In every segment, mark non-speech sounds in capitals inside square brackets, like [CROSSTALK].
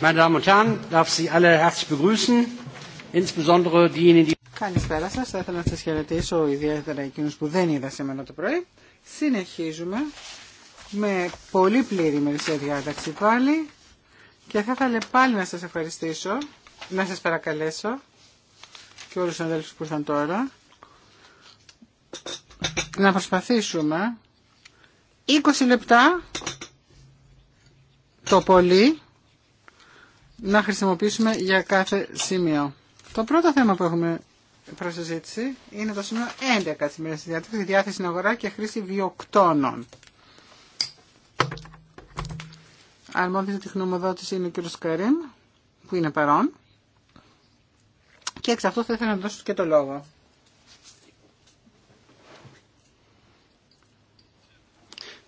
Meine Damen und Herren, darf Sie alle herzlich begrüßen, insbesondere diejenigen, die... Καλησπέρα σας, θα ήθελα να σας χαιρετήσω ιδιαίτερα εκείνους που δεν είδα σήμερα το πρωί. Συνεχίζουμε με πολύ πλήρη ημερησία διάταξη πάλι και θα ήθελα πάλι να σας ευχαριστήσω, να σας παρακαλέσω και όλους τους αδέλφους που ήρθαν τώρα να προσπαθήσουμε 20 λεπτά το πολύ να χρησιμοποιήσουμε για κάθε σημείο. Το πρώτο θέμα που έχουμε προς είναι το σημείο 11 της ημέρας της διάθεση, διάθεση στην αγορά και χρήση βιοκτώνων. Αρμόδιος τη χνομοδότηση είναι ο κ. Καρίν, που είναι παρόν. Και εξ αυτού θα ήθελα να δώσω και το λόγο.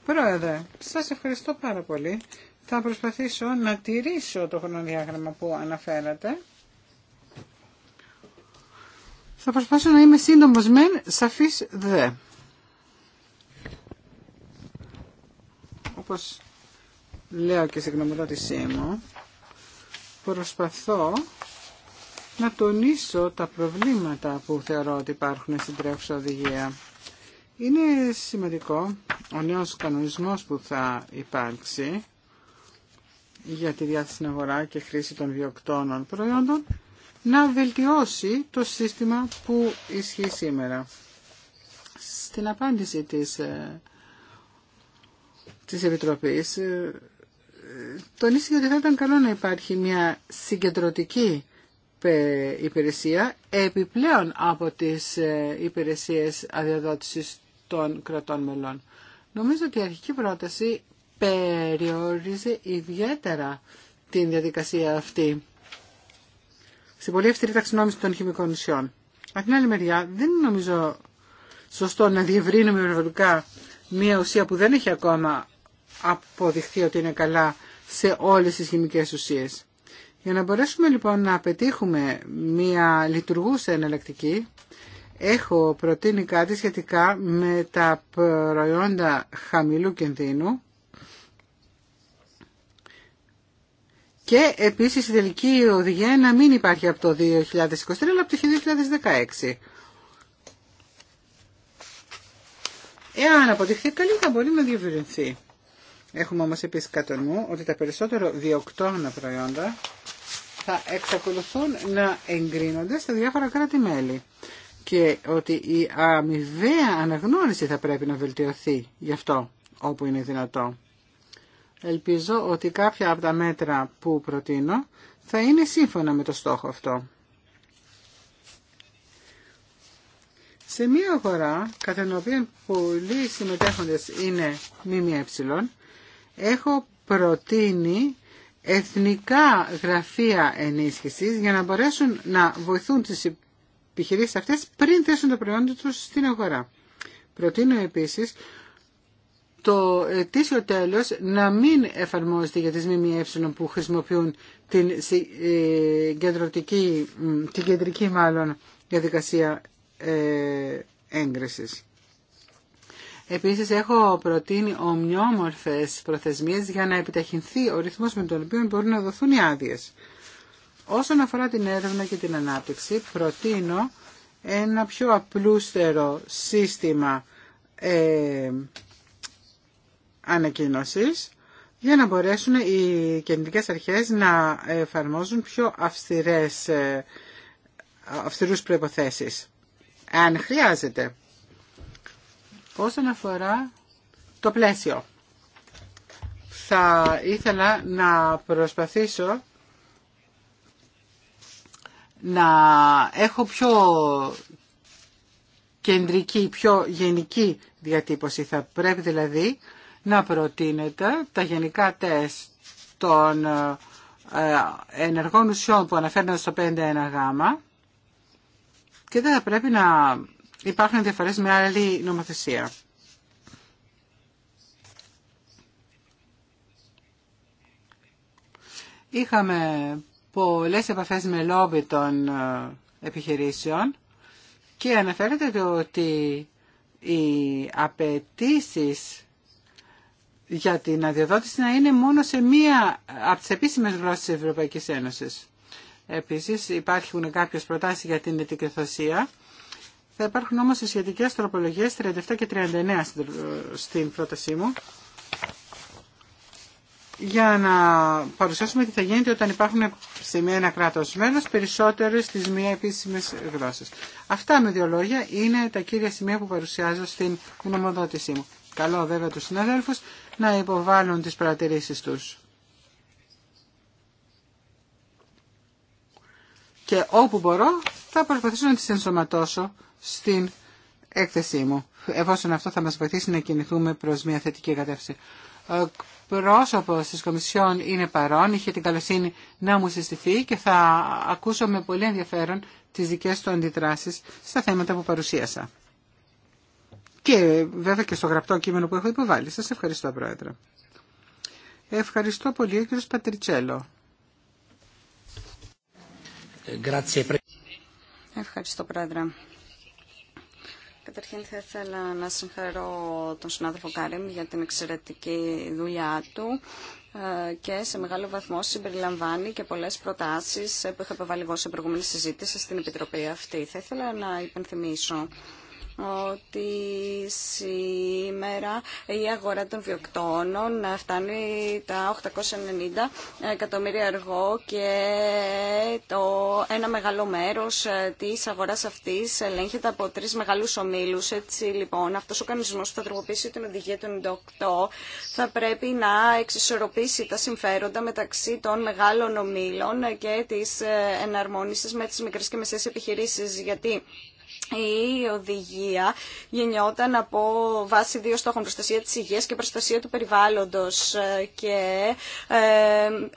Πρόεδρε, σας ευχαριστώ πάρα πολύ. Θα προσπαθήσω να τηρήσω το χρονοδιάγραμμα που αναφέρατε. Θα προσπαθήσω να είμαι σύντομος μεν, σαφής δε. Όπως λέω και στην γνωμοδότησή μου, προσπαθώ να τονίσω τα προβλήματα που θεωρώ ότι υπάρχουν στην τρέχουσα οδηγία. Είναι σημαντικό ο νέος κανονισμός που θα υπάρξει για τη διάθεση στην αγορά και χρήση των βιοκτώνων προϊόντων να βελτιώσει το σύστημα που ισχύει σήμερα. Στην απάντηση της, ε, της Επιτροπής ε, τονίστηκε ότι θα ήταν καλό να υπάρχει μια συγκεντρωτική ε, υπηρεσία επιπλέον από τις υπηρεσίες αδειοδότησης των κρατών μελών. Νομίζω ότι η αρχική πρόταση περιόριζε ιδιαίτερα την διαδικασία αυτή στην πολύ αυστηρή ταξινόμηση των χημικών ουσιών. Από την άλλη μεριά, δεν είναι νομίζω σωστό να διευρύνουμε ευρωπαϊκά μία ουσία που δεν έχει ακόμα αποδειχθεί ότι είναι καλά σε όλες τις χημικές ουσίες. Για να μπορέσουμε λοιπόν να πετύχουμε μία λειτουργούσα εναλλακτική, έχω προτείνει κάτι σχετικά με τα προϊόντα χαμηλού κινδύνου, και επίσης η τελική οδηγία να μην υπάρχει από το 2023 αλλά από το 2016. Εάν αποδειχθεί καλή θα μπορεί να διευρυνθεί. Έχουμε όμως επίσης κατά ότι τα περισσότερο διοκτώνα προϊόντα θα εξακολουθούν να εγκρίνονται στα διάφορα κράτη-μέλη και ότι η αμοιβαία αναγνώριση θα πρέπει να βελτιωθεί γι' αυτό όπου είναι δυνατό. Ελπίζω ότι κάποια από τα μέτρα που προτείνω θα είναι σύμφωνα με το στόχο αυτό. Σε μία αγορά, κατά την οποία πολλοί συμμετέχοντες είναι ΜΜΕ, έχω προτείνει εθνικά γραφεία ενίσχυσης για να μπορέσουν να βοηθούν τις επιχειρήσεις αυτές πριν θέσουν το προϊόν τους στην αγορά. Προτείνω επίσης το τίσιο τέλος να μην εφαρμόζεται για τις ΜΜΕ που χρησιμοποιούν την ε, την κεντρική μάλλον διαδικασία ε, έγκρισης. Επίσης έχω προτείνει ομοιόμορφες προθεσμίες για να επιταχυνθεί ο ρυθμός με τον οποίο μπορούν να δοθούν οι άδειες. Όσον αφορά την έρευνα και την ανάπτυξη, προτείνω ένα πιο απλούστερο σύστημα ε, για να μπορέσουν οι κεντρικές αρχές να εφαρμόζουν πιο αυστηρές, ε, αυστηρούς προϋποθέσεις, αν χρειάζεται. Όσον αφορά το πλαίσιο, θα ήθελα να προσπαθήσω να έχω πιο κεντρική, πιο γενική διατύπωση. Θα πρέπει δηλαδή να προτείνεται τα γενικά τεστ των ε, ενεργών ουσιών που αναφέρονται στο 5.1 γάμα και δεν θα πρέπει να υπάρχουν διαφορές με άλλη νομοθεσία. Είχαμε πολλές επαφές με λόμπι των ε, επιχειρήσεων και αναφέρεται ότι οι απαιτήσει για την αδειοδότηση να είναι μόνο σε μία από τις επίσημες γλώσσες της Ευρωπαϊκής Ένωσης. Επίσης υπάρχουν κάποιες προτάσεις για την ετικεθοσία. Θα υπάρχουν όμως οι σχετικές τροπολογίες 37 και 39 στην πρότασή μου για να παρουσιάσουμε τι θα γίνεται όταν υπάρχουν σε μία ένα κράτος μέλος περισσότερες στις μία επίσημες γλώσσες. Αυτά με δύο λόγια είναι τα κύρια σημεία που παρουσιάζω στην γνωμοδότησή μου. Καλό βέβαια τους συναδέλφους να υποβάλουν τις παρατηρήσεις τους. Και όπου μπορώ θα προσπαθήσω να τις ενσωματώσω στην έκθεσή μου, εφόσον αυτό θα μας βοηθήσει να κινηθούμε προς μια θετική κατεύθυνση. Ο πρόσωπος της Κομισιόν είναι παρόν, είχε την καλοσύνη να μου συστηθεί και θα ακούσω με πολύ ενδιαφέρον τις δικές του αντιδράσεις στα θέματα που παρουσίασα και βέβαια και στο γραπτό κείμενο που έχω υποβάλει. Σας ευχαριστώ Πρόεδρε. Ευχαριστώ πολύ ο κύριος Πατριτσέλο. Ευχαριστώ Πρόεδρε. Καταρχήν θα ήθελα να συγχαρώ τον συνάδελφο Κάριμ για την εξαιρετική δουλειά του ε, και σε μεγάλο βαθμό συμπεριλαμβάνει και πολλές προτάσεις που είχα επιβάλει εγώ σε προηγούμενη συζήτηση στην Επιτροπή αυτή. Θα ήθελα να υπενθυμίσω ότι σήμερα η αγορά των βιοκτώνων φτάνει τα 890 εκατομμύρια αργό και το ένα μεγάλο μέρος της αγοράς αυτής ελέγχεται από τρεις μεγάλους ομίλους. Έτσι λοιπόν αυτός ο κανονισμός που θα τροποποιήσει την οδηγία του 98 θα πρέπει να εξισορροπήσει τα συμφέροντα μεταξύ των μεγάλων ομίλων και της εναρμόνισης με τις μικρές και μεσαίες επιχειρήσεις γιατί η οδηγία γεννιόταν από βάση δύο στόχων προστασία της υγείας και προστασία του περιβάλλοντος και ε,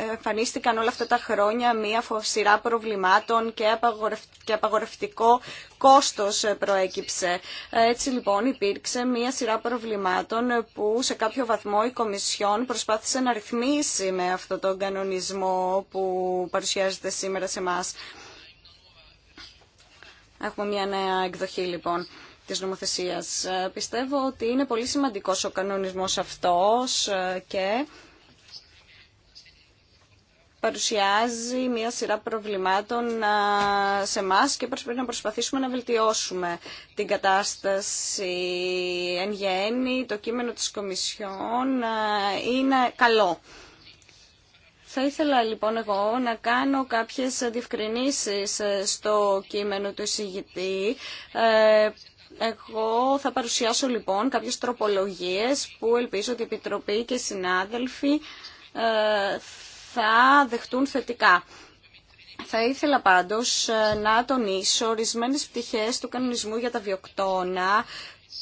εμφανίστηκαν όλα αυτά τα χρόνια μία σειρά προβλημάτων και απαγορευτικό κόστος ε, προέκυψε. Έτσι λοιπόν υπήρξε μία σειρά προβλημάτων που σε κάποιο βαθμό η Κομισιόν προσπάθησε να ρυθμίσει με αυτόν τον κανονισμό που παρουσιάζεται σήμερα σε εμά. Έχουμε μια νέα εκδοχή λοιπόν της νομοθεσίας. Ε, πιστεύω ότι είναι πολύ σημαντικός ο κανονισμός αυτός ε, και παρουσιάζει μια σειρά προβλημάτων ε, σε εμά και πρέπει να προσπαθήσουμε να βελτιώσουμε την κατάσταση εν γέννη. Το κείμενο της Κομισιόν είναι καλό θα ήθελα λοιπόν εγώ να κάνω κάποιες διευκρινήσεις ε, στο κείμενο του εισηγητή ε, εγώ θα παρουσιάσω λοιπόν κάποιες τροπολογίες που ελπίζω ότι η Επιτροπή και οι συνάδελφοι ε, θα δεχτούν θετικά. Θα ήθελα πάντως να τονίσω ορισμένες πτυχές του κανονισμού για τα βιοκτώνα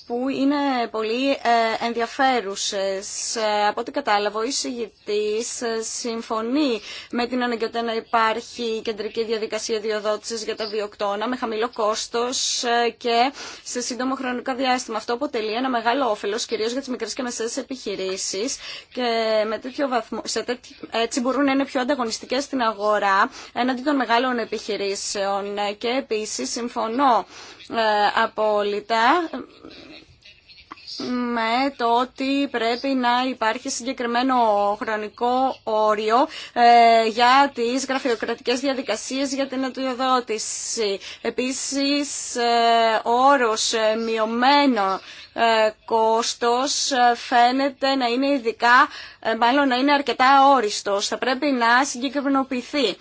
που είναι πολύ ε, ενδιαφέρουσες. Ε, από ό,τι κατάλαβα, ο εισηγητής ε, συμφωνεί με την αναγκαιότητα να υπάρχει κεντρική διαδικασία διοδότησης για τα βιοκτώνα με χαμηλό κόστος και σε σύντομο χρονικό διάστημα. Αυτό αποτελεί ένα μεγάλο όφελος, κυρίως για τις μικρές και μεσαίες επιχειρήσεις και με τέτοιο βαθμό, έτσι μπορούν να είναι πιο ανταγωνιστικές στην αγορά έναντι των μεγάλων επιχειρήσεων. Και επίσης συμφωνώ ε, απόλυτα με το ότι πρέπει να υπάρχει συγκεκριμένο χρονικό όριο ε, για τις γραφειοκρατικές διαδικασίες για την αντιοδότηση. Επίσης, ε, όρος μειωμένο κόστος φαίνεται να είναι ειδικά, μάλλον να είναι αρκετά όριστος. Θα πρέπει να συγκεκριμενοποιηθεί.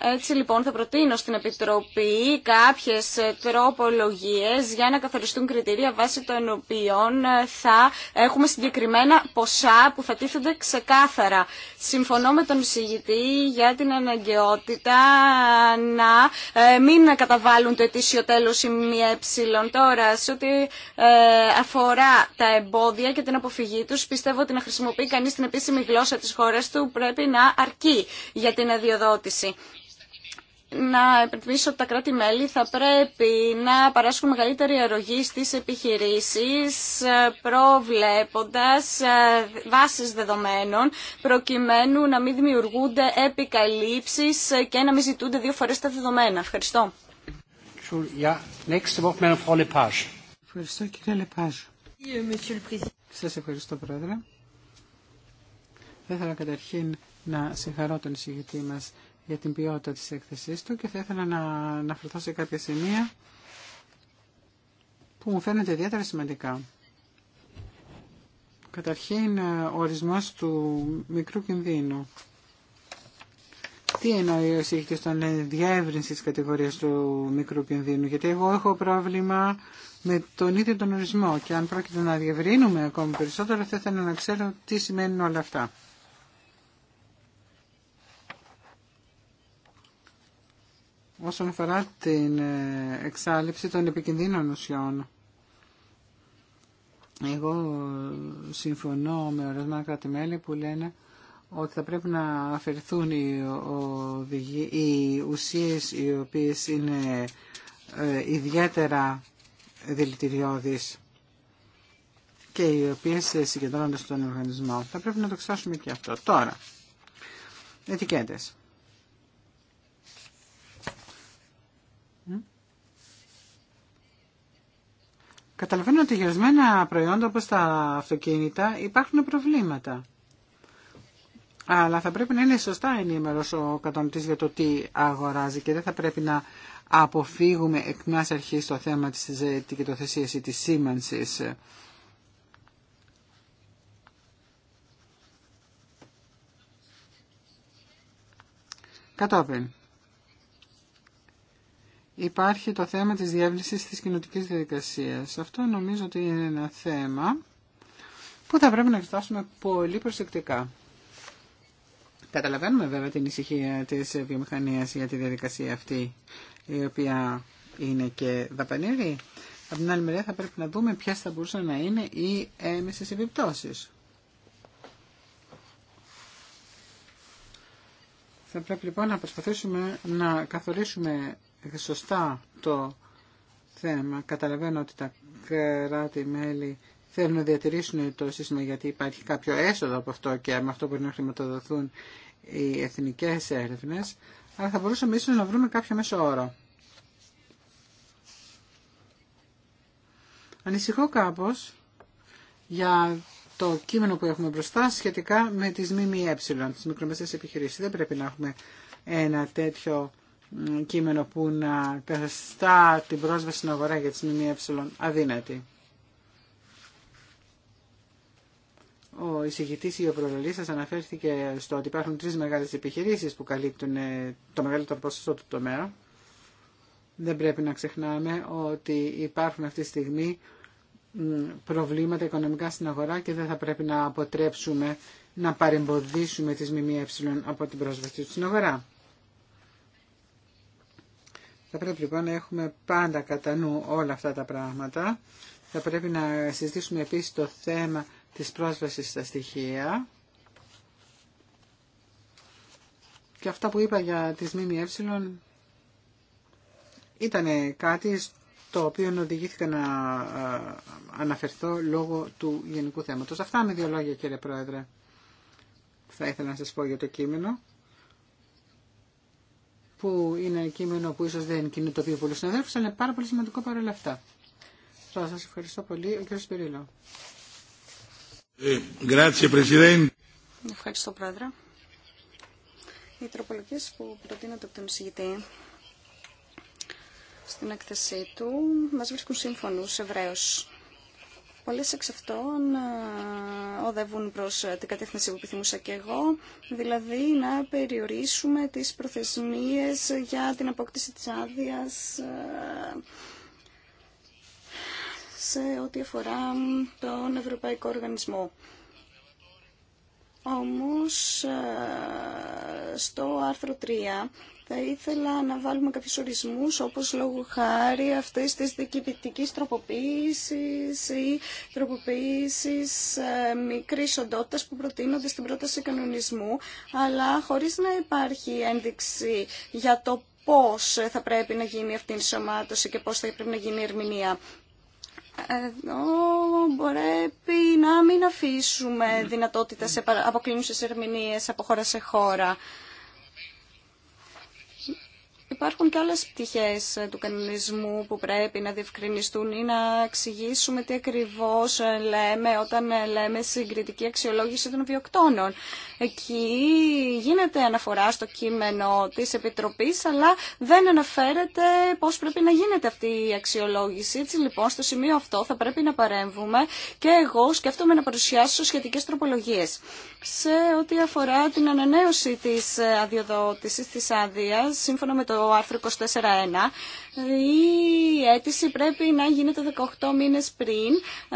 Έτσι λοιπόν θα προτείνω στην Επιτροπή κάποιες τροπολογίες για να καθοριστούν κριτήρια βάσει των οποίων θα έχουμε συγκεκριμένα ποσά που θα τίθενται ξεκάθαρα. Συμφωνώ με τον εισηγητή για την αναγκαιότητα να ε, μην καταβάλουν το ετήσιο τέλος η μία ε. Τώρα, σε ό,τι ε, αφορά τα εμπόδια και την αποφυγή τους, πιστεύω ότι να χρησιμοποιεί κανείς την επίσημη γλώσσα της χώρας του πρέπει να αρκεί για την αδειοδότηση να επενθυμίσω ότι τα κράτη-μέλη θα πρέπει να παράσχουν μεγαλύτερη αρρωγή στις επιχειρήσεις ε, προβλέποντας ε, βάσεις δεδομένων προκειμένου να μην δημιουργούνται επικαλύψεις ε, και να μην ζητούνται δύο φορές τα δεδομένα. Ευχαριστώ. Ευχαριστώ κύριε Λεπάζ. Σας ευχαριστώ πρόεδρε. Θα ήθελα καταρχήν να συγχαρώ τον εισηγητή μας για την ποιότητα της έκθεσής του και θα ήθελα να αναφερθώ σε κάποια σημεία που μου φαίνονται ιδιαίτερα σημαντικά. Καταρχήν, ε, ο ορισμός του μικρού κινδύνου. Τι εννοεί ο εισηγητής των διεύρυνση της κατηγορίας του μικρού κινδύνου, γιατί εγώ έχω πρόβλημα με τον ίδιο τον ορισμό και αν πρόκειται να διευρύνουμε ακόμη περισσότερο θα ήθελα να ξέρω τι σημαίνουν όλα αυτά. όσον αφορά την ε, εξάλληψη των επικινδύνων ουσιών. Εγώ συμφωνώ με ορισμένα κράτη-μέλη που λένε ότι θα πρέπει να αφαιρεθούν οι, ουσίε οι ουσίες οι οποίες είναι ε, ιδιαίτερα δηλητηριώδεις και οι οποίες συγκεντρώνονται στον οργανισμό. Θα πρέπει να το ξάσουμε και αυτό. Τώρα, ετικέτες. Καταλαβαίνω ότι για προϊόντα όπως τα αυτοκίνητα υπάρχουν προβλήματα. Αλλά θα πρέπει να είναι σωστά ενήμερος ο κατανοητής για το τι αγοράζει και δεν θα πρέπει να αποφύγουμε εκ μιας αρχής το θέμα της ετικετοθεσίας ή της σήμανσης. Κατόπιν, υπάρχει το θέμα της διεύλυσης της κοινωτικής διαδικασίας. Αυτό νομίζω ότι είναι ένα θέμα που θα πρέπει να εξετάσουμε πολύ προσεκτικά. Καταλαβαίνουμε βέβαια την ησυχία της βιομηχανίας για τη διαδικασία αυτή, η οποία είναι και δαπανήρη. Από την άλλη μεριά θα πρέπει να δούμε ποιες θα μπορούσαν να είναι οι έμεσες επιπτώσεις. Θα πρέπει λοιπόν να προσπαθήσουμε να καθορίσουμε σωστά το θέμα. Καταλαβαίνω ότι τα κράτη-μέλη θέλουν να διατηρήσουν το σύστημα γιατί υπάρχει κάποιο έσοδο από αυτό και με αυτό μπορεί να χρηματοδοθούν οι εθνικές έρευνες, αλλά θα μπορούσαμε ίσως να βρούμε κάποιο μέσο όρο. Ανησυχώ κάπως για το κείμενο που έχουμε μπροστά σχετικά με τις ΜΜΕ, τις μικρομεσαίες επιχειρήσεις. Δεν πρέπει να έχουμε ένα τέτοιο κείμενο που να καθιστά την πρόσβαση στην αγορά για τις ΜΜΕ αδύνατη. Ο εισηγητή ή ο προλαλή αναφέρθηκε στο ότι υπάρχουν τρει μεγάλε επιχειρήσει που καλύπτουν ε, το μεγαλύτερο ποσοστό του τομέα. Δεν πρέπει να ξεχνάμε ότι υπάρχουν αυτή τη στιγμή προβλήματα οικονομικά στην αγορά και δεν θα πρέπει να αποτρέψουμε να παρεμποδίσουμε τις ΜΜΕ από την πρόσβαση του στην αγορά. Θα πρέπει λοιπόν να έχουμε πάντα κατά νου όλα αυτά τα πράγματα. Θα πρέπει να συζητήσουμε επίσης το θέμα της πρόσβασης στα στοιχεία. Και αυτά που είπα για τις ΜΜΕ ήταν κάτι το οποίο οδηγήθηκα να αναφερθώ λόγω του γενικού θέματος. Αυτά με δύο λόγια κύριε Πρόεδρε θα ήθελα να σας πω για το κείμενο που είναι ένα κείμενο που ίσως δεν κινητοποιεί πολλούς συναδέλφου, αλλά είναι πάρα πολύ σημαντικό παρόλα αυτά. Σας ευχαριστώ πολύ. Ο κ. Σπυρίλο. Ε, ευχαριστώ, Πρόεδρε. Οι τροπολογίε που προτείνονται από τον εισηγητή στην έκθεσή του μας βρίσκουν σύμφωνους ευρέως. Πολλές εξ αυτών ε, οδεύουν προς ε, την κατεύθυνση που επιθυμούσα και εγώ, δηλαδή να περιορίσουμε τις προθεσμίες για την απόκτηση της άδεια ε, σε ό,τι αφορά τον Ευρωπαϊκό Οργανισμό. Όμως, στο άρθρο 3 θα ήθελα να βάλουμε κάποιους ορισμούς όπως λόγω χάρη αυτής της δικηπητικής τροποποίησης ή τροποποίησης ε, μικρής οντότητας που προτείνονται στην πρόταση κανονισμού αλλά χωρίς να υπάρχει ένδειξη για το πώς θα πρέπει να γίνει αυτή η ενσωμάτωση και πώς θα πρέπει να γίνει η ερμηνεία. Εδώ πρέπει να μην αφήσουμε δυνατότητα σε αποκλίνουσες ερμηνείες από χώρα σε χώρα. Υπάρχουν και άλλες πτυχές ε, του κανονισμού που πρέπει να διευκρινιστούν ή να εξηγήσουμε τι ακριβώς ε, λέμε όταν ε, λέμε συγκριτική αξιολόγηση των βιοκτώνων. Εκεί γίνεται αναφορά στο κείμενο της Επιτροπής, αλλά δεν αναφέρεται πώς πρέπει να γίνεται αυτή η αξιολόγηση. Έτσι λοιπόν στο σημείο αυτό θα πρέπει να παρέμβουμε και εγώ σκέφτομαι να παρουσιάσω σχετικές τροπολογίες. Σε ό,τι αφορά την ανανέωση της αδειοδότησης, της άδειας, συμφωνα με το το άρθρο 24.1, η αίτηση πρέπει να γίνεται 18 μήνες πριν, 12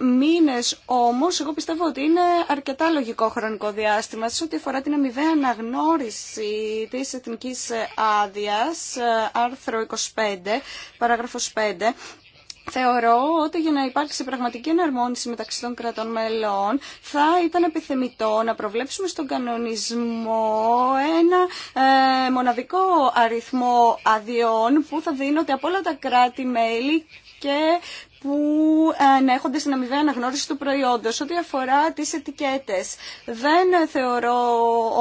ε, μήνες όμως, εγώ πιστεύω ότι είναι αρκετά λογικό χρονικό διάστημα, σε ό,τι αφορά την αμοιβαία αναγνώριση της εθνικής άδειας, ε, άρθρο 25, παράγραφος 5, Θεωρώ ότι για να υπάρξει πραγματική εναρμόνιση μεταξύ των κρατών μελών θα ήταν επιθεμητό να προβλέψουμε στον κανονισμό ένα ε, μοναδικό αριθμό αδειών που θα δίνονται από όλα τα κράτη-μέλη και που ε, να έχονται στην αμοιβαία αναγνώριση του προϊόντος. Ό,τι αφορά τις ετικέτες, δεν θεωρώ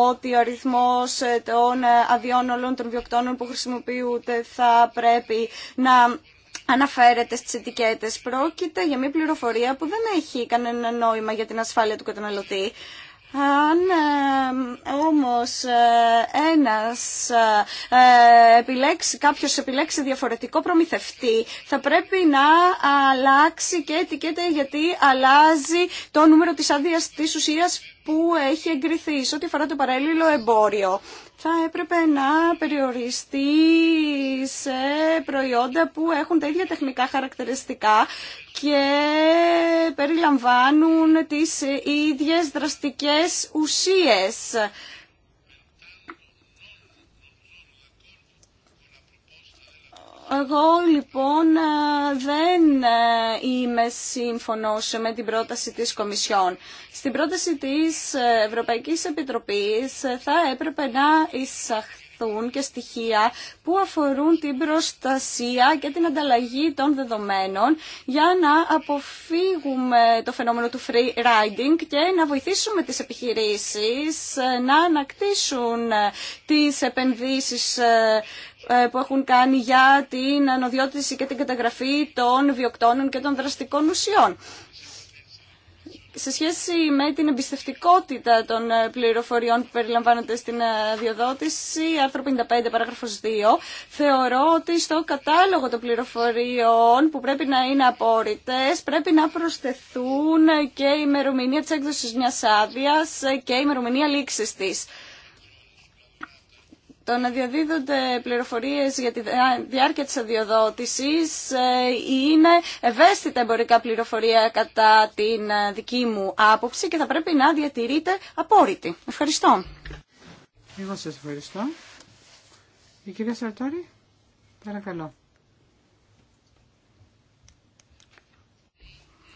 ότι ο αριθμός ε, των αδειών όλων των βιοκτώνων που χρησιμοποιούνται θα πρέπει να αναφέρεται στις ετικέτες. Πρόκειται για μια πληροφορία που δεν έχει κανένα νόημα για την ασφάλεια του καταναλωτή. Αν ε, όμως ε, ένας ε, επιλέξει, κάποιος επιλέξει διαφορετικό προμηθευτή θα πρέπει να αλλάξει και ετικέτα γιατί αλλάζει το νούμερο της άδειας της ουσίας που έχει εγκριθεί σε ό,τι αφορά το παράλληλο εμπόριο θα έπρεπε να περιοριστεί σε προϊόντα που έχουν τα ίδια τεχνικά χαρακτηριστικά και περιλαμβάνουν τις ίδιες δραστικές ουσίες. Εγώ λοιπόν ε, δεν ε, είμαι σύμφωνος με την πρόταση της Κομισιόν. Στην πρόταση της Ευρωπαϊκής Επιτροπής ε, θα έπρεπε να εισαχθούν και στοιχεία που αφορούν την προστασία και την ανταλλαγή των δεδομένων για να αποφύγουμε το φαινόμενο του free riding και να βοηθήσουμε τις επιχειρήσεις να ανακτήσουν τις επενδύσεις ε, που έχουν κάνει για την ανοδιότηση και την καταγραφή των βιοκτώνων και των δραστικών ουσιών. Σε σχέση με την εμπιστευτικότητα των ε, πληροφοριών που περιλαμβάνονται στην ε, διοδότηση, άρθρο 55 παράγραφος 2, θεωρώ ότι στο κατάλογο των πληροφοριών που πρέπει να είναι απόρριτες, πρέπει να προσθεθούν και η ημερομηνία της έκδοσης μιας άδειας και η ημερομηνία λήξης της. Το να διαδίδονται πληροφορίες για τη διάρκεια της αδειοδότησης ε, είναι ευαίσθητα εμπορικά πληροφορία κατά την ε, δική μου άποψη και θα πρέπει να διατηρείται απόρριτη. Ευχαριστώ. Εγώ σας ευχαριστώ. Η κυρία Σαρτόρη, παρακαλώ.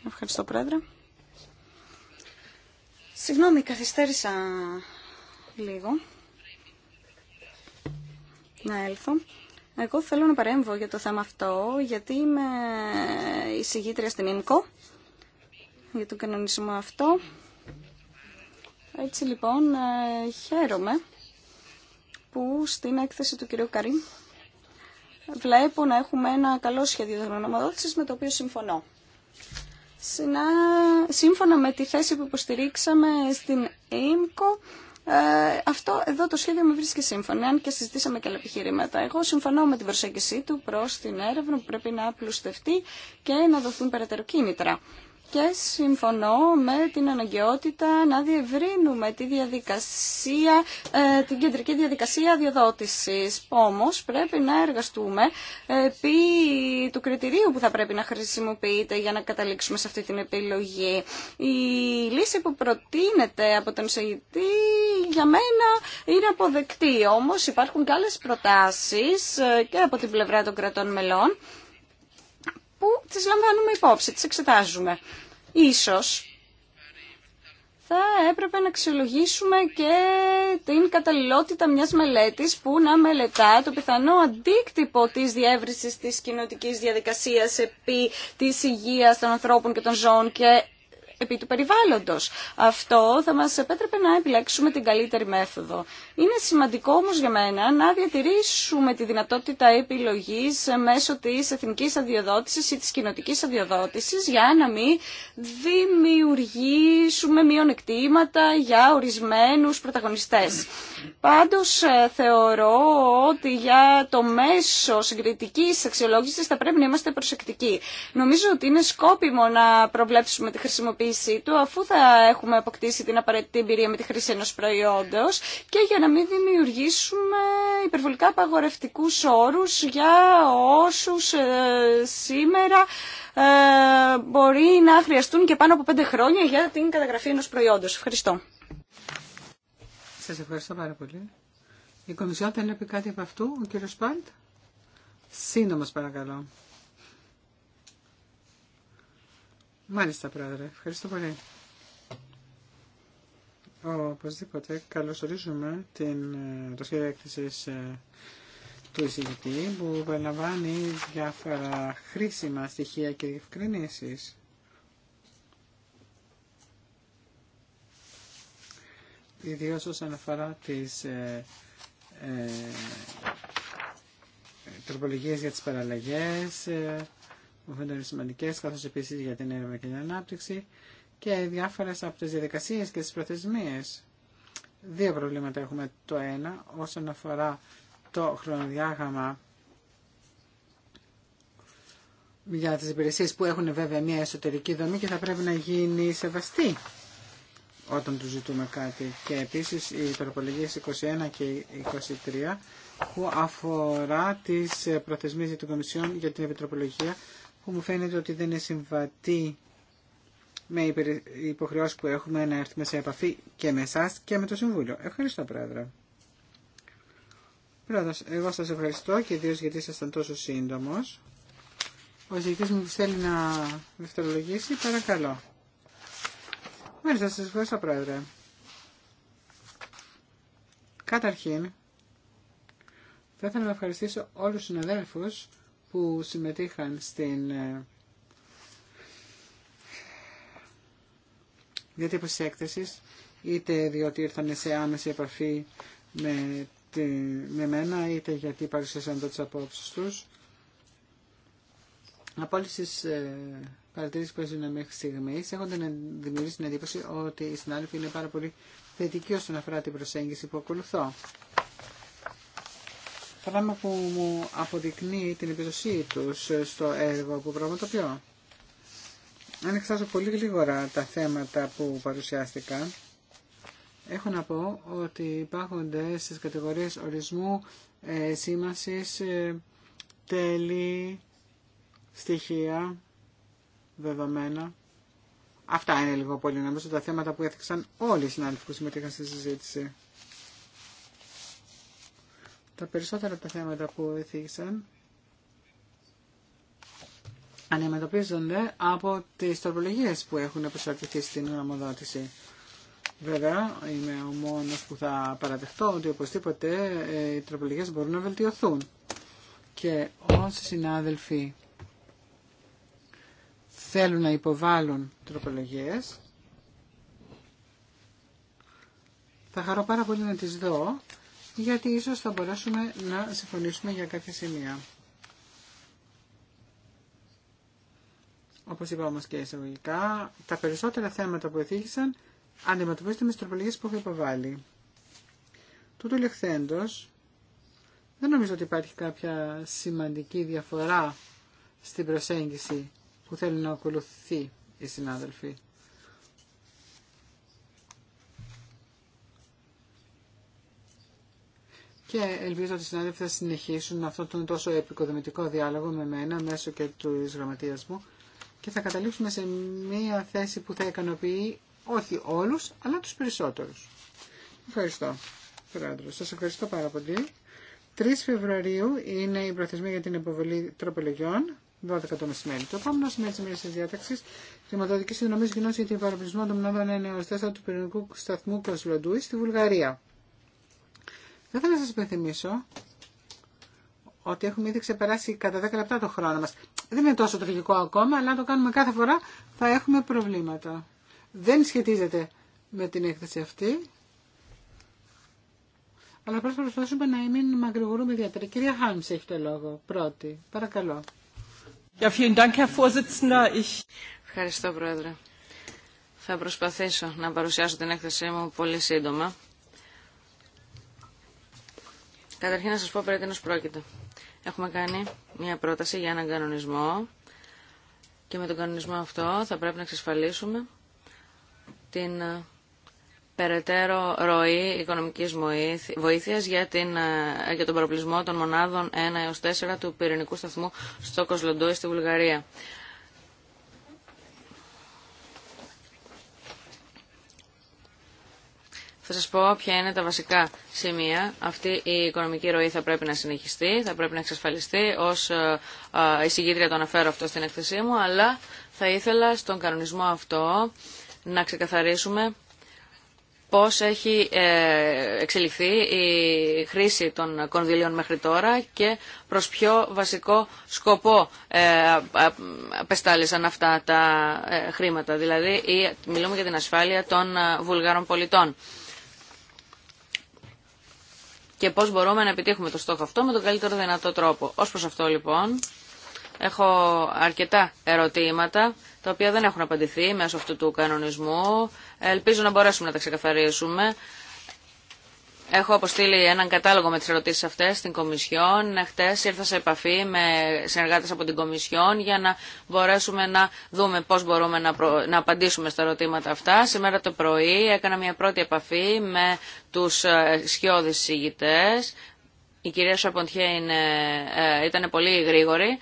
Ευχαριστώ, Πρόεδρε. Συγγνώμη, καθυστέρησα λίγο να έλθω. Εγώ θέλω να παρέμβω για το θέμα αυτό, γιατί είμαι εισηγήτρια στην ΕΝΚΟ για τον κανονισμό αυτό. Έτσι λοιπόν ε, χαίρομαι που στην έκθεση του κυρίου Καρίν βλέπω να έχουμε ένα καλό σχέδιο γνωμοδότησης με το οποίο συμφωνώ. Σύμφωνα με τη θέση που υποστηρίξαμε στην ΕΙΜΚΟ ε, αυτό εδώ το σχέδιο με βρίσκει σύμφωνο, αν και συζητήσαμε και άλλα επιχειρήματα. Εγώ συμφωνώ με την προσέγγιση του προ την έρευνα που πρέπει να απλουστευτεί και να δοθούν περαιτέρω κίνητρα και συμφωνώ με την αναγκαιότητα να διευρύνουμε τη διαδικασία, ε, την κεντρική διαδικασία διοδότησης. Όμως πρέπει να εργαστούμε επί του κριτηρίου που θα πρέπει να χρησιμοποιείται για να καταλήξουμε σε αυτή την επιλογή. Η λύση που προτείνεται από τον Σεγητή για μένα είναι αποδεκτή. Όμως υπάρχουν και άλλες προτάσεις ε, και από την πλευρά των κρατών μελών που τις λαμβάνουμε υπόψη, τις εξετάζουμε. Ίσως θα έπρεπε να αξιολογήσουμε και την καταλληλότητα μιας μελέτης που να μελετά το πιθανό αντίκτυπο της διεύρυνσης της κοινωτικής διαδικασίας επί της υγείας των ανθρώπων και των ζώων και επί του περιβάλλοντος. Αυτό θα μας επέτρεπε να επιλέξουμε την καλύτερη μέθοδο. Είναι σημαντικό όμως για μένα να διατηρήσουμε τη δυνατότητα επιλογής μέσω της εθνικής αδειοδότησης ή της κοινοτικής αδειοδότησης για να μην δημιουργήσουμε μειονεκτήματα για ορισμένους πρωταγωνιστές. Πάντως ε, θεωρώ ότι για το μέσο συγκριτικής αξιολόγησης θα πρέπει να είμαστε προσεκτικοί. Νομίζω ότι είναι σκόπιμο να προβλέψουμε τη χρησιμοποίηση χρήση αφού θα έχουμε αποκτήσει την απαραίτητη εμπειρία με τη χρήση ενός προϊόντος και για να μην δημιουργήσουμε υπερβολικά απαγορευτικούς όρους για όσους ε, σήμερα ε, μπορεί να χρειαστούν και πάνω από πέντε χρόνια για την καταγραφή ενός προϊόντος. Ευχαριστώ. Σας ευχαριστώ πάρα πολύ. Η Κομισιόν θέλει κάτι από αυτού, ο κύριος Πάλτ. Σύντομα παρακαλώ. Μάλιστα, πρόεδρε. Ευχαριστώ πολύ. Οπωσδήποτε καλωσορίζουμε την, το σχέδιο έκθεση ε, του εισηγητή που περιλαμβάνει διάφορα χρήσιμα στοιχεία και ευκρινήσεις. Ιδίω όσον αφορά τις ε, ε, τροπολογίες για τις παραλλαγές, ε, που φαίνονται σημαντικέ, καθώ επίση για την έρευνα και την ανάπτυξη και διάφορε από τι διαδικασίε και τι προθεσμίε. Δύο προβλήματα έχουμε. Το ένα όσον αφορά το χρονοδιάγραμμα για τις υπηρεσίες που έχουν βέβαια μια εσωτερική δομή και θα πρέπει να γίνει σεβαστή όταν του ζητούμε κάτι. Και επίσης οι τροπολογίες 21 και 23 που αφορά τις προθεσμίες για την Κομισιόν για την Επιτροπολογία που μου φαίνεται ότι δεν είναι συμβατή με υποχρεώσει που έχουμε να έρθουμε σε επαφή και με εσά και με το Συμβούλιο. Ευχαριστώ, Πρόεδρε. Πρόεδρε, εγώ σας ευχαριστώ και ιδίω γιατί ήσασταν τόσο σύντομο. Ο ζητητή μου θέλει να δευτερολογήσει, παρακαλώ. Μάλιστα, σα ευχαριστώ, Πρόεδρε. Καταρχήν, θα ήθελα να ευχαριστήσω όλους τους συναδέλφους που συμμετείχαν στην ε, διατύπωση έκθεσης, είτε διότι ήρθαν σε άμεση επαφή με, τη, με μένα, είτε γιατί παρουσίασαν εδώ τις απόψεις τους. Από όλες τις ε, παρατηρήσεις που έγιναν μέχρι στιγμής, έχω δημιουργήσει την εντύπωση ότι η συνάδελφοι είναι πάρα πολύ θετικοί όσον αφορά την προσέγγιση που ακολουθώ. Πράγμα που μου αποδεικνύει την επιδοσή τους στο έργο που πραγματοποιώ. Αν εξάζω πολύ γρήγορα τα θέματα που παρουσιάστηκαν, έχω να πω ότι υπάρχονται στις κατηγορίες ορισμού ε, τελεί τέλη, στοιχεία, δεδομένα. Αυτά είναι λίγο πολύ νομίζω τα θέματα που έθιξαν όλοι οι συνάδελφοι που συμμετείχαν στη συζήτηση. Τα περισσότερα τα θέματα που εθίγησαν ανεμετωπίζονται από τις τροπολογίες που έχουν προσαρτηθεί στην γραμμοδότηση. Βέβαια, είμαι ο μόνος που θα παραδεχτώ ότι οπωσδήποτε ε, οι τροπολογίες μπορούν να βελτιωθούν. Και όσοι συνάδελφοι θέλουν να υποβάλουν τροπολογίες, θα χαρώ πάρα πολύ να τις δω γιατί ίσως θα μπορέσουμε να συμφωνήσουμε για κάποια σημεία. Όπως είπα όμως και εισαγωγικά, τα περισσότερα θέματα που εθίγησαν αντιμετωπίζονται με στροπολογίες που έχω υποβάλει. Τούτου λεχθέντος, δεν νομίζω ότι υπάρχει κάποια σημαντική διαφορά στην προσέγγιση που θέλει να ακολουθεί οι συνάδελφοι. και ελπίζω ότι οι συνάδελφοι θα συνεχίσουν αυτόν τον τόσο επικοδομητικό διάλογο με μένα μέσω και του γραμματεία μου και θα καταλήξουμε σε μία θέση που θα ικανοποιεί όχι όλους, αλλά τους περισσότερους. Ευχαριστώ, Πρόεδρο. Σας ευχαριστώ πάρα πολύ. 3 Φεβρουαρίου είναι η προθεσμία για την υποβολή τροπολογιών. 12 το μεσημέρι. Το επόμενο σημείο τη ημέρα τη διάταξη, χρηματοδοτική συνδρομή γνώση για την παραπλησμό των μονάδων 1 4 του πυρηνικού σταθμού Κοσλοντούι στη Βουλγαρία. Θα ήθελα να σας υπενθυμίσω ότι έχουμε ήδη ξεπεράσει κατά 10 λεπτά το χρόνο μας. Δεν είναι τόσο τραγικό ακόμα, αλλά αν το κάνουμε κάθε φορά θα έχουμε προβλήματα. Δεν σχετίζεται με την έκθεση αυτή, αλλά πρέπει να προσπαθήσουμε να μην μακρηγορούμε ιδιαίτερα. Κυρία Χάμς έχει το λόγο, πρώτη. Παρακαλώ. Ευχαριστώ, Πρόεδρε. Θα προσπαθήσω να παρουσιάσω την έκθεσή μου πολύ σύντομα. Καταρχήν να σας πω περί τι πρόκειται. Έχουμε κάνει μια πρόταση για έναν κανονισμό και με τον κανονισμό αυτό θα πρέπει να εξασφαλίσουμε την ε, περαιτέρω ροή οικονομικής βοήθειας για, την, ε, για τον παροπλισμό των μονάδων 1 έως 4 του πυρηνικού σταθμού στο Κοσλοντούι στη Βουλγαρία. Θα σας πω ποια είναι τα βασικά σημεία. Αυτή η οικονομική ροή θα πρέπει να συνεχιστεί, θα πρέπει να εξασφαλιστεί. Ως ε, ε, εισηγήτρια το αναφέρω αυτό στην εκθεσή μου, αλλά θα ήθελα στον κανονισμό αυτό να ξεκαθαρίσουμε πώς έχει ε, εξελιχθεί η χρήση των κονδυλίων μέχρι τώρα και προς ποιο βασικό σκοπό απεστάλησαν αυτά τα χρήματα. Δηλαδή, μιλούμε για την ασφάλεια των Βουλγάρων πολιτών και πώς μπορούμε να επιτύχουμε το στόχο αυτό με τον καλύτερο δυνατό τρόπο. Ως προς αυτό λοιπόν, έχω αρκετά ερωτήματα, τα οποία δεν έχουν απαντηθεί μέσω αυτού του κανονισμού. Ελπίζω να μπορέσουμε να τα ξεκαθαρίσουμε. Έχω αποστείλει έναν κατάλογο με τι ερωτήσει αυτέ στην Κομισιόν. Χτες ήρθα σε επαφή με συνεργάτες από την Κομισιόν για να μπορέσουμε να δούμε πώς μπορούμε να, να απαντήσουμε στα ερωτήματα αυτά. Σήμερα το πρωί έκανα μια πρώτη επαφή με τους ε, σκιώδεις συγητές. Η κυρία Σαποντιέ είναι... Ε, ήταν πολύ γρήγορη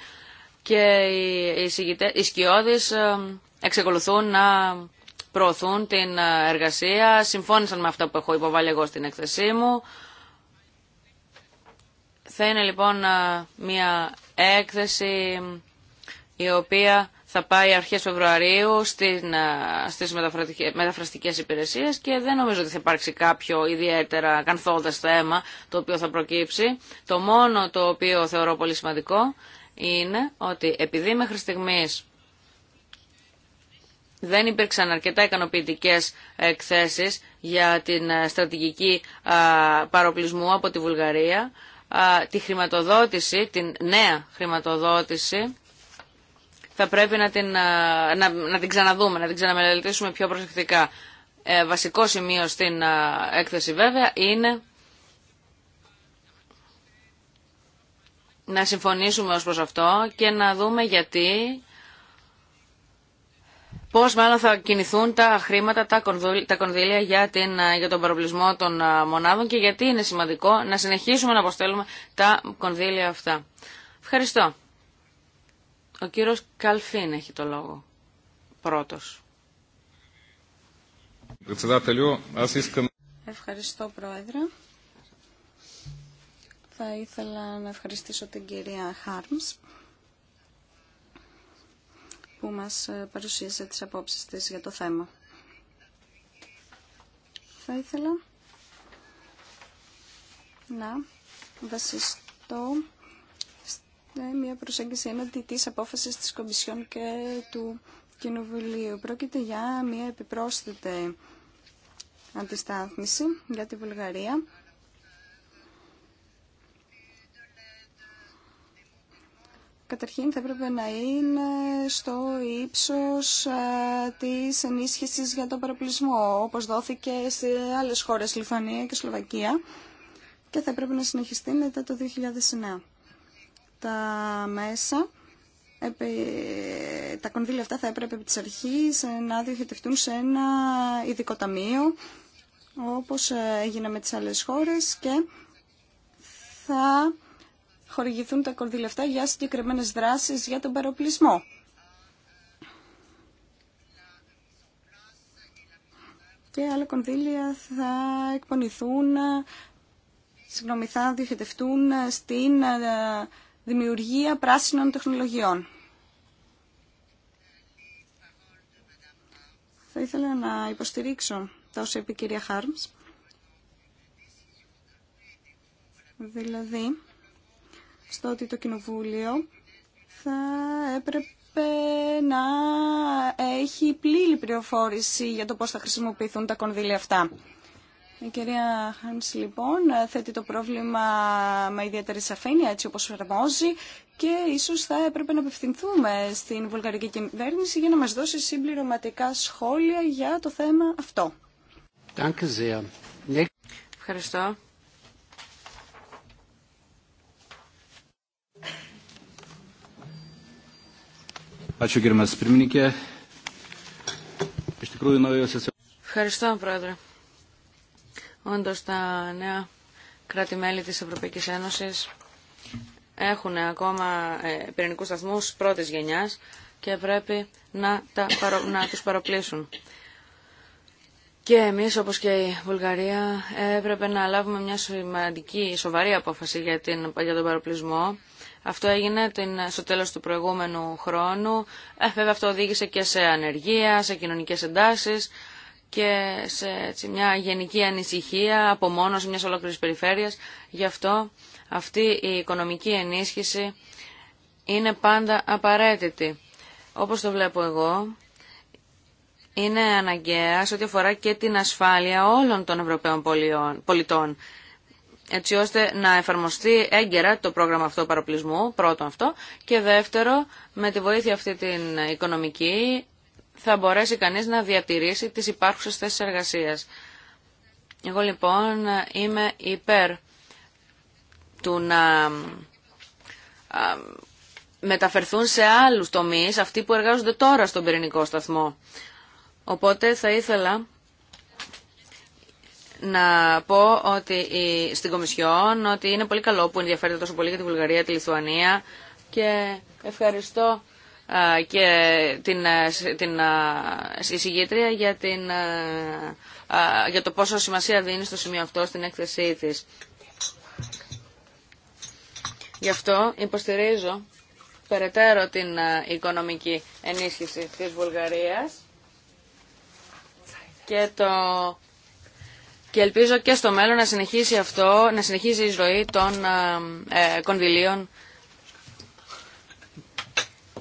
και οι, οι, οι ε, εξεκολουθούν να προωθούν την ε, εργασία, συμφώνησαν με αυτά που έχω υποβάλει εγώ στην έκθεσή μου. Θα είναι λοιπόν ε, μια έκθεση η οποία θα πάει αρχές Φεβρουαρίου στην, ε, στις μεταφραστικές υπηρεσίες και δεν νομίζω ότι θα υπάρξει κάποιο ιδιαίτερα κανθόδες θέμα το οποίο θα προκύψει. Το μόνο το οποίο θεωρώ πολύ σημαντικό είναι ότι επειδή μέχρι στιγμής δεν υπήρξαν αρκετά ικανοποιητικέ εκθέσεις για την ε, στρατηγική ε, παροπλισμού από τη Βουλγαρία, ε, τη χρηματοδότηση, την νέα χρηματοδότηση, θα πρέπει να την, να, να ξαναδούμε, να την ξαναμελετήσουμε πιο προσεκτικά. βασικό σημείο στην έκθεση βέβαια είναι να συμφωνήσουμε ως προς αυτό και να δούμε γιατί πώς μάλλον θα κινηθούν τα χρήματα, τα κονδύλια για, την, ε, για τον παροπλισμό των ε, μονάδων και γιατί είναι σημαντικό να συνεχίσουμε να αποστέλουμε τα κονδύλια αυτά. Ευχαριστώ. Ο κύριος Καλφίν έχει το λόγο πρώτος. Ευχαριστώ Πρόεδρε. Θα ήθελα να ευχαριστήσω την κυρία Χάρμς που μας ε, παρουσίασε τις απόψεις της για το θέμα. Θα ήθελα να βασιστώ σε μια προσέγγιση έναντι της απόφασης της Κομισιόν και του Κοινοβουλίου. Πρόκειται για μια επιπρόσθετη αντιστάθμιση για τη Βουλγαρία καταρχήν θα έπρεπε να είναι στο ύψος ε, της ενίσχυσης για τον παραπλησμό, όπως δόθηκε σε άλλες χώρες, Λιφανία και Σλοβακία, και θα έπρεπε να συνεχιστεί μετά το 2009. Τα μέσα τα κονδύλια αυτά θα έπρεπε από τις αρχές ε, να διοχετευτούν σε ένα ειδικό ταμείο όπως ε, έγινε με τις άλλες χώρες και θα χορηγηθούν τα κονδύλια για συγκεκριμένε δράσεις για τον παροπλισμό. Και άλλα κονδύλια θα εκπονηθούν, συγγνώμη, θα διοχετευτούν στην ε, δημιουργία πράσινων τεχνολογιών. Θα ήθελα να υποστηρίξω τα όσα είπε η κυρία Χάρμς. Δηλαδή, στο ότι το Κοινοβούλιο θα έπρεπε να έχει πλήρη πληροφόρηση για το πώς θα χρησιμοποιηθούν τα κονδύλια αυτά. Η κυρία Χάνς λοιπόν θέτει το πρόβλημα με ιδιαίτερη σαφήνεια έτσι όπως εφαρμόζει και ίσως θα έπρεπε να απευθυνθούμε στην βουλγαρική κυβέρνηση για να μας δώσει συμπληρωματικά σχόλια για το θέμα αυτό. Ευχαριστώ. Ευχαριστώ, Πρόεδρε. Όντω, τα νέα κράτη-μέλη τη Ευρωπαϊκή Ένωση έχουν ακόμα ε, πυρηνικού σταθμού πρώτη γενιά και πρέπει να, τα, να τους παροπλήσουν. Και εμείς, όπως και η Βουλγαρία, έπρεπε να λάβουμε μια σημαντική, σοβαρή απόφαση για, την, για τον παροπλισμό αυτό έγινε στο τέλος του προηγούμενου χρόνου. Ε, βέβαια αυτό οδήγησε και σε ανεργία, σε κοινωνικές εντάσεις και σε μια γενική ανησυχία, από απομόνωση μιας ολόκληρης περιφέρειας. Γι' αυτό αυτή η οικονομική ενίσχυση είναι πάντα απαραίτητη. Όπως το βλέπω εγώ, είναι αναγκαία σε ό,τι αφορά και την ασφάλεια όλων των Ευρωπαίων πολιτών έτσι ώστε να εφαρμοστεί έγκαιρα το πρόγραμμα αυτό παροπλισμού, πρώτον αυτό, και δεύτερο, με τη βοήθεια αυτή την οικονομική, θα μπορέσει κανείς να διατηρήσει τις υπάρχουσες θέσεις εργασίας. Εγώ λοιπόν είμαι υπέρ του να μεταφερθούν σε άλλους τομείς αυτοί που εργάζονται τώρα στον πυρηνικό σταθμό. Οπότε θα ήθελα να πω ότι στην Κομισιόν ότι είναι πολύ καλό που ενδιαφέρεται τόσο πολύ για τη Βουλγαρία, τη Λιθουανία και ευχαριστώ και την, την για, για το πόσο σημασία δίνει στο σημείο αυτό στην έκθεσή της. Γι' αυτό υποστηρίζω περαιτέρω την οικονομική ενίσχυση της Βουλγαρίας και το και ελπίζω και στο μέλλον να συνεχίσει αυτό, να συνεχίσει η ζωή των ε, κονδυλίων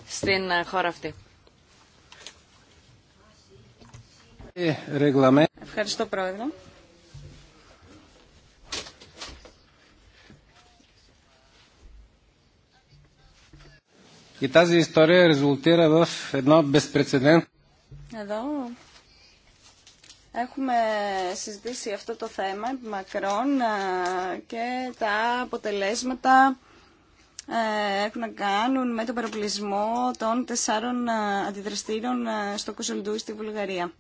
στην ε, χώρα αυτή. Ευχαριστώ Πρόεδρο. ιστορία ρεζουλτήρα εδώ Εδώ Έχουμε συζητήσει αυτό το θέμα μακρόν και τα αποτελέσματα έχουν να κάνουν με τον παροπλισμό των τεσσάρων αντιδραστήρων στο Κοσολντούι στη Βουλγαρία.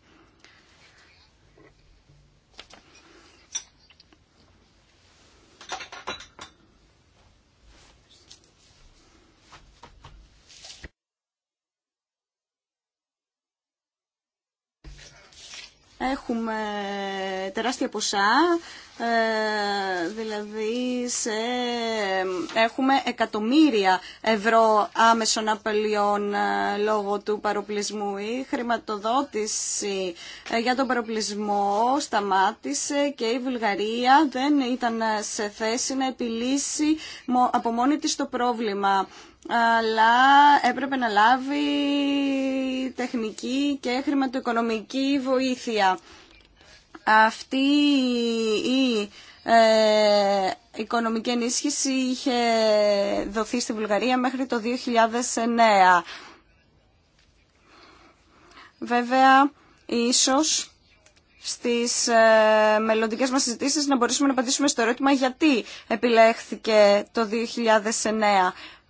Έχουμε τεράστια ποσά ε, δηλαδή σε, έχουμε εκατομμύρια ευρώ άμεσων απελειών ε, λόγω του παροπλισμού. Η χρηματοδότηση ε, για τον παροπλισμό σταμάτησε και η Βουλγαρία δεν ήταν σε θέση να επιλύσει από μόνη της το πρόβλημα αλλά έπρεπε να λάβει τεχνική και χρηματοοικονομική βοήθεια. Αυτή η ε, οικονομική ενίσχυση είχε δοθεί στη Βουλγαρία μέχρι το 2009. Βέβαια, ίσως στις ε, μελλοντικές μας συζητήσεις να μπορέσουμε να απαντήσουμε στο ερώτημα γιατί επιλέχθηκε το 2009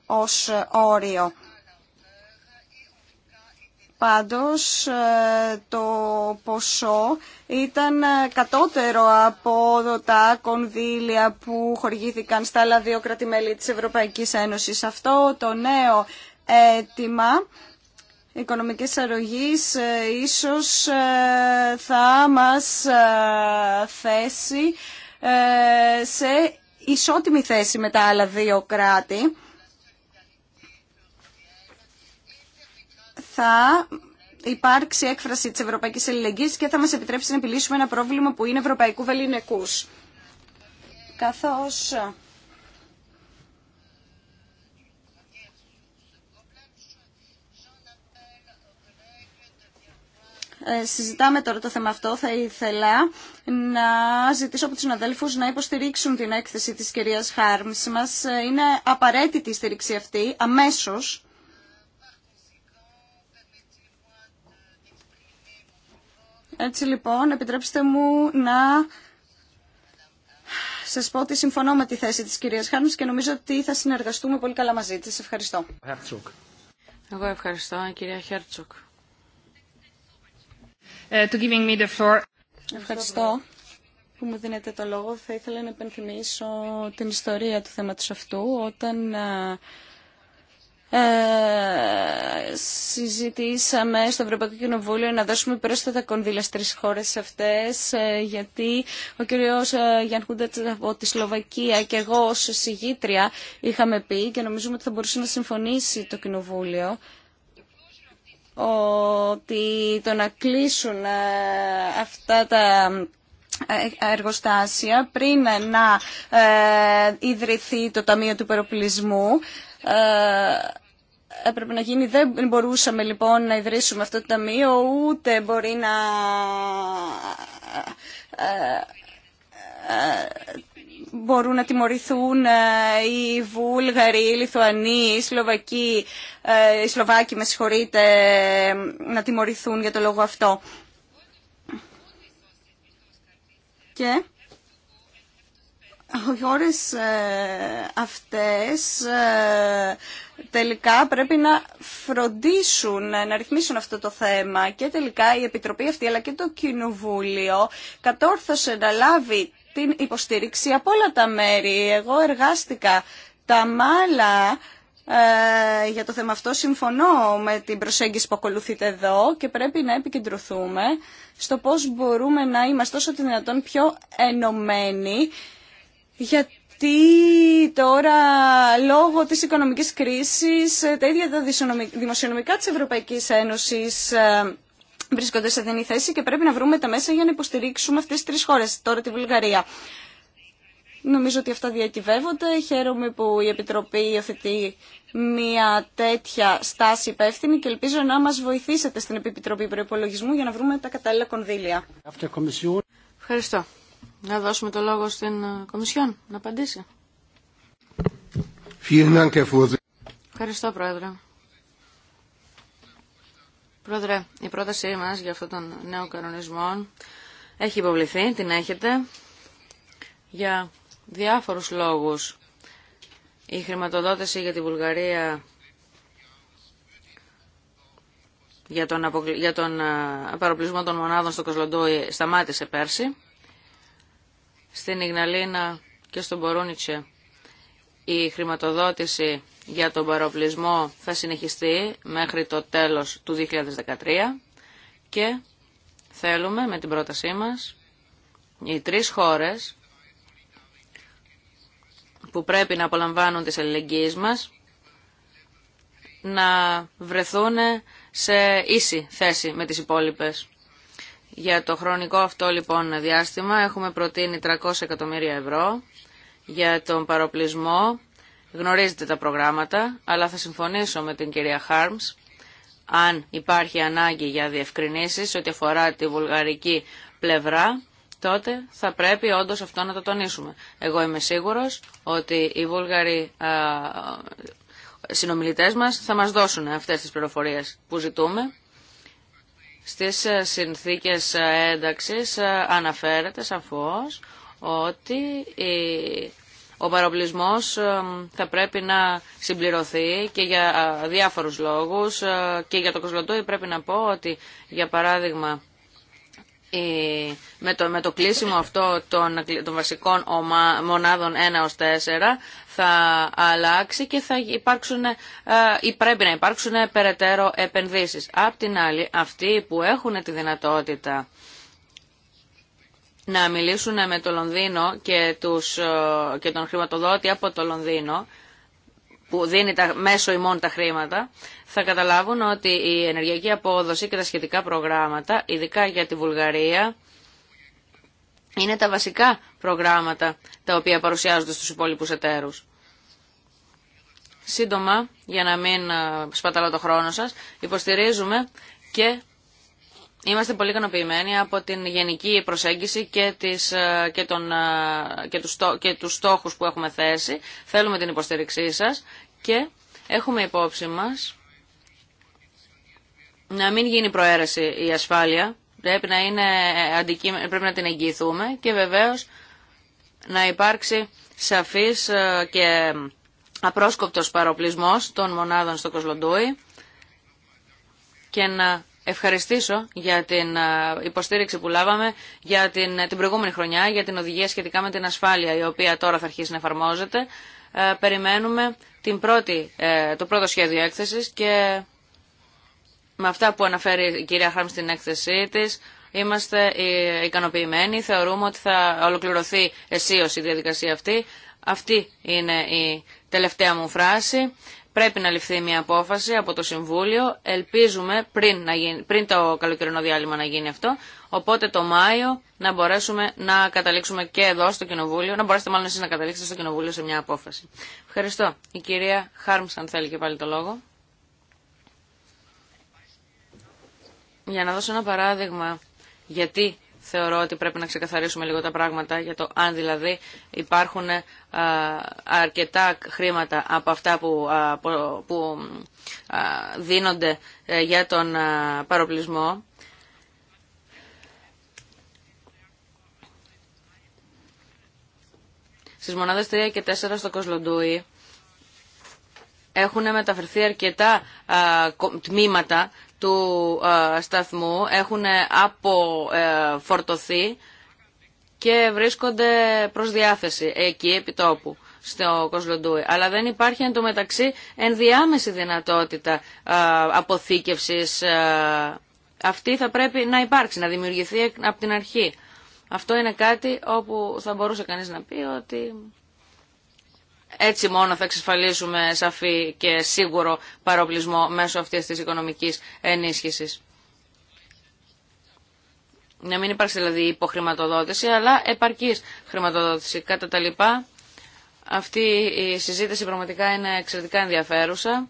ως όριο. Πάντως ε, το ποσό ήταν ε, κατώτερο από τα κονδύλια που χορηγήθηκαν στα άλλα δύο κρατημέλη της Ευρωπαϊκής Ένωσης. Αυτό το νέο αίτημα οικονομικής αρρωγής ε, ίσως θα μας θέσει σε ισότιμη θέση με τα άλλα δύο κράτη θα υπάρξει έκφραση της Ευρωπαϊκής Ελληνικής και θα μας επιτρέψει να επιλύσουμε ένα πρόβλημα που είναι ευρωπαϊκού βεληνικούς. Καθώς ε, συζητάμε τώρα το θέμα αυτό, θα ήθελα να ζητήσω από τους συναδέλφους να υποστηρίξουν την έκθεση της κυρίας Χάρμς μας. Ε, είναι απαραίτητη η στήριξη αυτή αμέσως. Έτσι λοιπόν, επιτρέψτε μου να σα πω ότι συμφωνώ με τη θέση της κυρίας Χάνους και νομίζω ότι θα συνεργαστούμε πολύ καλά μαζί της. Ευχαριστώ. Εγώ ευχαριστώ, κυρία Χέρτσοκ. Ε, ευχαριστώ που μου δίνετε το λόγο. Θα ήθελα να επενθυμίσω την ιστορία του θέματος αυτού. Όταν ε, ε, συζητήσαμε στο Ευρωπαϊκό Κοινοβούλιο να δώσουμε πρόσθετα κονδύλια στις χώρες αυτές ε, γιατί ο κ. Ε, Γιάνν Χούντατ από τη Σλοβακία και εγώ ως συγγήτρια είχαμε πει και νομίζουμε ότι θα μπορούσε να συμφωνήσει το Κοινοβούλιο ότι το να κλείσουν αυτά τα εργοστάσια πριν να ιδρυθεί το Ταμείο του Περοπλισμού ε, έπρεπε να γίνει. Δεν μπορούσαμε λοιπόν να ιδρύσουμε αυτό το ταμείο, ούτε μπορεί να ε, ε, μπορούν να τιμωρηθούν οι Βούλγαροι, οι Λιθουανοί, οι Σλοβακοί, οι Σλοβάκοι, με συγχωρείτε, να τιμωρηθούν για το λόγο αυτό. Και χώρες ε, αυτές ε, τελικά πρέπει να φροντίσουν ε, να ρυθμίσουν αυτό το θέμα και τελικά η Επιτροπή αυτή αλλά και το Κοινοβούλιο κατόρθωσε να λάβει την υποστήριξη από όλα τα μέρη. Εγώ εργάστηκα τα μάλα για το θέμα αυτό συμφωνώ με την προσέγγιση που ακολουθείτε εδώ και πρέπει να επικεντρωθούμε στο πώς μπορούμε να είμαστε όσο δυνατόν πιο ενωμένοι γιατί τώρα λόγω της οικονομικής κρίσης τα ίδια τα δημοσιονομικά της Ευρωπαϊκής Ένωσης ε, βρίσκονται σε δινή θέση και πρέπει να βρούμε τα μέσα για να υποστηρίξουμε αυτές τις τρεις χώρες, τώρα τη Βουλγαρία. Νομίζω ότι αυτά διακυβεύονται. Χαίρομαι που η Επιτροπή υιοθετεί μια τέτοια στάση υπεύθυνη και ελπίζω να μας βοηθήσετε στην Επιτροπή Προπολογισμού για να βρούμε τα κατάλληλα κονδύλια. Ευχαριστώ. Να δώσουμε το λόγο στην ε, Κομισιόν να απαντήσει. Ευχαριστώ, Πρόεδρε. Πρόεδρε, η πρότασή μας για αυτόν τον νέο κανονισμό έχει υποβληθεί, την έχετε, για διάφορους λόγους. Η χρηματοδότηση για τη Βουλγαρία για τον, αποκλει... τον ε, παροπλισμό των μονάδων στο Κοσλοντούι σταμάτησε πέρσι στην Ιγναλίνα και στον Μπορούνιτσε η χρηματοδότηση για τον παροπλισμό θα συνεχιστεί μέχρι το τέλος του 2013 και θέλουμε με την πρότασή μας οι τρεις χώρες που πρέπει να απολαμβάνουν τις αλληλεγγύες μας να βρεθούν σε ίση θέση με τις υπόλοιπες για το χρονικό αυτό λοιπόν διάστημα έχουμε προτείνει 300 εκατομμύρια ευρώ για τον παροπλισμό. Γνωρίζετε τα προγράμματα, αλλά θα συμφωνήσω με την κυρία Χάρμς αν υπάρχει ανάγκη για διευκρινήσεις ό,τι αφορά τη βουλγαρική πλευρά, τότε θα πρέπει όντως αυτό να το τονίσουμε. Εγώ είμαι σίγουρος ότι οι βουλγαροί α, συνομιλητές μας θα μας δώσουν αυτές τις πληροφορίες που ζητούμε στις ε, συνθήκες ε, ένταξης ε, αναφέρεται σαφώς ότι ο παροπλισμός θα πρέπει να συμπληρωθεί και για διάφορους λόγους και για το Κοσλοτούι πρέπει να πω ότι για παράδειγμα με, το, με το κλείσιμο αυτό των, των βασικών ομα, μονάδων 1 ως 4 θα αλλάξει και θα υπάρξουν ε, ή πρέπει να υπάρξουν περαιτέρω επενδύσεις. Απ' την άλλη, αυτοί που έχουν τη δυνατότητα να μιλήσουν με το Λονδίνο και, τους, ε, και τον χρηματοδότη από το Λονδίνο που δίνει τα, μέσω ημών τα χρήματα, θα καταλάβουν ότι η ενεργειακή απόδοση και τα σχετικά προγράμματα, ειδικά για τη Βουλγαρία, είναι τα βασικά προγράμματα τα οποία παρουσιάζονται στους υπόλοιπους εταίρους. Σύντομα, για να μην ε, σπαταλώ το χρόνο σας, υποστηρίζουμε και Είμαστε πολύ ικανοποιημένοι από την γενική προσέγγιση και, τις, ε, και, τον, ε, και, τους, και τους στόχους που έχουμε θέσει. Θέλουμε την υποστήριξή σας και έχουμε υπόψη μας να μην γίνει προαίρεση η ασφάλεια. Πρέπει να, είναι ε, πρέπει να την εγγυηθούμε και βεβαίως να υπάρξει σαφής και απρόσκοπτος παροπλισμός των μονάδων στο Κοσλοντούι και να ευχαριστήσω για την ε, υποστήριξη που λάβαμε για την, ε, την προηγούμενη χρονιά, για την οδηγία σχετικά με την ασφάλεια, η οποία τώρα θα αρχίσει να εφαρμόζεται. Ε, περιμένουμε την πρώτη, το πρώτο σχέδιο έκθεσης και με αυτά που αναφέρει η κυρία Χαρμ στην έκθεσή της, είμαστε ικανοποιημένοι, θεωρούμε ότι θα ολοκληρωθεί αισίως η διαδικασία αυτή. Αυτή είναι η τελευταία μου φράση πρέπει να ληφθεί μια απόφαση από το Συμβούλιο. Ελπίζουμε πριν, να γίνει, πριν το καλοκαιρινό διάλειμμα να γίνει αυτό. Οπότε το Μάιο να μπορέσουμε να καταλήξουμε και εδώ στο Κοινοβούλιο, να μπορέσετε μάλλον εσείς να καταλήξετε στο Κοινοβούλιο σε μια απόφαση. Ευχαριστώ. Η κυρία Χάρμς αν θέλει και πάλι το λόγο. Για να δώσω ένα παράδειγμα γιατί θεωρώ ότι πρέπει να ξεκαθαρίσουμε λίγο τα πράγματα για το αν δηλαδή υπάρχουν ε, αρκετά χρήματα από αυτά που, ε, που ε, δίνονται για τον παροπλισμό. Στις μονάδες 3 και 4 στο Κοσλοντούι έχουν μεταφερθεί αρκετά τμήματα του ε, σταθμού έχουν ε, αποφορτωθεί ε, και βρίσκονται προς διάθεση εκεί επί τόπου στο Κοσλοντούι. Αλλά δεν υπάρχει εντωμεταξύ ενδιάμεση δυνατότητα αποθήκευσης. Αυτή θα πρέπει να υπάρξει, να δημιουργηθεί από την αρχή. Αυτό είναι κάτι όπου θα μπορούσε κανείς να πει ότι έτσι μόνο θα εξασφαλίσουμε σαφή και σίγουρο παροπλισμό μέσω αυτής της οικονομικής ενίσχυσης. Να μην υπάρξει δηλαδή υποχρηματοδότηση, αλλά επαρκής χρηματοδότηση. Κατά τα λοιπά, αυτή η συζήτηση πραγματικά είναι εξαιρετικά ενδιαφέρουσα.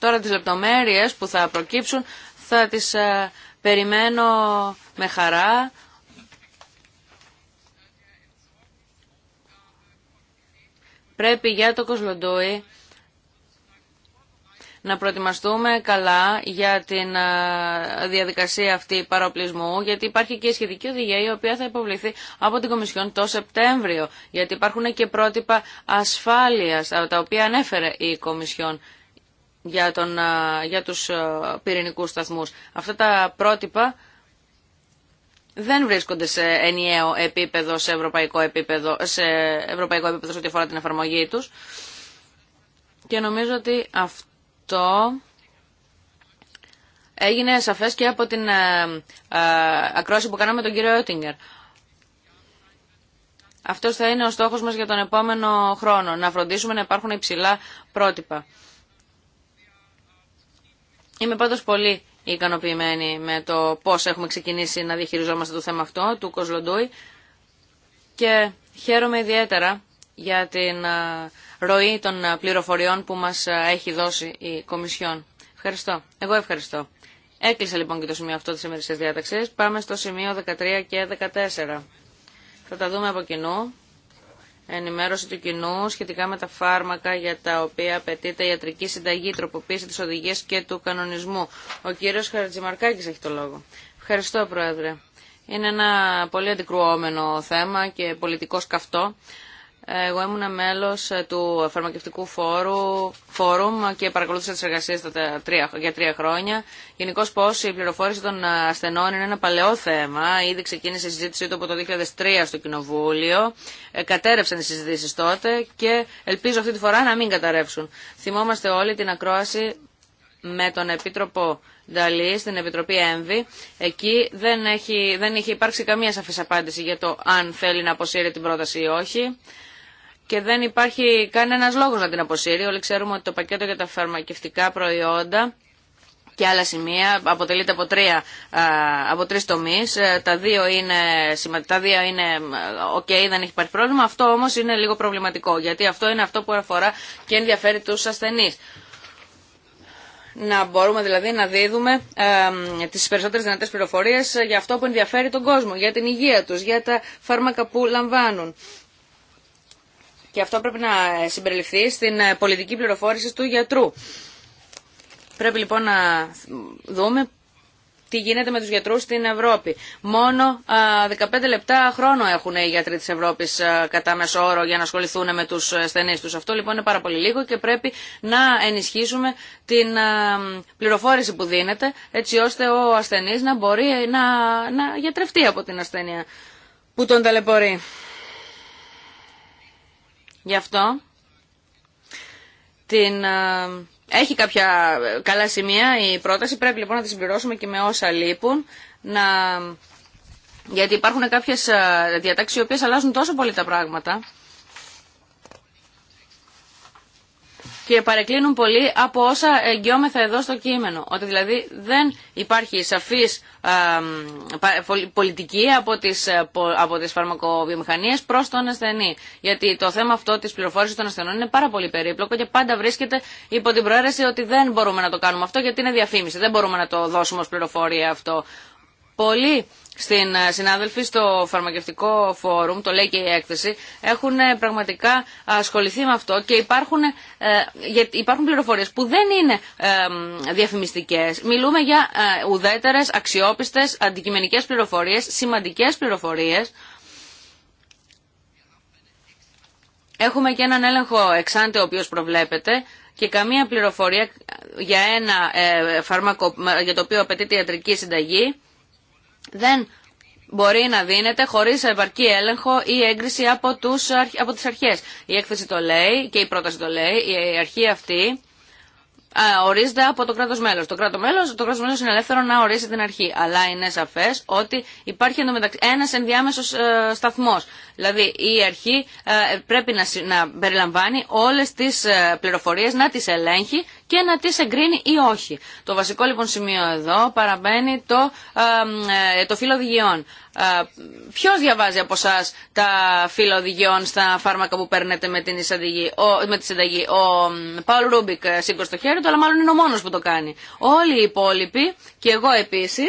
Τώρα τις λεπτομέρειες που θα προκύψουν θα τις ε, περιμένω με χαρά πρέπει για το Κοσλοντούι να προετοιμαστούμε καλά για την διαδικασία αυτή παροπλισμού, γιατί υπάρχει και η σχετική οδηγία η οποία θα υποβληθεί από την Κομισιόν το Σεπτέμβριο, γιατί υπάρχουν και πρότυπα ασφάλειας, τα οποία ανέφερε η Κομισιόν για, τον, για τους πυρηνικούς σταθμούς. Αυτά τα πρότυπα δεν βρίσκονται σε ενιαίο επίπεδο, σε ευρωπαϊκό επίπεδο, σε ευρωπαϊκό επίπεδο σε ό,τι αφορά την εφαρμογή τους. Και νομίζω ότι αυτό έγινε σαφές και από την ε, ε, ακρόση που κάναμε τον κύριο Ότιγκερ. Αυτός θα είναι ο στόχος μας για τον επόμενο χρόνο, να φροντίσουμε να υπάρχουν υψηλά πρότυπα. Είμαι πάντως πολύ ικανοποιημένοι με το πώς έχουμε ξεκινήσει να διαχειριζόμαστε το θέμα αυτό του Κοσλοντούι και χαίρομαι ιδιαίτερα για την ροή των πληροφοριών που μας έχει δώσει η Κομισιόν. Ευχαριστώ. Εγώ ευχαριστώ. Έκλεισε λοιπόν και το σημείο αυτό της ημερησίας διάταξης. Πάμε στο σημείο 13 και 14. Θα τα δούμε από κοινού ενημέρωση του κοινού σχετικά με τα φάρμακα για τα οποία απαιτείται ιατρική συνταγή, τροποποίηση τη οδηγία και του κανονισμού. Ο κύριος Χαρτζημαρκάκη έχει το λόγο. Ευχαριστώ, Πρόεδρε. Είναι ένα πολύ αντικρουόμενο θέμα και πολιτικό καυτό. Εγώ ήμουν μέλος ε, του Φαρμακευτικού Φόρου, Φόρουμ και παρακολούθησα τις εργασίες για τρία χρόνια. Γενικώ πώς η πληροφόρηση των ασθενών είναι ένα παλαιό θέμα. Ήδη ξεκίνησε η συζήτησή του από το 2003 στο Κοινοβούλιο. Ε, κατέρευσαν οι συζητήσεις τότε και ελπίζω αυτή τη φορά να μην καταρρεύσουν. Θυμόμαστε όλοι την ακρόαση με τον Επίτροπο Νταλή στην Επιτροπή ΕΜΒΗ. Εκεί δεν, έχει, δεν είχε υπάρξει καμία σαφής απάντηση για το αν θέλει να αποσύρει την πρόταση ή όχι και δεν υπάρχει κανένα λόγο να την αποσύρει. Όλοι ξέρουμε ότι το πακέτο για τα φαρμακευτικά προϊόντα και άλλα σημεία αποτελείται από, τρία, από τρεις τομείς. Ε, τα δύο είναι, τα δύο είναι ok, ε, δεν έχει υπάρχει πρόβλημα. Αυτό όμως είναι λίγο προβληματικό, γιατί αυτό είναι αυτό που αφορά και ενδιαφέρει τους ασθενείς. Να μπορούμε δηλαδή να δίδουμε ε, τις περισσότερες δυνατές πληροφορίες για αυτό που ενδιαφέρει τον κόσμο, για την υγεία τους, για τα φάρμακα που λαμβάνουν. Και αυτό πρέπει να συμπεριληφθεί στην ε, πολιτική πληροφόρηση του γιατρού. Πρέπει λοιπόν να δούμε τι γίνεται με τους γιατρούς στην Ευρώπη. Μόνο 15 λεπτά χρόνο έχουν οι γιατροί της Ευρώπης κατά μέσο όρο για να ασχοληθούν με τους ε, ασθενείς τους. Αυτό λοιπόν είναι πάρα πολύ λίγο και πρέπει να ενισχύσουμε την πληροφόρηση που δίνεται έτσι ώστε ο ασθενής να μπορεί να, να γιατρευτεί από την ασθένεια που τον ταλαιπωρεί. Γι' αυτό την, ε, έχει κάποια ε, καλά σημεία η πρόταση. Πρέπει λοιπόν να τη συμπληρώσουμε και με όσα λείπουν. Να... Γιατί υπάρχουν κάποιες ε, διατάξεις οι οποίες αλλάζουν τόσο πολύ τα πράγματα και παρεκκλίνουν πολύ από όσα εγγυόμεθα εδώ στο κείμενο. Ότι δηλαδή δεν υπάρχει σαφής πολιτική από τις, ε, από τις φαρμακοβιομηχανίες προς τον ασθενή. Γιατί το θέμα αυτό της πληροφόρησης των ασθενών είναι πάρα πολύ περίπλοκο και πάντα βρίσκεται υπό την προαίρεση ότι δεν μπορούμε να το κάνουμε αυτό γιατί είναι διαφήμιση. Δεν μπορούμε να το δώσουμε ως πληροφορία αυτό. Πολλοί στην ε, συνάδελφη στο φαρμακευτικό φόρουμ, το λέει και η έκθεση, έχουν ε, πραγματικά ασχοληθεί με αυτό και υπάρχουν, ε, υπάρχουν πληροφορίες που δεν είναι διαφημιστικές. Μιλούμε για ουδέτερες, αξιόπιστες, αντικειμενικές πληροφορίες, σημαντικές πληροφορίες, Έχουμε και έναν έλεγχο εξάντε ο οποίος προβλέπεται και καμία πληροφορία για ένα φάρμακο για το οποίο απαιτείται ιατρική συνταγή δεν μπορεί να δίνεται χωρίς επαρκή έλεγχο ή έγκριση από, τους, από τις αρχές. Η έκθεση το λέει και η πρόταση το λέει, η αρχή αυτή ορίζεται από το κράτο μέλος. Το κράτο μέλος το κράτος μέλος είναι ελεύθερο να ορίσει την αρχή. Αλλά είναι σαφές ότι υπάρχει ένας ένα ενδιάμεσο ε, σταθμός. Δηλαδή η αρχή ε, πρέπει να περιλαμβάνει όλες τις ε, πληροφορίες, να τις ελέγχει και να τις εγκρίνει ή όχι. Το βασικό λοιπόν σημείο εδώ παραμένει το, ε, το φύλλο οδηγιών. Ποιο διαβάζει από εσά τα φύλλα οδηγιών στα φάρμακα που παίρνετε με, την ο, με τη συνταγή. Ο Παουλ Ρούμπικ σήκωσε το χέρι του, αλλά μάλλον είναι ο μόνο που το κάνει. Όλοι οι υπόλοιποι, και εγώ επίση,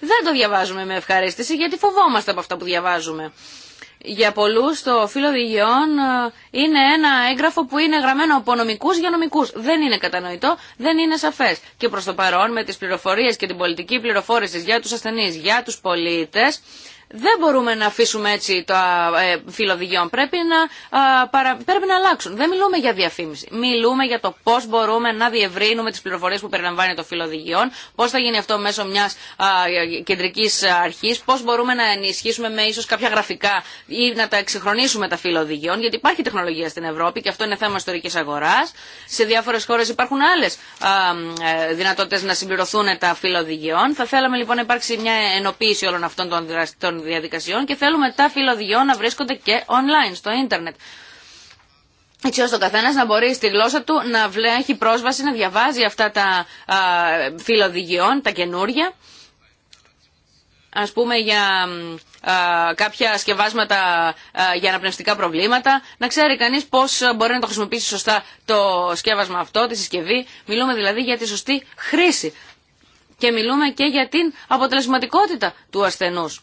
δεν το διαβάζουμε με ευχαρίστηση γιατί φοβόμαστε από αυτά που διαβάζουμε για πολλού, το φύλλο οδηγιών ε, είναι ένα έγγραφο που είναι γραμμένο από νομικού για νομικού. Δεν είναι κατανοητό, δεν είναι σαφέ. Και προ το παρόν, με τι πληροφορίε και την πολιτική πληροφόρηση για του ασθενεί, για του πολίτε, δεν μπορούμε να αφήσουμε έτσι τα ε, φύλλα οδηγιών. Πρέπει να, πρέπει να αλλάξουν. Δεν μιλούμε για διαφήμιση. Μιλούμε για το πώ μπορούμε να διευρύνουμε τι πληροφορίε που περιλαμβάνει το φύλλο οδηγιών, πώ θα γίνει αυτό μέσω μια κεντρική αρχή, πώ μπορούμε να ενισχύσουμε με ίσω κάποια γραφικά ή να τα εξυγχρονίσουμε τα φύλλα γιατί υπάρχει τεχνολογία στην Ευρώπη και αυτό είναι θέμα ιστορική αγορά. Σε διάφορε χώρε υπάρχουν άλλε δυνατότητε να συμπληρωθούν τα φύλλα Θα θέλαμε λοιπόν να υπάρξει μια ενοποίηση όλων αυτών των διαδικασιών και θέλουμε τα φιλοδιό να βρίσκονται και online, στο ίντερνετ. Έτσι ώστε ο καθένα να μπορεί στη γλώσσα του να έχει πρόσβαση να διαβάζει αυτά τα οδηγιών, τα καινούργια. Ας πούμε για κάποια σκευάσματα για αναπνευστικά προβλήματα, να ξέρει κανείς πώς μπορεί να το χρησιμοποιήσει σωστά το σκεύασμα αυτό, τη συσκευή. Μιλούμε δηλαδή για τη σωστή χρήση και μιλούμε και για την αποτελεσματικότητα του ασθενούς.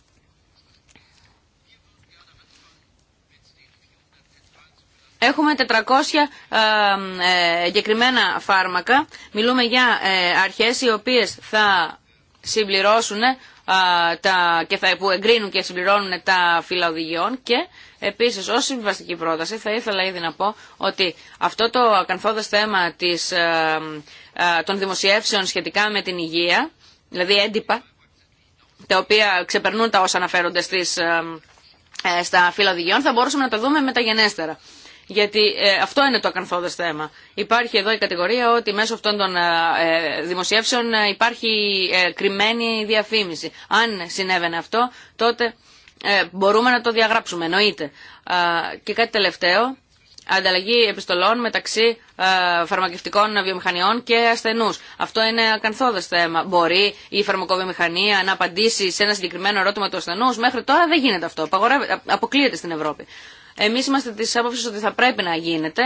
Έχουμε 400 ε, ε, εγκεκριμένα φάρμακα. Μιλούμε για ε, αρχές οι οποίες θα συμπληρώσουν τα, και θα, που εγκρίνουν και συμπληρώνουν τα φύλλα οδηγιών και επίσης ως συμβαστική πρόταση θα ήθελα ήδη να πω ότι αυτό το ακαθόδες θέμα της, των δημοσιεύσεων σχετικά με την υγεία, δηλαδή έντυπα, τα οποία ξεπερνούν τα όσα αναφέρονται στις, στα φύλλα οδηγιών, θα μπορούσαμε να τα δούμε μεταγενέστερα. Γιατί ε, αυτό είναι το ακαθόδε θέμα. Υπάρχει εδώ η κατηγορία ότι μέσω αυτών των ε, ε, δημοσιεύσεων υπάρχει κρυμμένη διαφήμιση. Αν συνέβαινε αυτό, τότε μπορούμε να το διαγράψουμε, εννοείται. Και κάτι τελευταίο, ανταλλαγή επιστολών μεταξύ φαρμακευτικών βιομηχανιών και ασθενού. Αυτό είναι ακαθόδε θέμα. Μπορεί η φαρμακοβιομηχανία να απαντήσει σε ένα συγκεκριμένο ερώτημα του ασθενού. Μέχρι τώρα δεν γίνεται αυτό. Αποκλείεται στην Ευρώπη. Εμείς είμαστε της άποψης ότι θα πρέπει να γίνεται,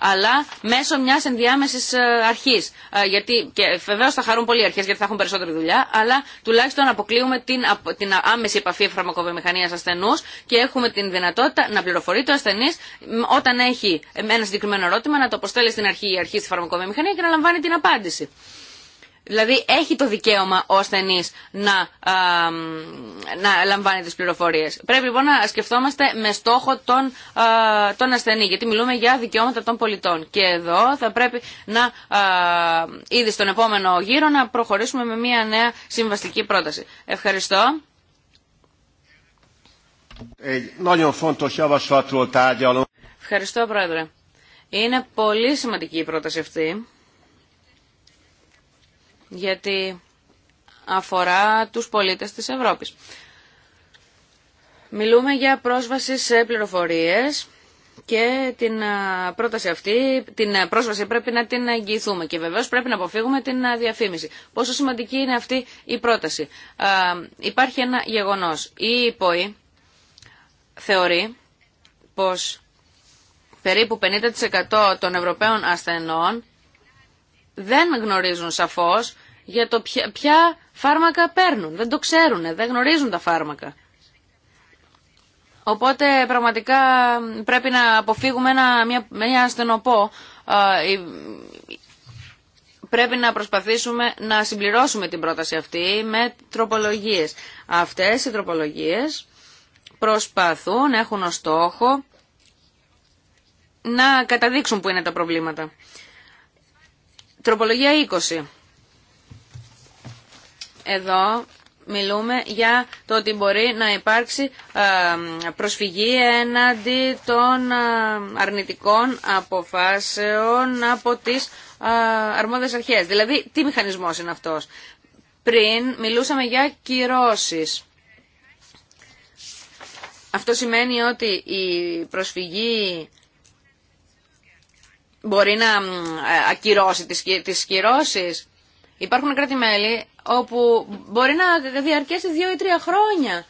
αλλά μέσω μιας ενδιάμεσης ε, αρχής. Ε, γιατί, και βεβαίω θα χαρούν πολλοί αρχέ γιατί θα έχουν περισσότερη δουλειά, αλλά τουλάχιστον αποκλείουμε την, την άμεση επαφή φαρμακοβιομηχανίας ασθενού και έχουμε την δυνατότητα να πληροφορεί το ασθενή όταν έχει ένα συγκεκριμένο ερώτημα να το αποστέλει στην αρχή η αρχή στη φαρμακοβιομηχανία και να λαμβάνει την απάντηση. Δηλαδή έχει το δικαίωμα ο ασθενή να, λαμβάνει τις πληροφορίες. Πρέπει λοιπόν να σκεφτόμαστε με στόχο τον, α, τον ασθενή, γιατί μιλούμε για δικαιώματα των πολιτών. Και εδώ θα πρέπει να, ήδη στον επόμενο γύρο να προχωρήσουμε με μια νέα συμβαστική πρόταση. Ευχαριστώ. Ευχαριστώ Πρόεδρε. Είναι πολύ σημαντική η πρόταση αυτή γιατί αφορά τους πολίτες της Ευρώπης. Μιλούμε για πρόσβαση σε πληροφορίες και την πρόταση αυτή, την πρόσβαση πρέπει να την εγγυηθούμε και βεβαίως πρέπει να αποφύγουμε την διαφήμιση. Πόσο σημαντική είναι αυτή η πρόταση. Υπάρχει ένα γεγονός. Η ΥΠΟΗ θεωρεί πως περίπου 50% των Ευρωπαίων ασθενών δεν γνωρίζουν σαφώς για το ποια, φάρμακα παίρνουν. Δεν το ξέρουν, ε, δεν γνωρίζουν τα φάρμακα. Οπότε πραγματικά πρέπει να αποφύγουμε ένα, μια, μια ασθενοπό. Πρέπει να προσπαθήσουμε να συμπληρώσουμε την πρόταση αυτή με τροπολογίες. Αυτές οι τροπολογίες προσπαθούν, έχουν ως στόχο να καταδείξουν που είναι τα προβλήματα. Τροπολογία 20 εδώ μιλούμε για το ότι μπορεί να υπάρξει ε, προσφυγή έναντι των ε, αρνητικών αποφάσεων από τις ε, αρμόδιες αρχές. Δηλαδή, τι μηχανισμός είναι αυτός. Πριν μιλούσαμε για κυρώσεις. Αυτό σημαίνει ότι η προσφυγή μπορεί να ακυρώσει τις κυρώσεις. Υπάρχουν κράτη-μέλη όπου μπορεί να διαρκέσει δύο ή τρία χρόνια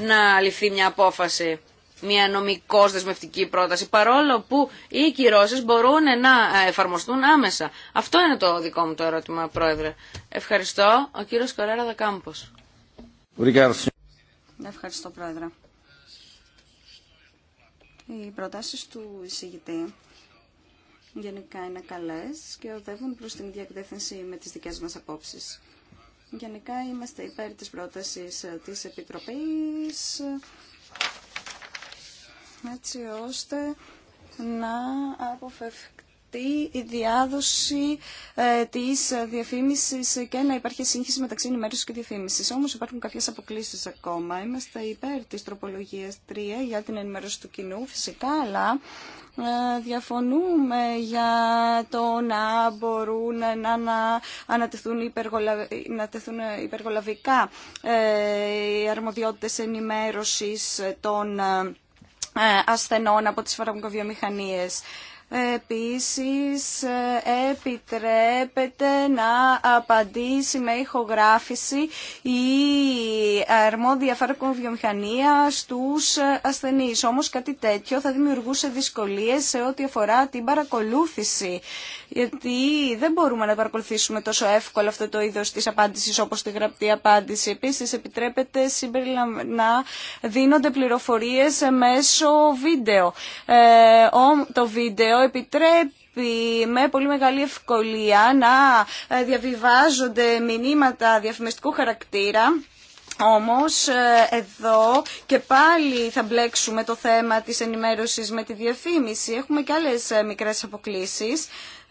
να ληφθεί μια απόφαση, μια νομικώ δεσμευτική πρόταση, παρόλο που οι κυρώσει μπορούν να εφαρμοστούν άμεσα. Αυτό είναι το δικό μου το ερώτημα, Πρόεδρε. Ευχαριστώ. Ο κύριο Κορέρα Δακάμπο. Ευχαριστώ, Πρόεδρε. Οι προτάσει του εισηγητή γενικά είναι καλές και οδεύουν προς την διακδέθυνση με τις δικές μας απόψεις. Γενικά είμαστε υπέρ της πρότασης της Επιτροπής έτσι ώστε να αποφευκτεί η διάδοση ε, της διαφήμισης και να υπάρχει σύγχυση μεταξύ ενημέρωσης και διαφήμισης. Όμως υπάρχουν κάποιες αποκλήσεις ακόμα. Είμαστε υπέρ της τροπολογίας 3 για την ενημέρωση του κοινού φυσικά, αλλά ε, διαφωνούμε για το να μπορούν να, να ανατεθούν υπεργολαβικά ε, οι αρμοδιότητες ενημέρωσης των ε, ασθενών από τις φαρμακοβιομηχανίες. Επίσης ε, επιτρέπεται να απαντήσει με ηχογράφηση η αρμόδια φαρμακοβιομηχανία στους ε, ασθενείς. Όμως κάτι τέτοιο θα δημιουργούσε δυσκολίες σε ό,τι αφορά την παρακολούθηση. Γιατί δεν μπορούμε να παρακολουθήσουμε τόσο εύκολα αυτό το είδος της απάντησης όπως τη γραπτή απάντηση. Επίσης επιτρέπεται να δίνονται πληροφορίες μέσω βίντεο. Ε, το βίντεο επιτρέπει με πολύ μεγάλη ευκολία να ε, διαβιβάζονται μηνύματα διαφημιστικού χαρακτήρα όμως ε, εδώ και πάλι θα μπλέξουμε το θέμα της ενημέρωσης με τη διαφήμιση. Έχουμε και άλλες ε, μικρές αποκλήσεις.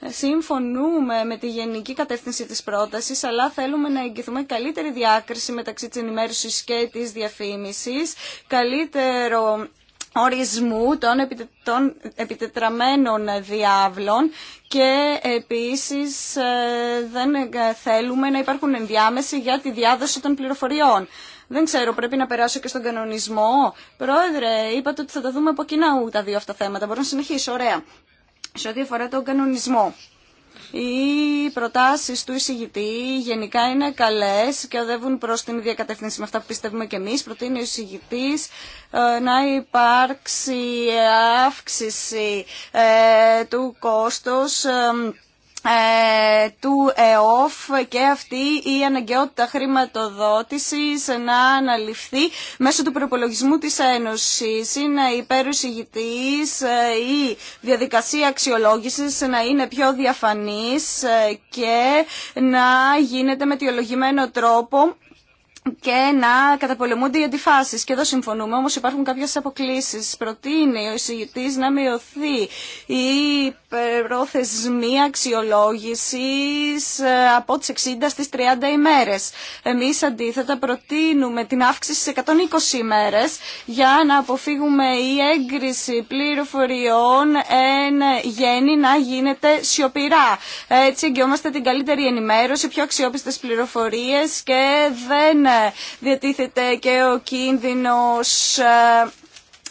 Συμφωνούμε με τη γενική κατεύθυνση της πρότασης, αλλά θέλουμε να εγγυθούμε καλύτερη διάκριση μεταξύ της ενημέρωσης και της διαφήμισης, καλύτερο ορισμού των, επιτε... επιτετραμένων διάβλων και επίσης ε, δεν ε, θέλουμε να υπάρχουν ενδιάμεση για τη διάδοση των πληροφοριών. Δεν ξέρω, πρέπει να περάσω και στον κανονισμό. Πρόεδρε, είπατε ότι θα τα δούμε από κοινά τα δύο αυτά θέματα. Μπορώ να συνεχίσω, ωραία. Σε ό,τι αφορά τον κανονισμό. Οι προτάσει του εισηγητή γενικά είναι καλέ και οδεύουν προ την ίδια με αυτά που πιστεύουμε και εμεί. Προτείνει ο εισηγητή ε, να υπάρξει αύξηση ε, του κόστο ε, ε, του ΕΟΦ και αυτή η αναγκαιότητα χρηματοδότησης να αναλυφθεί μέσω του προπολογισμού της Ένωσης. Είναι ε, η διαδικασία αξιολόγησης να είναι πιο διαφανής ε, και να γίνεται με τρόπο και να καταπολεμούνται οι αντιφάσει. Και εδώ συμφωνούμε, όμω υπάρχουν κάποιε αποκλήσει. Προτείνει ο εισηγητή να μειωθεί η πρόθεσμη αξιολόγηση ε, από τι 60 στι 30 ημέρε. Εμεί αντίθετα προτείνουμε την αύξηση σε 120 ημέρε για να αποφύγουμε η έγκριση πληροφοριών εν γέννη να γίνεται σιωπηρά. Έτσι εγγυόμαστε την καλύτερη ενημέρωση, πιο αξιόπιστε πληροφορίε και δεν ε, διατίθεται και ο κίνδυνος ε,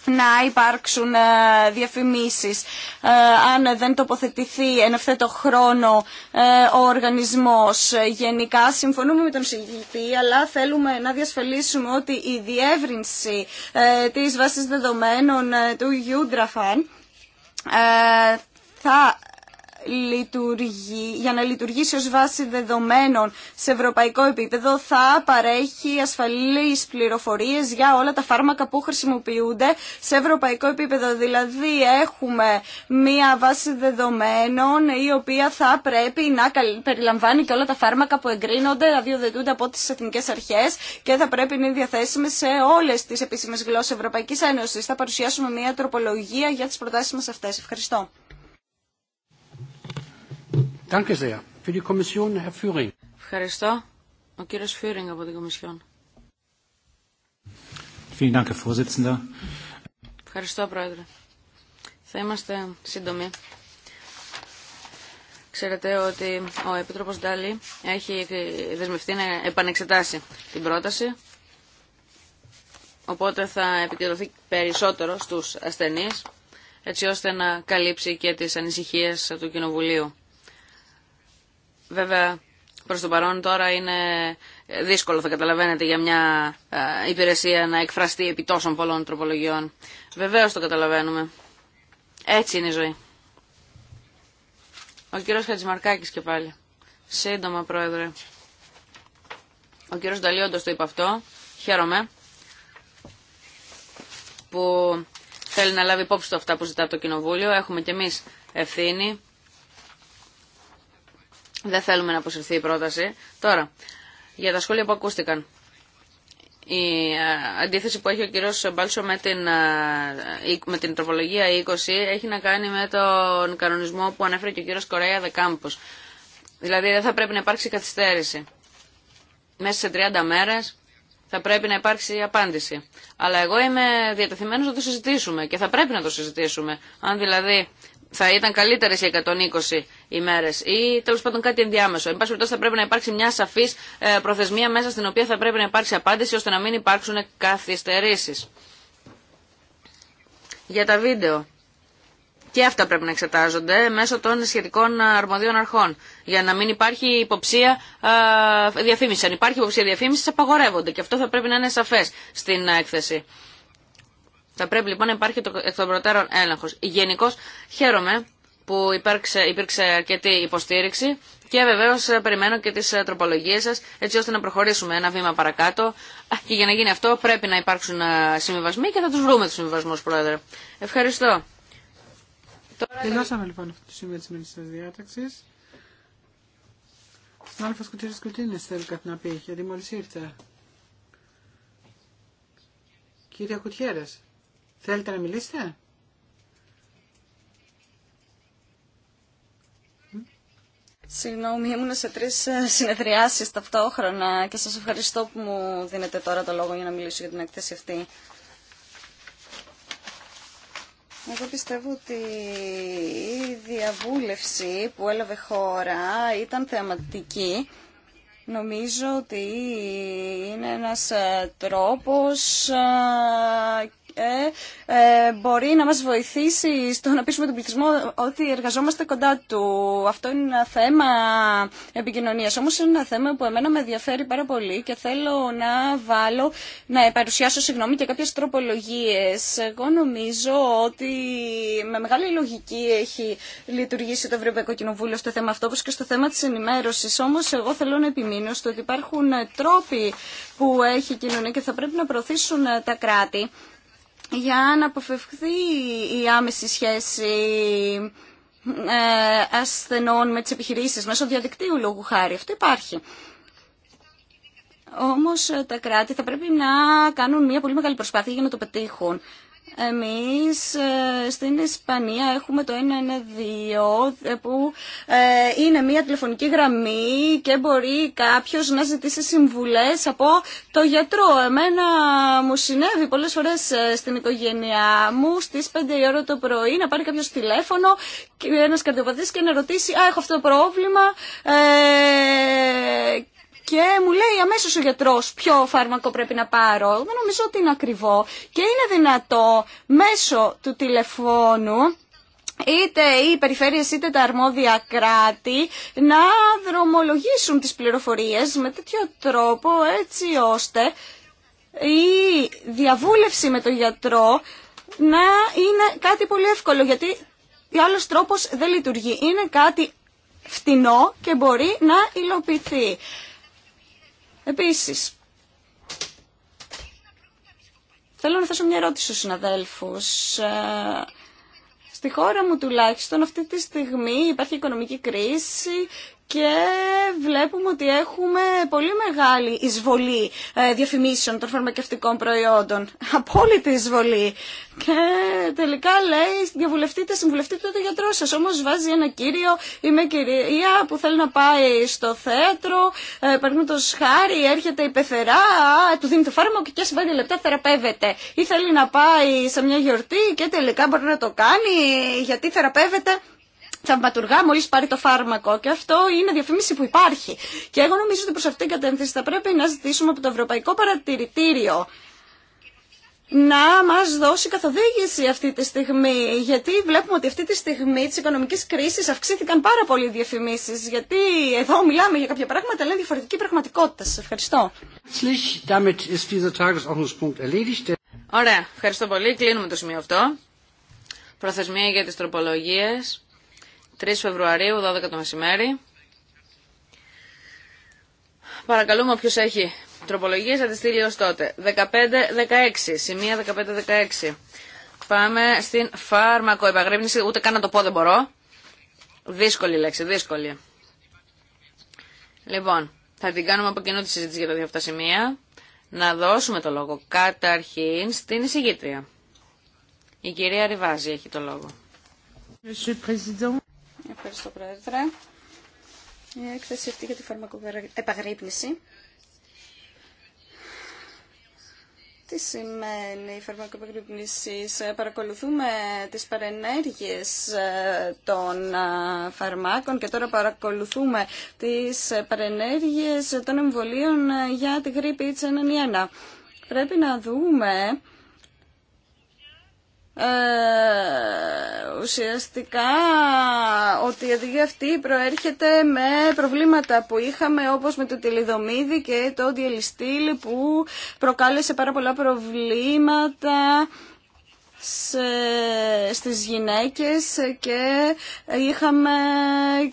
να υπάρξουν ε, διαφημίσεις αν δεν τοποθετηθεί εν ευθέτω χρόνο ο οργανισμός. Γενικά συμφωνούμε με τον συγγητή, αλλά θέλουμε να διασφαλίσουμε ότι η διεύρυνση της βάσης δεδομένων του Ιούντραφαν θα λειτουργεί, για να λειτουργήσει ως βάση δεδομένων σε ευρωπαϊκό επίπεδο θα παρέχει ασφαλείς πληροφορίες για όλα τα φάρμακα που χρησιμοποιούνται σε ευρωπαϊκό επίπεδο. Δηλαδή έχουμε μία βάση δεδομένων η οποία θα πρέπει να περιλαμβάνει και όλα τα φάρμακα που εγκρίνονται, αδειοδετούνται από τις εθνικές αρχές και θα πρέπει να είναι διαθέσιμε σε όλες τις επίσημες γλώσσες Ευρωπαϊκής Ένωσης. Θα παρουσιάσουμε μία τροπολογία για τις προτάσεις μας αυτές. Ευχαριστώ. Ευχαριστώ. Ο κύριος από την Κομισιόν. Ευχαριστώ, Πρόεδρε. Θα είμαστε σύντομοι. Ξέρετε ότι ο Επίτροπος Ντάλι έχει δεσμευτεί να επανεξετάσει την πρόταση, οπότε θα επικεντρωθεί περισσότερο στους ασθενείς, έτσι ώστε να καλύψει και τις ανησυχίες του Κοινοβουλίου. Βέβαια, προ το παρόν τώρα είναι δύσκολο, θα καταλαβαίνετε, για μια ε, υπηρεσία να εκφραστεί επί τόσων πολλών τροπολογιών. Βεβαίω το καταλαβαίνουμε. Έτσι είναι η ζωή. Ο κύριος Χατζημαρκάκη και πάλι. Σύντομα, Πρόεδρε. Ο κύριος Νταλίοντο το είπε αυτό. Χαίρομαι που θέλει να λάβει υπόψη του αυτά που ζητά το Κοινοβούλιο. Έχουμε κι εμείς ευθύνη δεν θέλουμε να αποσυρθεί η πρόταση. Τώρα, για τα σχόλια που ακούστηκαν. Η ε, αντίθεση που έχει ο κύριος Μπάλσο με την, ε, με τροπολογία 20 έχει να κάνει με τον κανονισμό που ανέφερε και ο κύριος Κορέα Δεκάμπος. Δηλαδή δεν θα πρέπει να υπάρξει καθυστέρηση. Μέσα σε 30 μέρες θα πρέπει να υπάρξει απάντηση. Αλλά εγώ είμαι διατεθειμένος να το συζητήσουμε και θα πρέπει να το συζητήσουμε. Αν δηλαδή θα ήταν καλύτερε οι 120 ημέρε ή τέλο πάντων κάτι ενδιάμεσο. Εν πάση περιπτώσει, θα πρέπει να υπάρξει μια σαφή ε, προθεσμία μέσα στην οποία θα πρέπει να υπάρξει απάντηση ώστε να μην υπάρξουν καθυστερήσει. Για τα βίντεο. Και αυτά πρέπει να εξετάζονται μέσω των σχετικών αρμοδίων αρχών. Για να μην υπάρχει υποψία διαφήμιση. Αν υπάρχει υποψία διαφήμιση, απαγορεύονται. Και αυτό θα πρέπει να είναι σαφέ στην έκθεση. Θα πρέπει λοιπόν να υπάρχει το, εκ των προτέρων έλεγχο. Γενικώ χαίρομαι που υπήρξε, υπήρξε αρκετή υποστήριξη και βεβαίω ε, περιμένω και τι ε, τροπολογίε σα έτσι ώστε να προχωρήσουμε ένα βήμα παρακάτω. Και για να γίνει αυτό πρέπει να υπάρξουν ε, συμβιβασμοί και θα του βρούμε του συμβιβασμού, Πρόεδρε. Ευχαριστώ. Τελειώσαμε λοιπόν αυτό το σημείο τη διάταξη. Στον Αλφα θέλει κάτι να πει, Κύριε Κουτιέρε. Θέλετε να μιλήσετε? Συγγνώμη, ήμουν σε τρεις ε, συνεδριάσεις ταυτόχρονα και σας ευχαριστώ που μου δίνετε τώρα το λόγο για να μιλήσω για την εκθέση αυτή. Εγώ πιστεύω ότι η διαβούλευση που έλαβε χώρα ήταν θεαματική. Νομίζω ότι είναι ένας ε, τρόπος ε, ε, μπορεί να μας βοηθήσει στο να πείσουμε τον πληθυσμό ότι εργαζόμαστε κοντά του. Αυτό είναι ένα θέμα επικοινωνίας, όμως είναι ένα θέμα που εμένα με ενδιαφέρει πάρα πολύ και θέλω να βάλω, να παρουσιάσω συγγνώμη και κάποιες τροπολογίες. Εγώ νομίζω ότι με μεγάλη λογική έχει λειτουργήσει το Ευρωπαϊκό Κοινοβούλιο στο θέμα αυτό, όπως και στο θέμα της ενημέρωσης. Όμως εγώ θέλω να επιμείνω στο ότι υπάρχουν τρόποι που έχει κοινωνία και θα πρέπει να προωθήσουν τα κράτη για να αποφευχθεί η άμεση σχέση ε, ασθενών με τις επιχειρήσεις μέσω διαδικτύου λόγου χάρη. Αυτό υπάρχει. Όμως ε, τα κράτη θα πρέπει να κάνουν μια πολύ μεγάλη προσπάθεια για να το πετύχουν. Εμείς ε, στην Ισπανία έχουμε το 112 ε, που ε, είναι μια τηλεφωνική γραμμή και μπορεί κάποιος να ζητήσει συμβουλές από το γιατρό. Εμένα μου συνέβη πολλές φορές στην οικογένειά μου στις 5 η ώρα το πρωί να πάρει κάποιος τηλέφωνο και ένας καρδιοπαθής και να ρωτήσει «Α, έχω αυτό το πρόβλημα» και μου λέει αμέσω ο γιατρός ποιο φάρμακο πρέπει να πάρω. Δεν νομίζω ότι είναι ακριβό και είναι δυνατό μέσω του τηλεφώνου είτε οι περιφέρειες είτε τα αρμόδια κράτη να δρομολογήσουν τις πληροφορίες με τέτοιο τρόπο έτσι ώστε η διαβούλευση με τον γιατρό να είναι κάτι πολύ εύκολο γιατί άλλος τρόπος δεν λειτουργεί. Είναι κάτι φτηνό και μπορεί να υλοποιηθεί. Επίσης, θέλω να θέσω μια ερώτηση στους συναδέλφους. Ε, στη χώρα μου τουλάχιστον αυτή τη στιγμή υπάρχει οικονομική κρίση και βλέπουμε ότι έχουμε πολύ μεγάλη εισβολή ε, διαφημίσεων των φαρμακευτικών προϊόντων. [LAUGHS] Απόλυτη εισβολή. Και τελικά λέει, διαβουλευτείτε, συμβουλευτείτε το γιατρό σα. Όμω βάζει ένα κύριο ή μια κυρία που θέλει να πάει στο θέατρο, ε, παραδείγματο χάρη, έρχεται η πεθερά, του δίνει το φάρμακο και σε πέντε λεπτά θεραπεύεται. Ή θέλει να πάει σε μια γιορτή και τελικά μπορεί να το κάνει γιατί θεραπεύεται θαυματουργά μόλι πάρει το φάρμακο. Και αυτό είναι διαφήμιση που υπάρχει. Και εγώ νομίζω ότι προ αυτήν την κατεύθυνση θα πρέπει να ζητήσουμε από το Ευρωπαϊκό Παρατηρητήριο να μα δώσει καθοδήγηση αυτή τη στιγμή. Γιατί βλέπουμε ότι αυτή τη στιγμή τη οικονομική κρίση αυξήθηκαν πάρα πολύ οι διαφημίσεις. Γιατί εδώ μιλάμε για κάποια πράγματα, αλλά διαφορετική πραγματικότητα. Σα ευχαριστώ. Ωραία, ευχαριστώ πολύ. Κλείνουμε το σημείο αυτό. Προθεσμία για τι τροπολογίε. 3 Φεβρουαρίου, 12 το μεσημέρι. Παρακαλούμε όποιος έχει τροπολογίες να τη στείλει ως τότε. 15-16, σημεία 15-16. Πάμε στην φάρμακο φάρμακοεπαγρύπνηση, ούτε καν να το πω δεν μπορώ. Δύσκολη λέξη, δύσκολη. Λοιπόν, θα την κάνουμε από κοινού τη συζήτηση για τα δύο αυτά σημεία. Να δώσουμε το λόγο καταρχήν στην εισηγήτρια. Η κυρία Ριβάζη έχει το λόγο. Ευχαριστώ, Πρόεδρε. Η έκθεση αυτή για τη φαρμακοεπαγρύπνηση. Τι σημαίνει η φαρμακοεπαγρύπνηση. Παρακολουθούμε τις παρενέργειες ε, των ε, φαρμάκων και τώρα παρακολουθούμε τις παρενέργειες των εμβολίων ε, για τη γρήπη H1N1. Πρέπει να δούμε ε, ουσιαστικά ότι η οδηγία αυτή προέρχεται με προβλήματα που είχαμε όπως με το τηλεδομίδι και το διελιστήλι που προκάλεσε πάρα πολλά προβλήματα σε, στις γυναίκες και είχαμε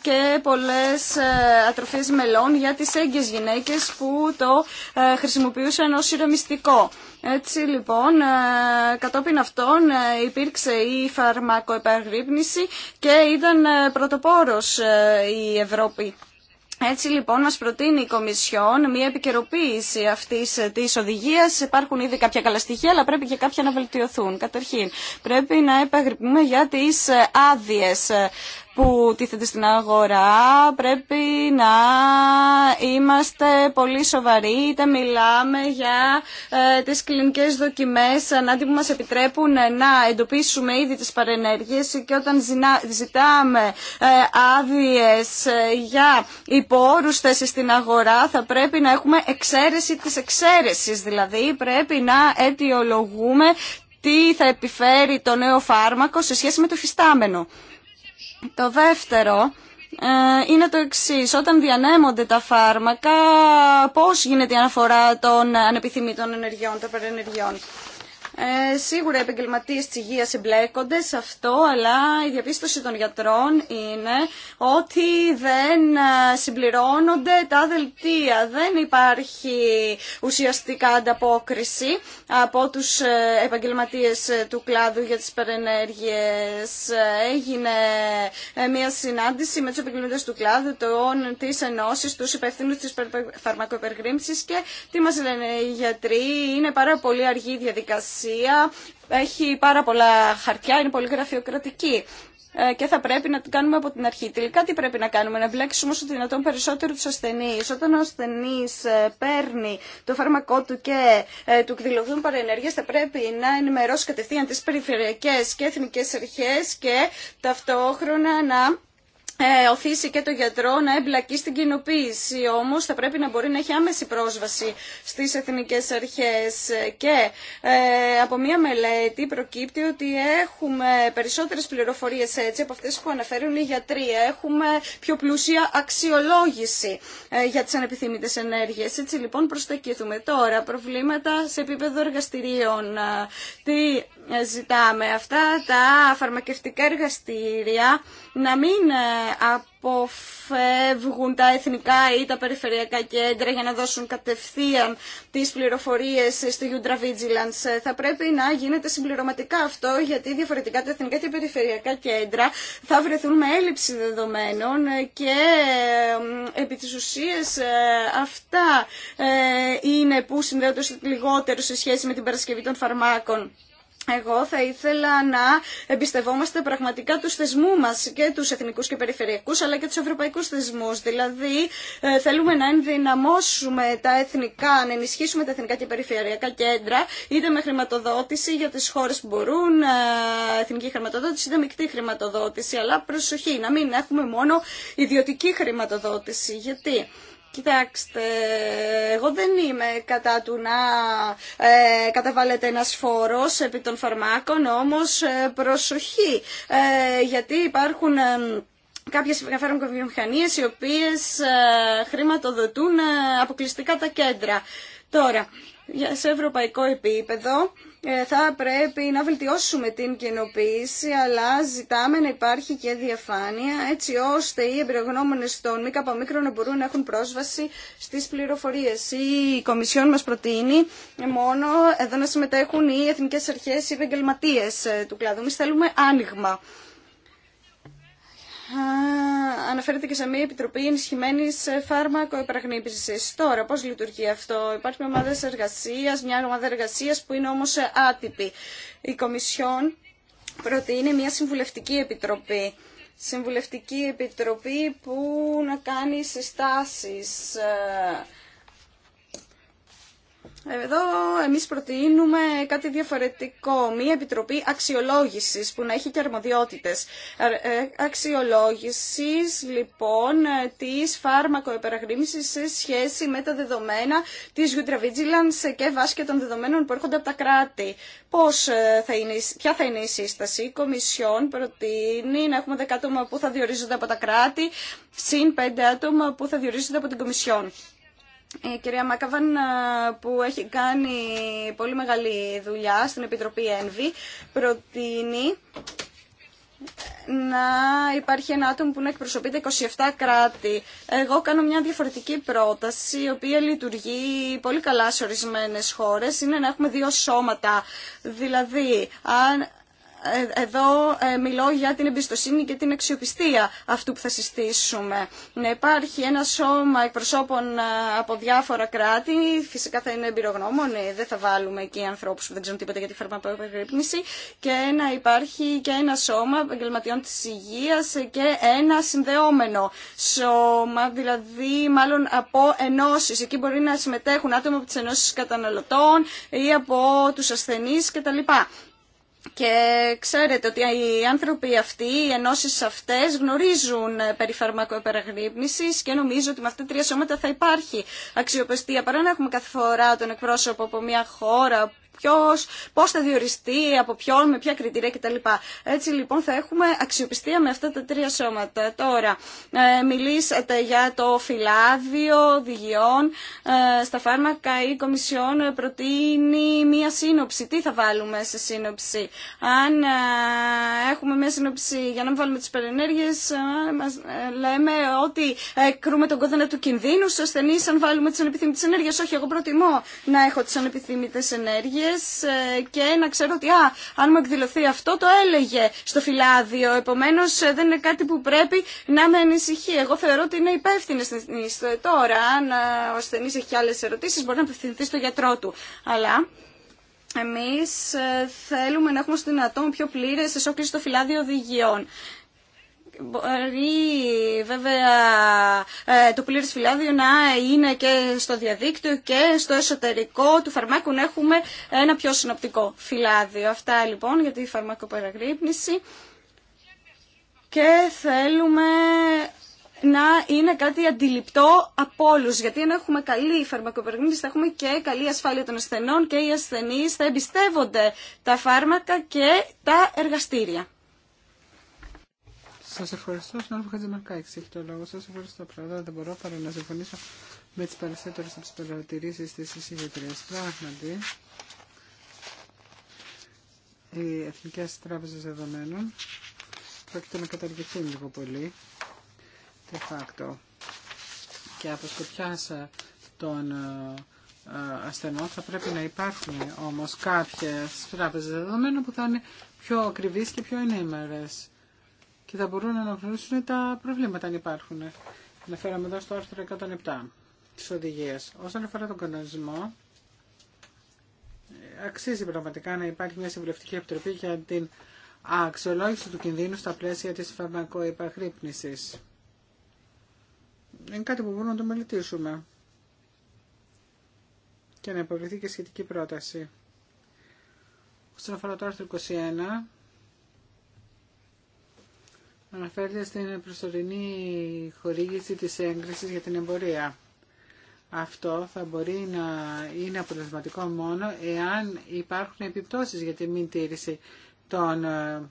και πολλές ε, ατροφές μελών για τις έγκυες γυναίκες που το ε, χρησιμοποιούσαν ως ηρεμιστικό. Έτσι λοιπόν, ε, κατόπιν αυτών υπήρξε η φαρμακοεπαγρύπνηση και ήταν πρωτοπόρος η Ευρώπη έτσι λοιπόν μας προτείνει η Κομισιόν μια επικαιροποίηση αυτής της οδηγίας. Υπάρχουν ήδη κάποια καλά στοιχεία αλλά πρέπει και κάποια να βελτιωθούν. Καταρχήν πρέπει να επαγρυπνούμε για τις άδειες που τίθεται στην αγορά πρέπει να είμαστε πολύ σοβαροί είτε μιλάμε για ε, τις κλινικές δοκιμές ανάτι που μας επιτρέπουν ε, να εντοπίσουμε ήδη τις παρενέργειες και όταν ζητάμε ε, άδειες ε, για υπόρους θέσεις στην αγορά θα πρέπει να έχουμε εξαίρεση της εξαίρεσης δηλαδή πρέπει να αιτιολογούμε τι θα επιφέρει το νέο φάρμακο σε σχέση με το φυστάμενο. Το δεύτερο ε, είναι το εξή. Όταν διανέμονται τα φάρμακα, πώς γίνεται η αναφορά των ανεπιθυμητών ενεργειών, των παρενεργειών. Ε, σίγουρα οι επαγγελματίε τη υγεία εμπλέκονται σε αυτό, αλλά η διαπίστωση των γιατρών είναι ότι δεν ε, συμπληρώνονται τα δελτία. Δεν υπάρχει ουσιαστικά ανταπόκριση από του ε, επαγγελματίε του κλάδου για τι παρενέργειε. Έγινε μια συνάντηση με του επαγγελματίε του κλάδου, των, τη Ενώση, του υπευθύνου τη φαρμακοεπεργρήμψη και τι μα λένε οι γιατροί. Είναι πάρα πολύ αργή η διαδικασία εργασία, έχει πάρα πολλά χαρτιά, είναι πολύ γραφειοκρατική ε, και θα πρέπει να το κάνουμε από την αρχή. Τελικά τι πρέπει να κάνουμε, να εμπλέξουμε όσο δυνατόν περισσότερο του ασθενεί. Όταν ο ασθενή ε, παίρνει το φάρμακό του και ε, του εκδηλωθούν παρενέργειε, θα πρέπει να ενημερώσει κατευθείαν τι περιφερειακέ και εθνικέ αρχέ και ταυτόχρονα να ε, οθήσει και το γιατρό να εμπλακεί στην κοινοποίηση. Όμως θα πρέπει να μπορεί να έχει άμεση πρόσβαση στις εθνικές αρχές. Και ε, από μία μελέτη προκύπτει ότι έχουμε περισσότερες πληροφορίες έτσι από αυτές που αναφέρουν οι γιατροί. Έχουμε πιο πλούσια αξιολόγηση ε, για τις ανεπιθύμητες ενέργειες. Έτσι λοιπόν προστακίθουμε τώρα προβλήματα σε επίπεδο εργαστηρίων. Ε, τι ζητάμε αυτά τα φαρμακευτικά εργαστήρια να μην αποφεύγουν τα εθνικά ή τα περιφερειακά κέντρα για να δώσουν κατευθείαν τις πληροφορίες στο Ultra Vigilance. Θα πρέπει να γίνεται συμπληρωματικά αυτό γιατί διαφορετικά τα εθνικά και τα περιφερειακά κέντρα θα βρεθούν με έλλειψη δεδομένων και ε, επί της ουσίας ε, αυτά ε, είναι που συνδέονται λιγότερο σε σχέση με την παρασκευή των φαρμάκων. Εγώ θα ήθελα να εμπιστευόμαστε πραγματικά τους θεσμού μας και τους εθνικούς και περιφερειακούς αλλά και τους ευρωπαϊκούς θεσμούς. Δηλαδή ε, θέλουμε να ενδυναμώσουμε τα εθνικά, να ενισχύσουμε τα εθνικά και περιφερειακά κέντρα είτε με χρηματοδότηση για τις χώρες που μπορούν, ε, εθνική χρηματοδότηση είτε μεικτή χρηματοδότηση. Αλλά προσοχή να μην έχουμε μόνο ιδιωτική χρηματοδότηση. Γιατί Κοιτάξτε, εγώ δεν είμαι κατά του να ε, καταβάλλεται ένας φόρος επί των φαρμάκων, όμως ε, προσοχή, ε, γιατί υπάρχουν... Ε, κάποιες φαρμακοβιομηχανίες οι οποίες ε, χρηματοδοτούν αποκλειστικά τα κέντρα. Τώρα, σε ευρωπαϊκό επίπεδο ε, θα πρέπει να βελτιώσουμε την κοινοποίηση, αλλά ζητάμε να υπάρχει και διαφάνεια, έτσι ώστε οι εμπειρογνώμονες των μη να μπορούν να έχουν πρόσβαση στις πληροφορίες. Η Κομισιόν μας προτείνει μόνο εδώ να συμμετέχουν οι εθνικές αρχές, οι επαγγελματίε ε, του κλάδου. Εμείς θέλουμε άνοιγμα αναφέρεται και σε μια επιτροπή ενισχυμένη φάρμακο υπραχνήπηση. Τώρα, πώ λειτουργεί αυτό, Υπάρχει μια ομάδα εργασία, μια ομάδα εργασία που είναι όμω άτυπη. Η Κομισιόν προτείνει μια συμβουλευτική επιτροπή. Συμβουλευτική επιτροπή που να κάνει συστάσεις ε, εδώ εμείς προτείνουμε κάτι διαφορετικό, μια επιτροπή αξιολόγησης που να έχει και αρμοδιότητες. Ε, ε, αξιολόγησης λοιπόν ε, της φάρμακοεπεραγρήμησης σε σχέση με τα δεδομένα της Utravigilance και βάσει και των δεδομένων που έρχονται από τα κράτη. Πώς θα είναι, ποια θα είναι η σύσταση. Η Κομισιόν προτείνει να έχουμε 10 άτομα που θα διορίζονται από τα κράτη, συν 5 άτομα που θα διορίζονται από την Κομισιόν η ε, κυρία Μάκαβαν ε, που έχει κάνει πολύ μεγάλη δουλειά στην Επιτροπή ΕΝΒΗ προτείνει να υπάρχει ένα άτομο που να εκπροσωπείται 27 κράτη. Εγώ κάνω μια διαφορετική πρόταση, η οποία λειτουργεί πολύ καλά σε ορισμένε χώρε. Είναι να έχουμε δύο σώματα. Δηλαδή, αν ε, εδώ ε, μιλώ για την εμπιστοσύνη και την αξιοπιστία αυτού που θα συστήσουμε. Να υπάρχει ένα σώμα εκπροσώπων ε, από διάφορα κράτη, φυσικά θα είναι εμπειρογνώμων, δεν θα βάλουμε εκεί ανθρώπου που δεν ξέρουν τίποτα για τη φαρμακοεπιγρύπνηση, και να υπάρχει και ένα σώμα επαγγελματιών τη υγεία και ένα συνδεόμενο σώμα, δηλαδή μάλλον από ενώσει. Εκεί μπορεί να συμμετέχουν άτομα από τι ενώσει καταναλωτών ή από του ασθενεί κτλ. Και ξέρετε ότι οι άνθρωποι αυτοί, οι ενώσει αυτέ γνωρίζουν περί και νομίζω ότι με αυτά τα τρία σώματα θα υπάρχει αξιοπιστία. Παρά να έχουμε κάθε φορά τον εκπρόσωπο από μια χώρα Ποιο, πώς θα διοριστεί, από ποιον, με ποια κριτήρια κτλ. Έτσι λοιπόν θα έχουμε αξιοπιστία με αυτά τα τρία σώματα. Τώρα, ε, μιλήσατε για το φυλάδιο οδηγιών ε, στα φάρμακα ή κομισιόν προτείνει μία σύνοψη. Τι θα βάλουμε σε σύνοψη. Αν ε, έχουμε μία σύνοψη για να μην βάλουμε τις περιενέργειες, λέμε ότι κρούμε τον κόδωνα του κινδύνου στους ασθενείς αν βάλουμε τις ανεπιθύμητες ενέργειες. Όχι, εγώ προτιμώ να έχω τις ανεπιθύμητες ενέργειες ε, και να ξέρω ότι α, αν μου εκδηλωθεί αυτό το έλεγε στο φυλάδιο. Επομένως ε, δεν είναι κάτι που πρέπει να με ανησυχεί. Εγώ θεωρώ ότι είναι υπεύθυνε τώρα. Αν ε, ο ασθενή έχει άλλε ερωτήσει, μπορεί να απευθυνθεί στο γιατρό του. Αλλά... Εμείς θέλουμε να έχουμε στο δυνατόν πιο πλήρε εσόκληση στο φυλάδιο οδηγιών. Μπορεί βέβαια ε, το πλήρες φυλάδιο να είναι και στο διαδίκτυο και στο εσωτερικό του φαρμάκου να έχουμε ένα πιο συνοπτικό φυλάδιο. Αυτά λοιπόν για τη φαρμακοπαραγρύπνηση και θέλουμε να είναι κάτι αντιληπτό από όλου. Γιατί αν έχουμε καλή φαρμακοπεριγνώμηση, θα έχουμε και καλή ασφάλεια των ασθενών και οι ασθενεί θα εμπιστεύονται τα φάρμακα και τα εργαστήρια. Σα ευχαριστώ. Στον Χατζημαρκάκη έχει το λόγο. Σα ευχαριστώ. Πράγματι δεν μπορώ παρά να συμφωνήσω με τι περισσότερε από τι παρατηρήσει τη εισηγητρία. Πράγματι, οι εθνικέ τράπεζε δεδομένων πρόκειται να καταργηθούν λίγο πολύ. De facto. Και από σκοπιά των ε, ασθενών θα πρέπει να υπάρχουν όμως κάποιες τράπεζες δεδομένων που θα είναι πιο ακριβείς και πιο ενήμερες και θα μπορούν να αναγνωρίσουν τα προβλήματα αν υπάρχουν. Αναφέραμε εδώ στο άρθρο 107 τη οδηγία. Όσον αφορά τον κανονισμό, αξίζει πραγματικά να υπάρχει μια συμβουλευτική επιτροπή για την αξιολόγηση του κινδύνου στα πλαίσια της φαρμακοϊπαχρύπνησης. Είναι κάτι που μπορούμε να το μελετήσουμε και να υποβληθεί και σχετική πρόταση. Όσον αφορά το άρθρο 21, Αναφέρεται στην προσωρινή χορήγηση της έγκρισης για την εμπορία. Αυτό θα μπορεί να είναι αποτελεσματικό μόνο εάν υπάρχουν επιπτώσεις για τη μη τήρηση των ε,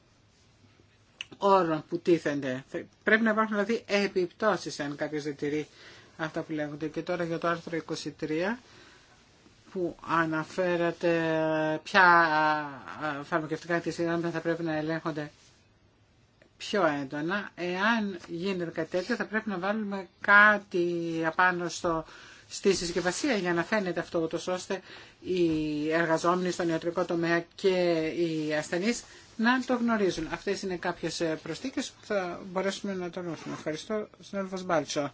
όρων που τίθενται. Πρέπει να υπάρχουν δηλαδή επιπτώσεις αν κάποιος δεν τηρεί αυτά που λέγονται. Και τώρα για το άρθρο 23 που αναφέρατε ποια ε, ε, φαρμακευτικά αντισυντάγματα θα πρέπει να ελέγχονται πιο έντονα. Εάν γίνεται κάτι τέτοιο θα πρέπει να βάλουμε κάτι απάνω στο, στη συσκευασία για να φαίνεται αυτό ούτως ώστε οι εργαζόμενοι στον ιατρικό τομέα και οι ασθενείς να το γνωρίζουν. Αυτές είναι κάποιες ε, προσθήκες που θα μπορέσουμε να τονώσουμε. Ευχαριστώ, συνέλφο Μπάλτσο.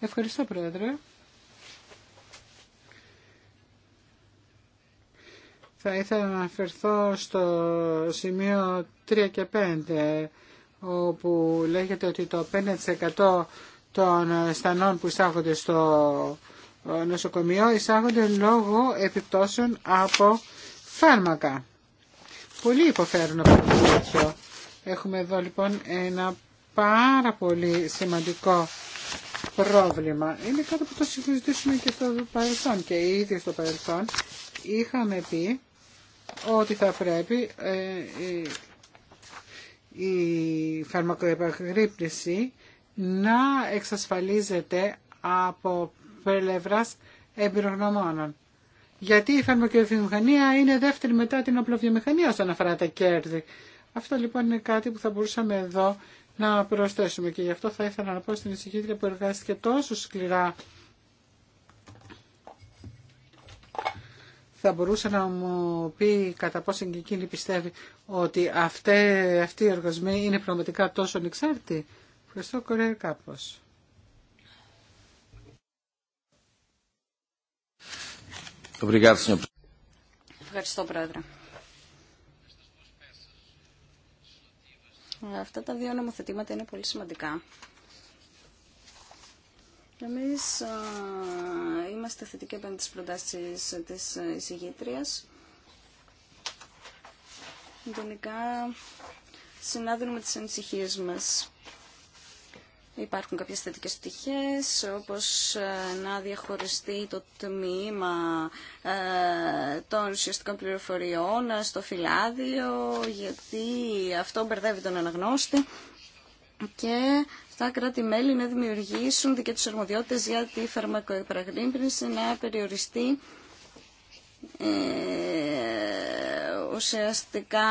Ευχαριστώ, Πρόεδρε. Θα ήθελα να αναφερθώ στο σημείο 3 και 5 όπου λέγεται ότι το 5% των στανών που εισάγονται στο νοσοκομείο εισάγονται λόγω επιπτώσεων από φάρμακα. Πολύ υποφέρουν από το τέτοιο. Έχουμε εδώ λοιπόν ένα πάρα πολύ σημαντικό πρόβλημα. Είναι κάτι που το συζητήσουμε και στο παρελθόν και ήδη στο παρελθόν είχαμε πει ότι θα πρέπει ε, η φαρμακοεπαγρύπνηση να εξασφαλίζεται από πλευρά εμπειρογνωμόνων. Γιατί η φαρμακοβιομηχανία είναι δεύτερη μετά την οπλοβιομηχανία όσον αφορά τα κέρδη. Αυτό λοιπόν είναι κάτι που θα μπορούσαμε εδώ να προσθέσουμε και γι' αυτό θα ήθελα να πω στην εισηγήτρια που εργάστηκε τόσο σκληρά θα μπορούσε να μου πει κατά πόσο και εκείνη πιστεύει ότι αυτέ, αυτοί οι εργασμοί είναι πραγματικά τόσο ανεξάρτητοι. Ευχαριστώ κορέα κάπως. Ευχαριστώ πρόεδρε. Αυτά τα δύο νομοθετήματα είναι πολύ σημαντικά εμείς είμαστε θετικοί απέναντι στις προτάσεις της εισηγήτριας. Γενικά συνάδουν με τις ανησυχίες μας. Υπάρχουν κάποιες θετικές στοιχείες, όπως ε, να διαχωριστεί το τμήμα ε, των ουσιαστικών πληροφοριών στο φυλάδιο, γιατί αυτό μπερδεύει τον αναγνώστη και στα κράτη-μέλη να δημιουργήσουν δικέ του αρμοδιότητες για τη φαρμακοεπραγνύμπνηση να περιοριστεί ε, ουσιαστικά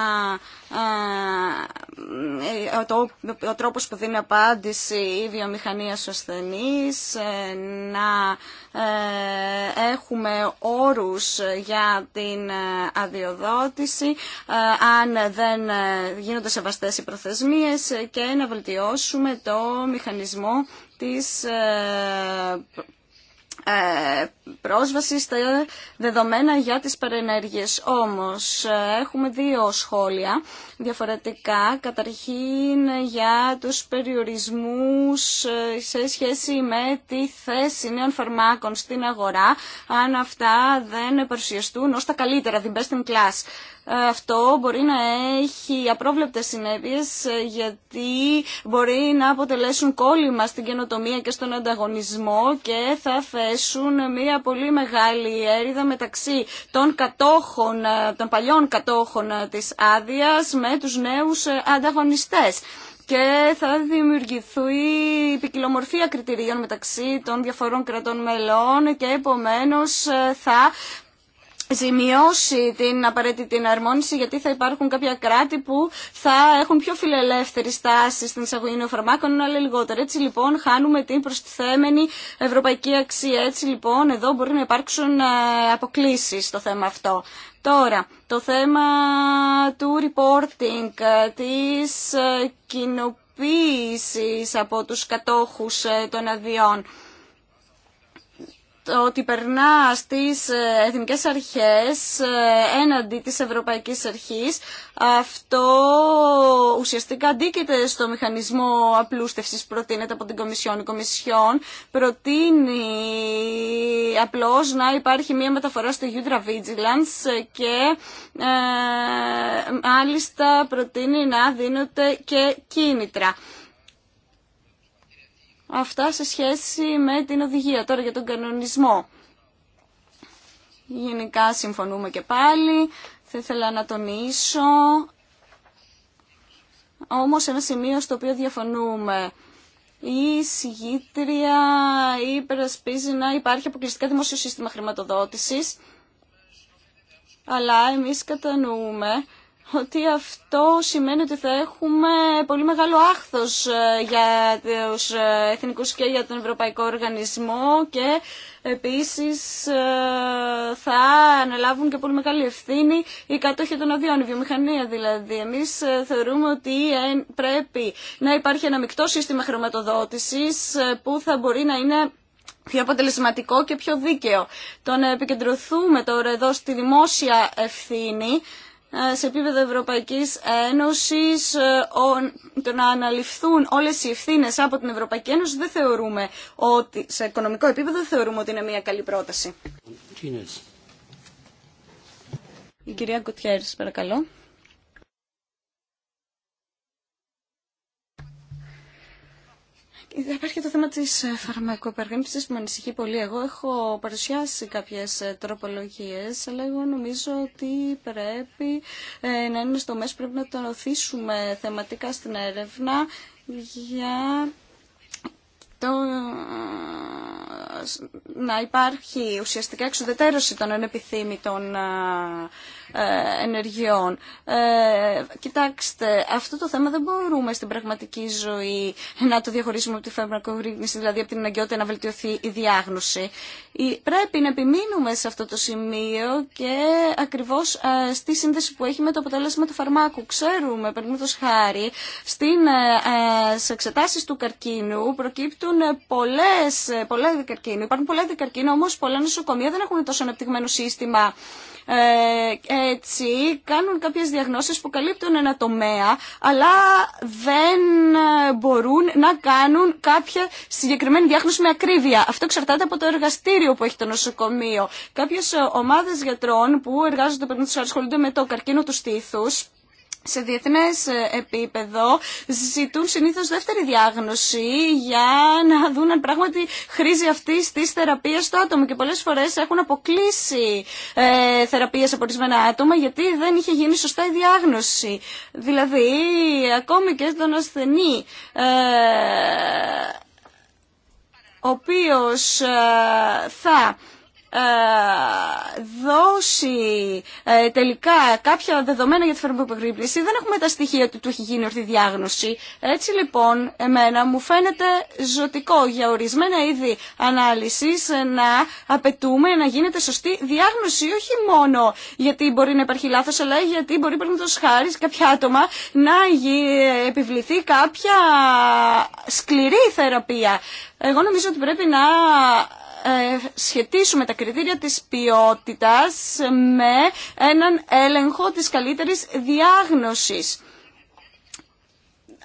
ε, το, ο τρόπος που δίνει απάντηση η βιομηχανία στους ασθενείς, ε, να ε, έχουμε όρους για την αδειοδότηση, αν δεν γίνονται σεβαστές οι προθεσμίες και να βελτιώσουμε το μηχανισμό της πρόσβαση στα δεδομένα για τις παρενέργειες. Όμως έχουμε δύο σχόλια διαφορετικά. Καταρχήν για τους περιορισμούς ε, σε σχέση με τη θέση νέων φαρμάκων στην αγορά αν αυτά δεν παρουσιαστούν ως τα καλύτερα, την best in class. Ε, αυτό μπορεί να έχει απρόβλεπτες συνέπειες ε, γιατί μπορεί να αποτελέσουν κόλλημα στην καινοτομία και στον ανταγωνισμό και θα θέσουν μια μια πολύ μεγάλη έρηδα μεταξύ των κατόχων, ε, των παλιών κατόχων ε, της άδεια με τους νέους ε, ανταγωνιστές και θα δημιουργηθεί η ποικιλομορφία κριτηρίων μεταξύ των διαφορών κρατών μελών και επομένως θα ζημιώσει την απαραίτητη εναρμόνιση γιατί θα υπάρχουν κάποια κράτη που θα έχουν πιο φιλελεύθερη στάση στην εισαγωγή νεοφαρμάκων αλλά λιγότερο. Έτσι λοιπόν χάνουμε την προστιθέμενη ευρωπαϊκή αξία. Έτσι λοιπόν εδώ μπορεί να υπάρξουν ε, αποκλήσει στο θέμα αυτό. Τώρα, το θέμα του reporting, ε, της ε, κοινοποίησης από τους κατόχους των αδειών ότι περνά στις ε, εθνικές αρχές ε, έναντι της Ευρωπαϊκής Αρχής. Αυτό ουσιαστικά αντίκειται στο μηχανισμό απλούστευσης προτείνεται από την Κομισιόν. Η Κομισιόν προτείνει απλώς να υπάρχει μια μεταφορά στο Udra Vigilance και ε, μάλιστα προτείνει να δίνονται και κίνητρα. Αυτά σε σχέση με την οδηγία τώρα για τον κανονισμό. Γενικά συμφωνούμε και πάλι. Θα ήθελα να τονίσω όμως ένα σημείο στο οποίο διαφωνούμε. Η συγγήτρια υπερασπίζει να υπάρχει αποκλειστικά δημοσιο σύστημα χρηματοδότησης, αλλά εμείς κατανοούμε ότι αυτό σημαίνει ότι θα έχουμε πολύ μεγάλο άχθος ε, για τους ε, εθνικούς και για τον ευρωπαϊκό οργανισμό και επίσης ε, θα αναλάβουν και πολύ μεγάλη ευθύνη οι κατόχοι των αδειών, η βιομηχανία δηλαδή. Εμείς θεωρούμε ότι πρέπει να υπάρχει ένα μεικτό σύστημα χρηματοδότησης που θα μπορεί να είναι πιο αποτελεσματικό και πιο δίκαιο. Το να επικεντρωθούμε τώρα εδώ στη δημόσια ευθύνη ε, σε επίπεδο Ευρωπαϊκής Ένωσης ε, το να αναλυφθούν όλες οι ευθύνε από την Ευρωπαϊκή Ένωση δεν θεωρούμε ότι σε οικονομικό επίπεδο δεν θεωρούμε ότι είναι μια καλή πρόταση. Η κυρία Κουτιέρης, παρακαλώ. Υπάρχει και το θέμα της ε, φαρμακοεπαγρύπνησης που με ανησυχεί πολύ. Εγώ έχω παρουσιάσει κάποιες ε, τροπολογίες, αλλά εγώ νομίζω ότι πρέπει ε, να είναι στο μέσο, πρέπει να τονωθήσουμε θεματικά στην έρευνα για το... να υπάρχει ουσιαστικά εξουδετέρωση των ανεπιθύμητων ε, ενεργειών. Ε, κοιτάξτε, αυτό το θέμα δεν μπορούμε στην πραγματική ζωή να το διαχωρίσουμε από τη φαρμακογρήγνηση, δηλαδή από την αναγκαιότητα να βελτιωθεί η διάγνωση. Πρέπει να επιμείνουμε σε αυτό το σημείο και ακριβώς ε, στη σύνδεση που έχει με το αποτέλεσμα του φαρμάκου. Ξέρουμε, παραδείγματο χάρη, στην, σε εξετάσει του καρκίνου προκύπτουν πολλές, πολλά δικαρκίνου. Υπάρχουν πολλά δικαρκίνου, όμως πολλά νοσοκομεία δεν έχουν τόσο αναπτυγμένο σύστημα ε, έτσι κάνουν κάποιες διαγνώσεις που καλύπτουν ένα τομέα, αλλά δεν ε, μπορούν να κάνουν κάποια συγκεκριμένη διάγνωση με ακρίβεια. Αυτό εξαρτάται από το εργαστήριο που έχει το νοσοκομείο. Κάποιες ε, ομάδες γιατρών που εργάζονται, που ασχολούνται με το καρκίνο του στήθους, σε διεθνέ ε, επίπεδο ζητούν συνήθω δεύτερη διάγνωση για να δουν αν πράγματι χρήζει αυτή τη θεραπεία στο άτομο και πολλές φορές έχουν αποκλείσει ε, θεραπεία σε ορισμένα άτομα γιατί δεν είχε γίνει σωστά η διάγνωση. Δηλαδή, ακόμη και στον ασθενή ε, ο οποίος θα ε, δώσει ε, τελικά κάποια δεδομένα για τη φαρμακοπεγκρύπληση, δεν έχουμε τα στοιχεία του του έχει γίνει ορθή διάγνωση. Έτσι λοιπόν, εμένα μου φαίνεται ζωτικό για ορισμένα είδη ανάλυσης να απαιτούμε να γίνεται σωστή διάγνωση, όχι μόνο γιατί μπορεί να υπάρχει λάθος, αλλά γιατί μπορεί το χάρη κάποια άτομα να επιβληθεί κάποια σκληρή θεραπεία. Εγώ νομίζω ότι πρέπει να ε, σχετίσουμε τα κριτήρια της ποιότητας με έναν έλεγχο της καλύτερης διάγνωσης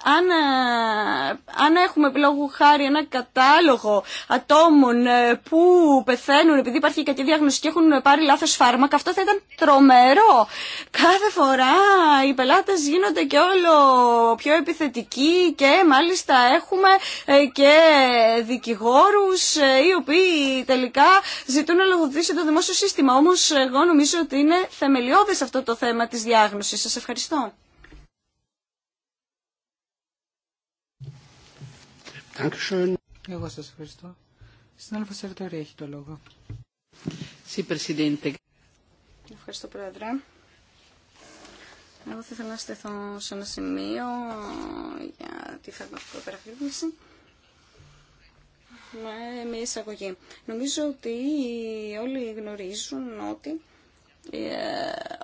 αν, ε, αν έχουμε επιλόγου χάρη ένα κατάλογο ατόμων ε, που πεθαίνουν επειδή υπάρχει κακή διάγνωση και έχουν πάρει λάθος φάρμακα, αυτό θα ήταν τρομερό. Κάθε φορά οι πελάτες γίνονται και όλο πιο επιθετικοί και μάλιστα έχουμε ε, και δικηγόρους οι οποίοι τελικά ζητούν να λογοδοτήσει το δημόσιο σύστημα. Όμως εγώ νομίζω ότι είναι θεμελιώδες αυτό το θέμα της διάγνωσης. Σας ευχαριστώ. Εγώ σας ευχαριστώ. Συνάδελφος Ερτορία έχει το λόγο. Ευχαριστώ, Πρόεδρε. Εγώ θα ήθελα να στεθώ σε ένα σημείο για τη φαρμακοπεραχλήπνηση με μια εισαγωγή. Νομίζω ότι όλοι γνωρίζουν ότι ε,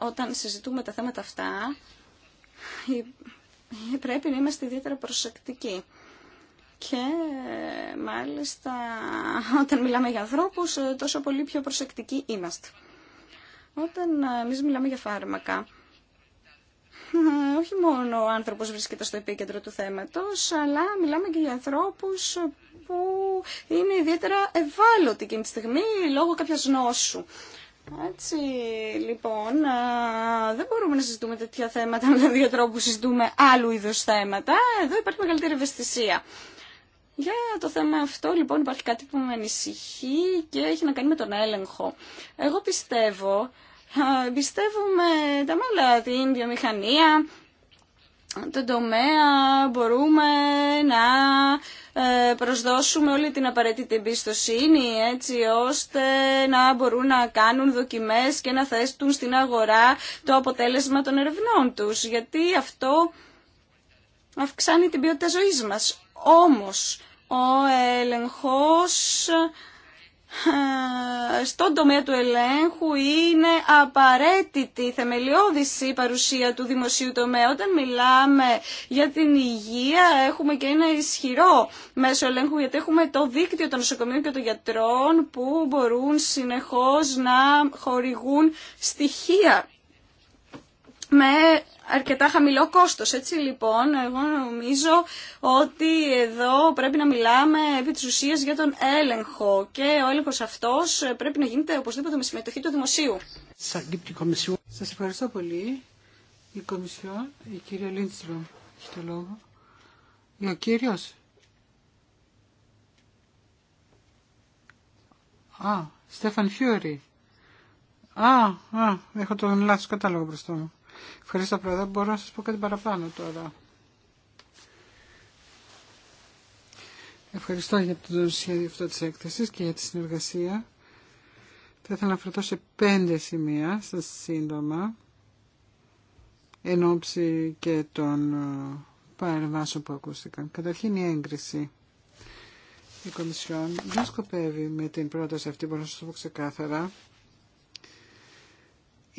όταν συζητούμε τα θέματα αυτά πρέπει να είμαστε ιδιαίτερα προσεκτικοί και μάλιστα όταν μιλάμε για ανθρώπους τόσο πολύ πιο προσεκτικοί είμαστε. Όταν ε, εμεί μιλάμε για φάρμακα, όχι μόνο ο άνθρωπος βρίσκεται στο επίκεντρο του θέματος, αλλά μιλάμε και για ανθρώπους που είναι ιδιαίτερα ευάλωτοι εκείνη τη στιγμή λόγω κάποιας νόσου. Έτσι, λοιπόν, ε, δεν μπορούμε να συζητούμε τέτοια θέματα [LAUGHS] με τον ίδιο τρόπο που συζητούμε άλλου είδους θέματα. Εδώ υπάρχει μεγαλύτερη ευαισθησία. Για το θέμα αυτό λοιπόν υπάρχει κάτι που με ανησυχεί και έχει να κάνει με τον έλεγχο. Εγώ πιστεύω, πιστεύουμε τα μάλλα, την βιομηχανία, τον τομέα μπορούμε να ε, προσδώσουμε όλη την απαραίτητη εμπιστοσύνη έτσι ώστε να μπορούν να κάνουν δοκιμές και να θέσουν στην αγορά το αποτέλεσμα των ερευνών τους γιατί αυτό αυξάνει την ποιότητα ζωής μας. Όμως ο έλεγχος ε, στον τομέα του ελέγχου είναι απαραίτητη θεμελιώδης η παρουσία του δημοσίου τομέα. Όταν μιλάμε για την υγεία έχουμε και ένα ισχυρό μέσο ελέγχου γιατί έχουμε το δίκτυο των νοσοκομείων και των γιατρών που μπορούν συνεχώς να χορηγούν στοιχεία με αρκετά χαμηλό κόστος. Έτσι λοιπόν, εγώ νομίζω ότι εδώ πρέπει να μιλάμε επί της ουσίας για τον έλεγχο και ο έλεγχος αυτός πρέπει να γίνεται οπωσδήποτε με συμμετοχή του Δημοσίου. Σας ευχαριστώ πολύ. Η Κομισιόν, η κυρία Λίντστρομ, έχει το λόγο. ο κύριος. Α, Στέφαν Φιούρι. Α, α, έχω τον λάθος κατάλογο μπροστά μου. Ευχαριστώ πρόεδρε. Μπορώ να σας πω κάτι παραπάνω τώρα. Ευχαριστώ για το σχέδιο αυτό της έκθεσης και για τη συνεργασία. Θα ήθελα να φερθώ σε πέντε σημεία, σας σύντομα, εν ώψη και των ε, παρεμβάσεων που ακούστηκαν. Καταρχήν η έγκριση. Η Κομισιόν δεν σκοπεύει με την πρόταση αυτή, μπορώ να σας το πω ξεκάθαρα,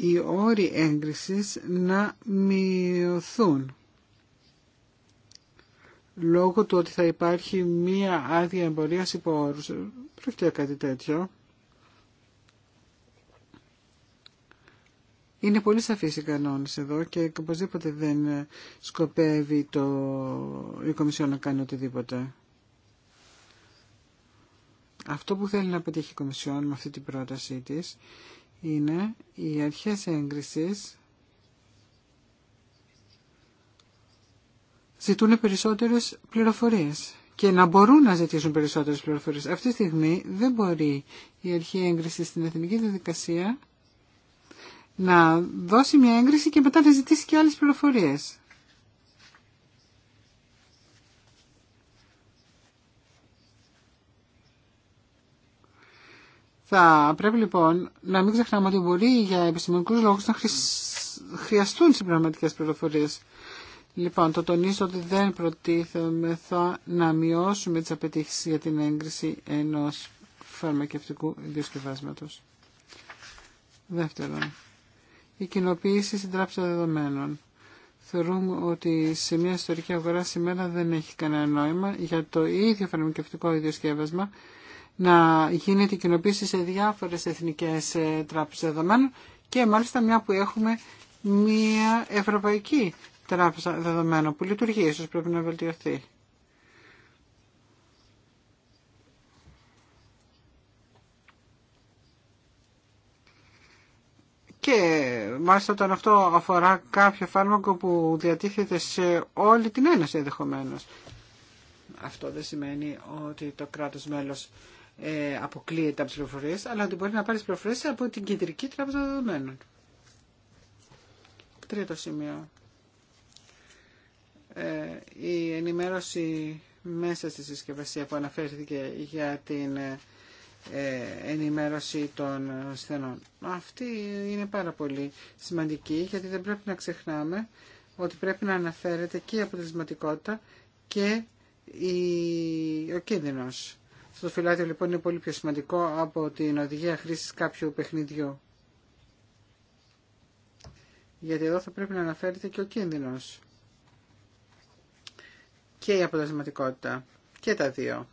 οι όροι έγκρισης να μειωθούν λόγω του ότι θα υπάρχει μία άδεια εμπορία υπό όρους. κάτι τέτοιο. Είναι πολύ σαφής οι κανόνες εδώ και οπωσδήποτε δεν σκοπεύει το... η Κομισιόν να κάνει οτιδήποτε. Αυτό που θέλει να πετύχει η Κομισιόν με αυτή την πρότασή της είναι οι αρχές έγκρισης ζητούν περισσότερες πληροφορίες και να μπορούν να ζητήσουν περισσότερες πληροφορίες. Αυτή τη στιγμή δεν μπορεί η αρχή έγκριση στην εθνική διαδικασία να δώσει μια έγκριση και μετά να ζητήσει και άλλες πληροφορίες. Θα πρέπει λοιπόν να μην ξεχνάμε ότι μπορεί για επιστημονικούς λόγους να χρειαστούν συμπραγματικές πληροφορίες. Λοιπόν, το τονίζω ότι δεν προτίθεμε θα να μειώσουμε τις απαιτήσει για την έγκριση ενός φαρμακευτικού διασκευάσματος. Δεύτερον, η κοινοποίηση στην τράπεζα δεδομένων. Θεωρούμε ότι σε μια ιστορική αγορά σήμερα δεν έχει κανένα νόημα για το ίδιο φαρμακευτικό ιδιοσκεύασμα, να γίνεται κοινοποίηση σε διάφορες εθνικές ε, τράπεζες δεδομένων και μάλιστα μια που έχουμε μια ευρωπαϊκή τράπεζα δεδομένων που λειτουργεί, ίσως πρέπει να βελτιωθεί. Και μάλιστα όταν αυτό αφορά κάποιο φάρμακο που διατίθεται σε όλη την Ένωση ενδεχομένω. Αυτό δεν σημαίνει ότι το κράτος μέλος ε, αποκλείεται από τι πληροφορίε, αλλά ότι μπορεί να πάρει πληροφορίε από την κεντρική τράπεζα δεδομένων. Τρίτο σημείο. Ε, η ενημέρωση μέσα στη συσκευασία που αναφέρθηκε για την ε, ε, ενημέρωση των ασθενών. Αυτή είναι πάρα πολύ σημαντική γιατί δεν πρέπει να ξεχνάμε ότι πρέπει να αναφέρεται και η αποτελεσματικότητα και η, ο κίνδυνος. Αυτό το φυλάδιο λοιπόν είναι πολύ πιο σημαντικό από την οδηγία χρήση κάποιου παιχνιδιού. Γιατί εδώ θα πρέπει να αναφέρεται και ο κίνδυνος. Και η αποτελεσματικότητα. Και τα δύο.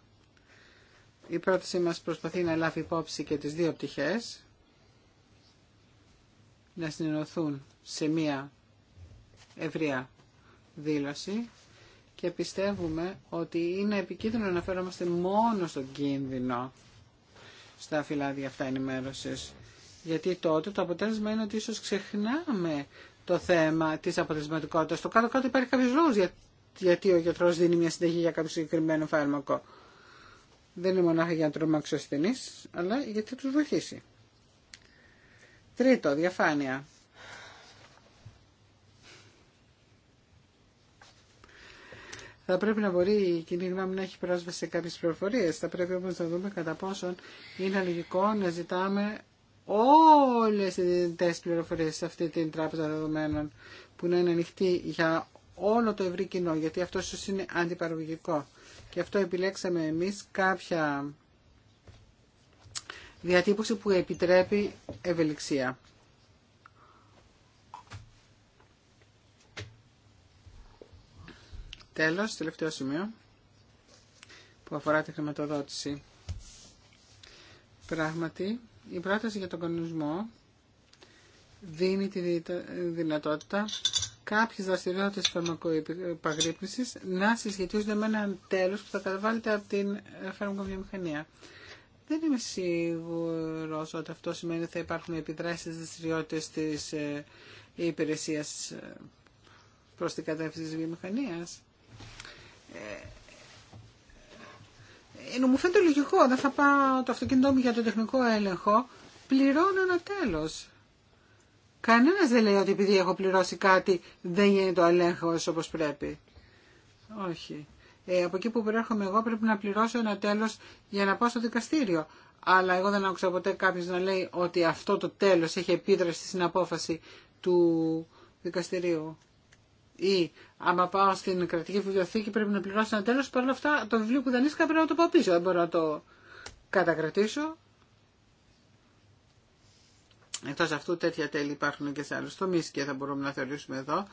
Η πρότασή μας προσπαθεί να λάβει υπόψη και τις δύο πτυχές. Να συνενωθούν σε μία ευρεία δήλωση και πιστεύουμε ότι είναι επικίνδυνο να φέρομαστε μόνο στον κίνδυνο στα φυλάδια αυτά ενημέρωση. Γιατί τότε το αποτέλεσμα είναι ότι ίσως ξεχνάμε το θέμα της αποτελεσματικότητας. Το κάτω-κάτω υπάρχει κάποιος λόγος γιατί ο γιατρός δίνει μια συνταγή για κάποιο συγκεκριμένο φάρμακο. Δεν είναι μονάχα για να τρομάξει ο αλλά γιατί τους βοηθήσει. Τρίτο, διαφάνεια. Θα πρέπει να μπορεί η κοινή γνώμη να έχει πρόσβαση σε κάποιες πληροφορίες. Θα πρέπει όμως να δούμε κατά πόσον είναι λογικό να ζητάμε όλες τις πληροφορίες σε αυτή την τράπεζα δεδομένων που να είναι ανοιχτή για όλο το ευρύ κοινό, γιατί αυτό ίσως είναι αντιπαραγωγικό. Και αυτό επιλέξαμε εμείς κάποια διατύπωση που επιτρέπει ευελιξία. Τέλος, τελευταίο σημείο που αφορά τη χρηματοδότηση. Πράγματι, η πρόταση για τον κανονισμό δίνει τη δυνατότητα κάποιες δραστηριότητε φαρμακοπαγρύπνηση να συσχετίζονται με έναν τέλος που θα καταβάλλεται από την φαρμακοβιομηχανία. Δεν είμαι σίγουρο ότι αυτό σημαίνει ότι θα υπάρχουν επιδράσεις στις δραστηριότητες της ε, υπηρεσίας ε, προς την κατεύθυνση της βιομηχανίας μου φαίνεται λογικό, δεν θα πάω το αυτοκίνητό μου για το τεχνικό έλεγχο, πληρώνω ένα τέλος. Κανένας δεν λέει ότι επειδή έχω πληρώσει κάτι δεν γίνεται ο ελέγχος όπως πρέπει. Όχι. Ε, από εκεί που προέρχομαι εγώ πρέπει να πληρώσω ένα τέλος για να πάω στο δικαστήριο. Αλλά εγώ δεν άκουσα ποτέ κάποιο να λέει ότι αυτό το τέλος έχει επίδραση στην απόφαση του δικαστηρίου ή άμα πάω στην κρατική βιβλιοθήκη πρέπει να πληρώσω ένα τέλος, παρόλα αυτά το βιβλίο που δανείστηκα πρέπει να το πω πίσω, δεν μπορώ να το κατακρατήσω. Εκτός αυτού τέτοια τέλη υπάρχουν και σε άλλους τομείς και θα μπορούμε να θεωρήσουμε εδώ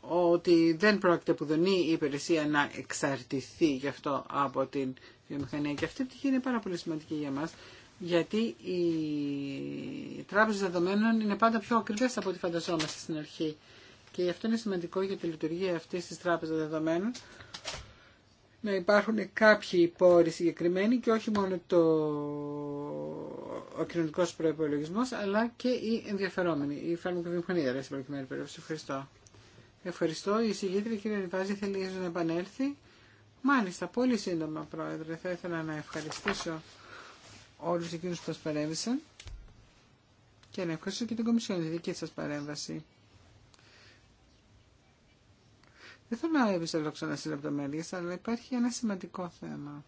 ότι δεν πρόκειται που δονεί η υπηρεσία να εξαρτηθεί γι' αυτό από την βιομηχανία. Και αυτή η πτυχή είναι πάρα πολύ σημαντική για μας, γιατί οι τράπεζες δεδομένων είναι πάντα πιο ακριβές από ό,τι φανταζόμαστε στην αρχή. Και γι' αυτό είναι σημαντικό για τη λειτουργία αυτή τη τράπεζα δεδομένων να υπάρχουν κάποιοι πόροι συγκεκριμένοι και όχι μόνο το... ο κοινωνικό προπολογισμό, αλλά και οι ενδιαφερόμενοι, η φαρμακοβιομηχανία, στην προκειμένη περίπτωση. Ευχαριστώ. Ευχαριστώ. Η συγγήτρια κύριε Ριβάζη θέλει να επανέλθει. Μάλιστα, πολύ σύντομα, Πρόεδρε. Θα ήθελα να ευχαριστήσω όλους εκείνου που σα παρέμβησαν και να ευχαριστήσω και την Κομισιόν τη δική σα παρέμβαση. Δεν θέλω να επιστρέψω ξανά στι λεπτομέρειε, αλλά υπάρχει ένα σημαντικό θέμα.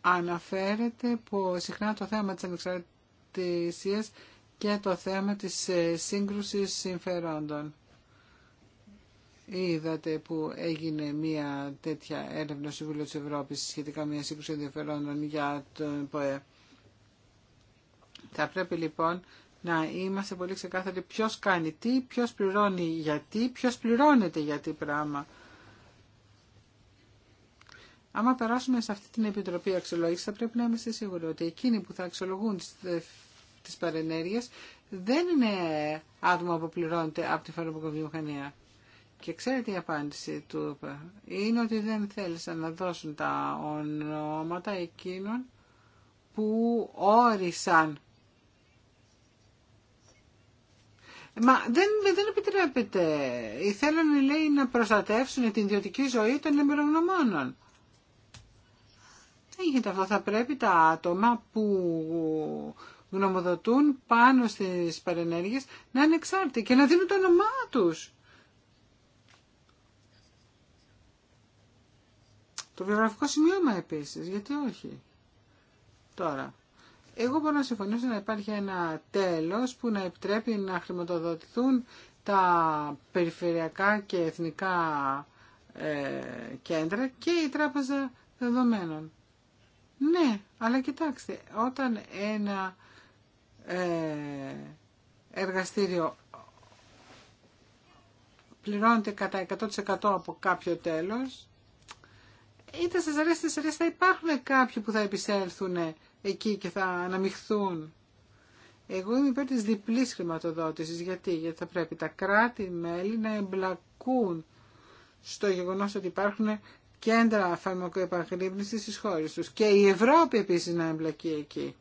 Αναφέρεται που συχνά το θέμα της ανεξαρτησία και το θέμα της ε, σύγκρουση συμφερόντων. Είδατε που έγινε μια τέτοια έρευνα στο Συμβούλιο της Ευρώπης σχετικά με μια σύγκρουση ενδιαφερόντων για τον ΠΟΕ. Θα πρέπει λοιπόν να είμαστε πολύ ξεκάθαροι ποιος κάνει τι, ποιος πληρώνει γιατί, ποιος πληρώνεται γιατί τι πράγμα. Άμα περάσουμε σε αυτή την Επιτροπή Αξιολόγηση, θα πρέπει να είμαστε σίγουροι ότι εκείνοι που θα αξιολογούν ε, τις παρενέργειες δεν είναι άτομα που πληρώνεται από τη φαρμακοβιομηχανία. Και ξέρετε η απάντηση του είναι ότι δεν θέλησαν να δώσουν τα ονόματα εκείνων που όρισαν Μα δεν, δεν επιτρέπεται. Ήθελαν, λέει, να προστατεύσουν την ιδιωτική ζωή των εμπειρογνωμόνων. Δεν γίνεται αυτό. Θα πρέπει τα άτομα που γνωμοδοτούν πάνω στις παρενέργειες να είναι εξάρτητοι και να δίνουν το όνομά τους. Το βιογραφικό σημείωμα επίσης, γιατί όχι. Τώρα, εγώ μπορώ να συμφωνήσω να υπάρχει ένα τέλος που να επιτρέπει να χρηματοδοτηθούν τα περιφερειακά και εθνικά ε, κέντρα και η τράπεζα δεδομένων. Ναι, αλλά κοιτάξτε, όταν ένα ε, εργαστήριο πληρώνεται κατά 100% από κάποιο τέλος, είτε σας αρέσει, σας αρέσει, θα υπάρχουν κάποιοι που θα επισέλθουν εκεί και θα αναμειχθούν. Εγώ είμαι υπέρ της διπλής χρηματοδότησης. Γιατί, γιατί θα πρέπει τα κράτη-μέλη να εμπλακούν στο γεγονός ότι υπάρχουν κέντρα φαρμακοεπαγρύπνησης στις χώρες τους. Και η Ευρώπη επίσης να εμπλακεί εκεί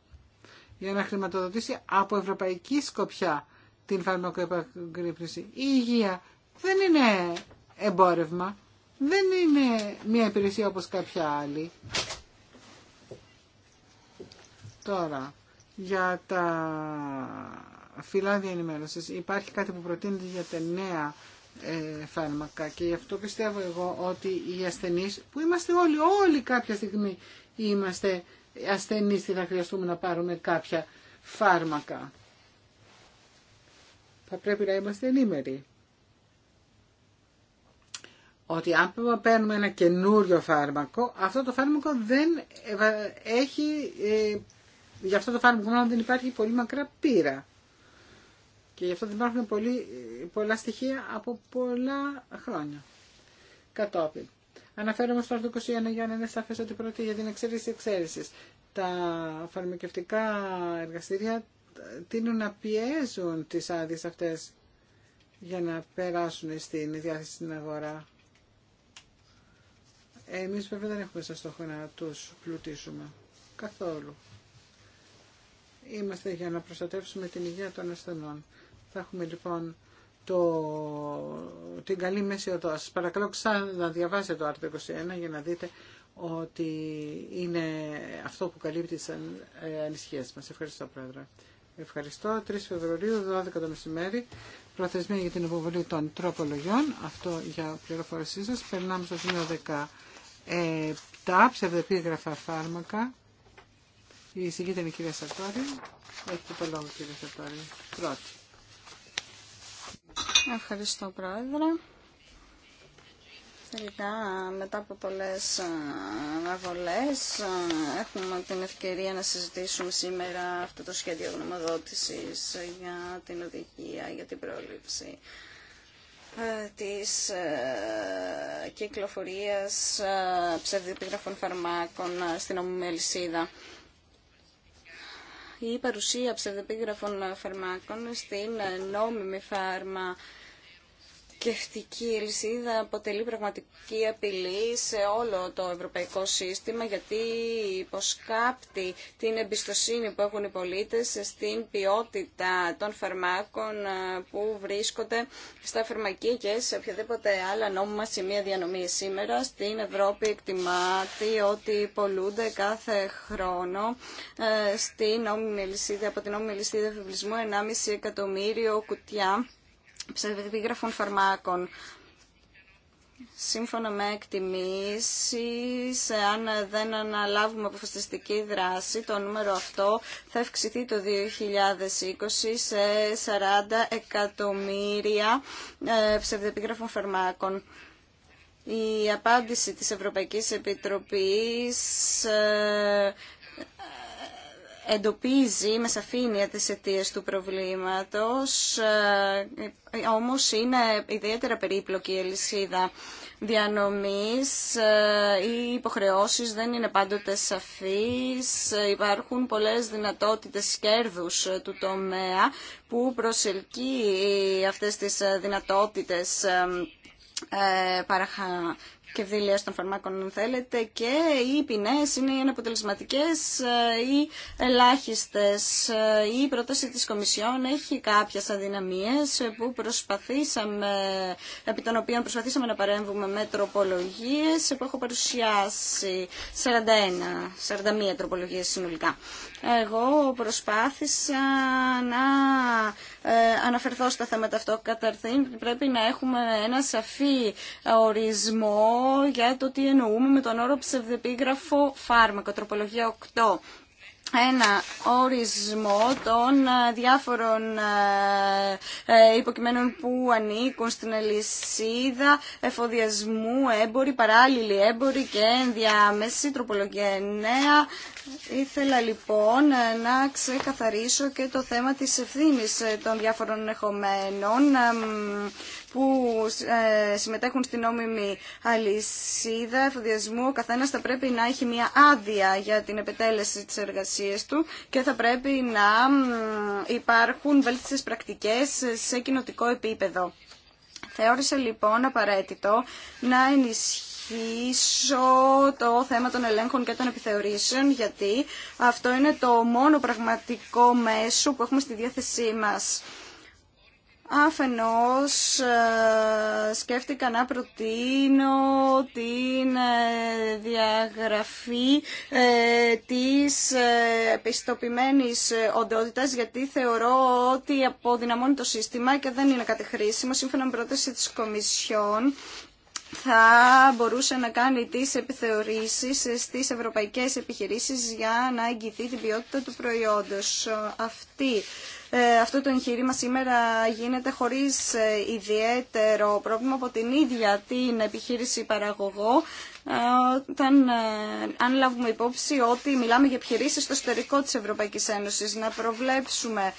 για να χρηματοδοτήσει από ευρωπαϊκή σκοπιά την φαρμακοεπαγρύπνηση. Η υγεία δεν είναι εμπόρευμα, δεν είναι μια υπηρεσία όπως κάποια άλλη. Τώρα, για τα φυλάδια ενημέρωση. υπάρχει κάτι που προτείνεται για τα νέα ε, φάρμακα και γι' αυτό πιστεύω εγώ ότι οι ασθενείς που είμαστε όλοι, όλοι κάποια στιγμή είμαστε ασθενείς και θα χρειαστούμε να πάρουμε κάποια φάρμακα. Θα πρέπει να είμαστε ενήμεροι. Ότι αν παίρνουμε ένα καινούριο φάρμακο, αυτό το φάρμακο δεν ε, έχει ε, Γι' αυτό το φάρμακο δεν υπάρχει πολύ μακρά πείρα. Και γι' αυτό δεν υπάρχουν πολύ, πολλά στοιχεία από πολλά χρόνια. Κατόπιν. Αναφέρομαι στο άρθρο 21 για να είναι σαφέ ότι πρώτοι για την εξαίρεση εξαίρεση. Τα φαρμακευτικά εργαστήρια τείνουν να πιέζουν τι άδειε αυτέ για να περάσουν στην διάθεση στην αγορά. Εμείς βέβαια δεν έχουμε σαν στόχο να τους πλουτίσουμε. Καθόλου είμαστε για να προστατεύσουμε την υγεία των ασθενών. Θα έχουμε λοιπόν το, την καλή μέση οδό. Σα παρακαλώ ξανά να διαβάσετε το άρθρο 21 για να δείτε ότι είναι αυτό που καλύπτει τι ε, ανησυχίε μας. Ευχαριστώ Πρόεδρε. Ευχαριστώ. 3 Φεβρουαρίου, 12 το μεσημέρι, προθεσμία για την υποβολή των τροπολογιών. Αυτό για πληροφορήσή σα. Περνάμε στο σημείο 17, ψευδεπίγραφα φάρμακα. Η εισηγήτρια είναι η κυρία Σαρτόρη. Έχετε το λόγο κύριε Σαρτόρη. Πρώτη. Ευχαριστώ πρόεδρε. Τελικά μετά από πολλές ε, αναβολέ, ε, έχουμε την ευκαιρία να συζητήσουμε σήμερα αυτό το σχέδιο γνωμοδότησης για την οδηγία, για την πρόληψη ε, της κυκλοφορίας ψευδιοπίγραφων φαρμάκων στην ομιμελισίδα η παρουσία ψευδεπίγραφων φαρμάκων στην νόμιμη φάρμα θρησκευτική ελισίδα αποτελεί πραγματική απειλή σε όλο το ευρωπαϊκό σύστημα γιατί υποσκάπτει την εμπιστοσύνη που έχουν οι πολίτες στην ποιότητα των φαρμάκων ε, που βρίσκονται στα φαρμακεία και σε οποιαδήποτε άλλα νόμιμα σημεία διανομή σήμερα. Στην Ευρώπη εκτιμάται ότι πολλούνται κάθε χρόνο ε, στην νόμιμη από την νόμιμη ελισίδα 1,5 εκατομμύριο κουτιά ψευδίγραφων φαρμάκων. Σύμφωνα με εκτιμήσεις, αν δεν αναλάβουμε αποφασιστική δράση, το νούμερο αυτό θα αυξηθεί το 2020 σε 40 εκατομμύρια ε, ψευδεπίγραφων φαρμάκων. Η απάντηση της Ευρωπαϊκής Επιτροπής ε, εντοπίζει με σαφήνεια τις αιτίες του προβλήματος, ε, όμως είναι ιδιαίτερα περίπλοκη η ελισίδα διανομής, ε, οι υποχρεώσεις δεν είναι πάντοτε σαφείς, ε, υπάρχουν πολλές δυνατότητες κέρδους του τομέα που προσελκύει αυτές τις δυνατότητες παραχα και δίλια των φαρμάκων αν θέλετε και οι ποινές είναι αναποτελεσματικές ε, οι ή ελάχιστες. Ε, η πρόταση της Κομισιόν έχει κάποιες αδυναμίες που προσπαθήσαμε, επί των οποίων προσπαθήσαμε να παρέμβουμε με τροπολογίες που έχω παρουσιάσει 41, 41 τροπολογίες συνολικά. Εγώ προσπάθησα να ε, αναφερθώ στα θέματα αυτό. καταρθήν πρέπει να έχουμε ένα σαφή ορισμό για το τι εννοούμε με τον όρο ψευδεπίγραφο φάρμακο, τροπολογία 8 ένα ορισμό των ε, διάφορων ε, ε, υποκειμένων που ανήκουν στην αλυσίδα εφοδιασμού, έμποροι, παράλληλοι έμποροι και ενδιάμεση τροπολογία νέα. Ήθελα λοιπόν να ξεκαθαρίσω και το θέμα της ευθύνης των διάφορων εχομένων που συμμετέχουν στην νόμιμη αλυσίδα εφοδιασμού. Ο καθένας θα πρέπει να έχει μια άδεια για την επιτέλεση της εργασίας του και θα πρέπει να υπάρχουν βέλτιστε πρακτικές σε κοινοτικό επίπεδο. Θεώρησα λοιπόν απαραίτητο να ενισχύσω το θέμα των ελέγχων και των επιθεωρήσεων γιατί αυτό είναι το μόνο πραγματικό μέσο που έχουμε στη διάθεσή μας Αφενός ε, σκέφτηκα να προτείνω την ε, διαγραφή ε, της πιστοποιημένης οντότητας γιατί θεωρώ ότι αποδυναμώνει το σύστημα και δεν είναι κάτι χρήσιμο. Σύμφωνα με πρόταση της Κομισιόν θα μπορούσε να κάνει τις επιθεωρήσεις στις ευρωπαϊκές επιχειρήσεις για να εγγυηθεί την ποιότητα του προϊόντος. Αυτή ε, αυτό το εγχείρημα σήμερα γίνεται χωρίς ε, ιδιαίτερο πρόβλημα από την ίδια την επιχείρηση παραγωγό ε, όταν, αν λάβουμε υπόψη ότι μιλάμε για επιχειρήσεις στο εσωτερικό της Ευρωπαϊκής Ένωσης να προβλέψουμε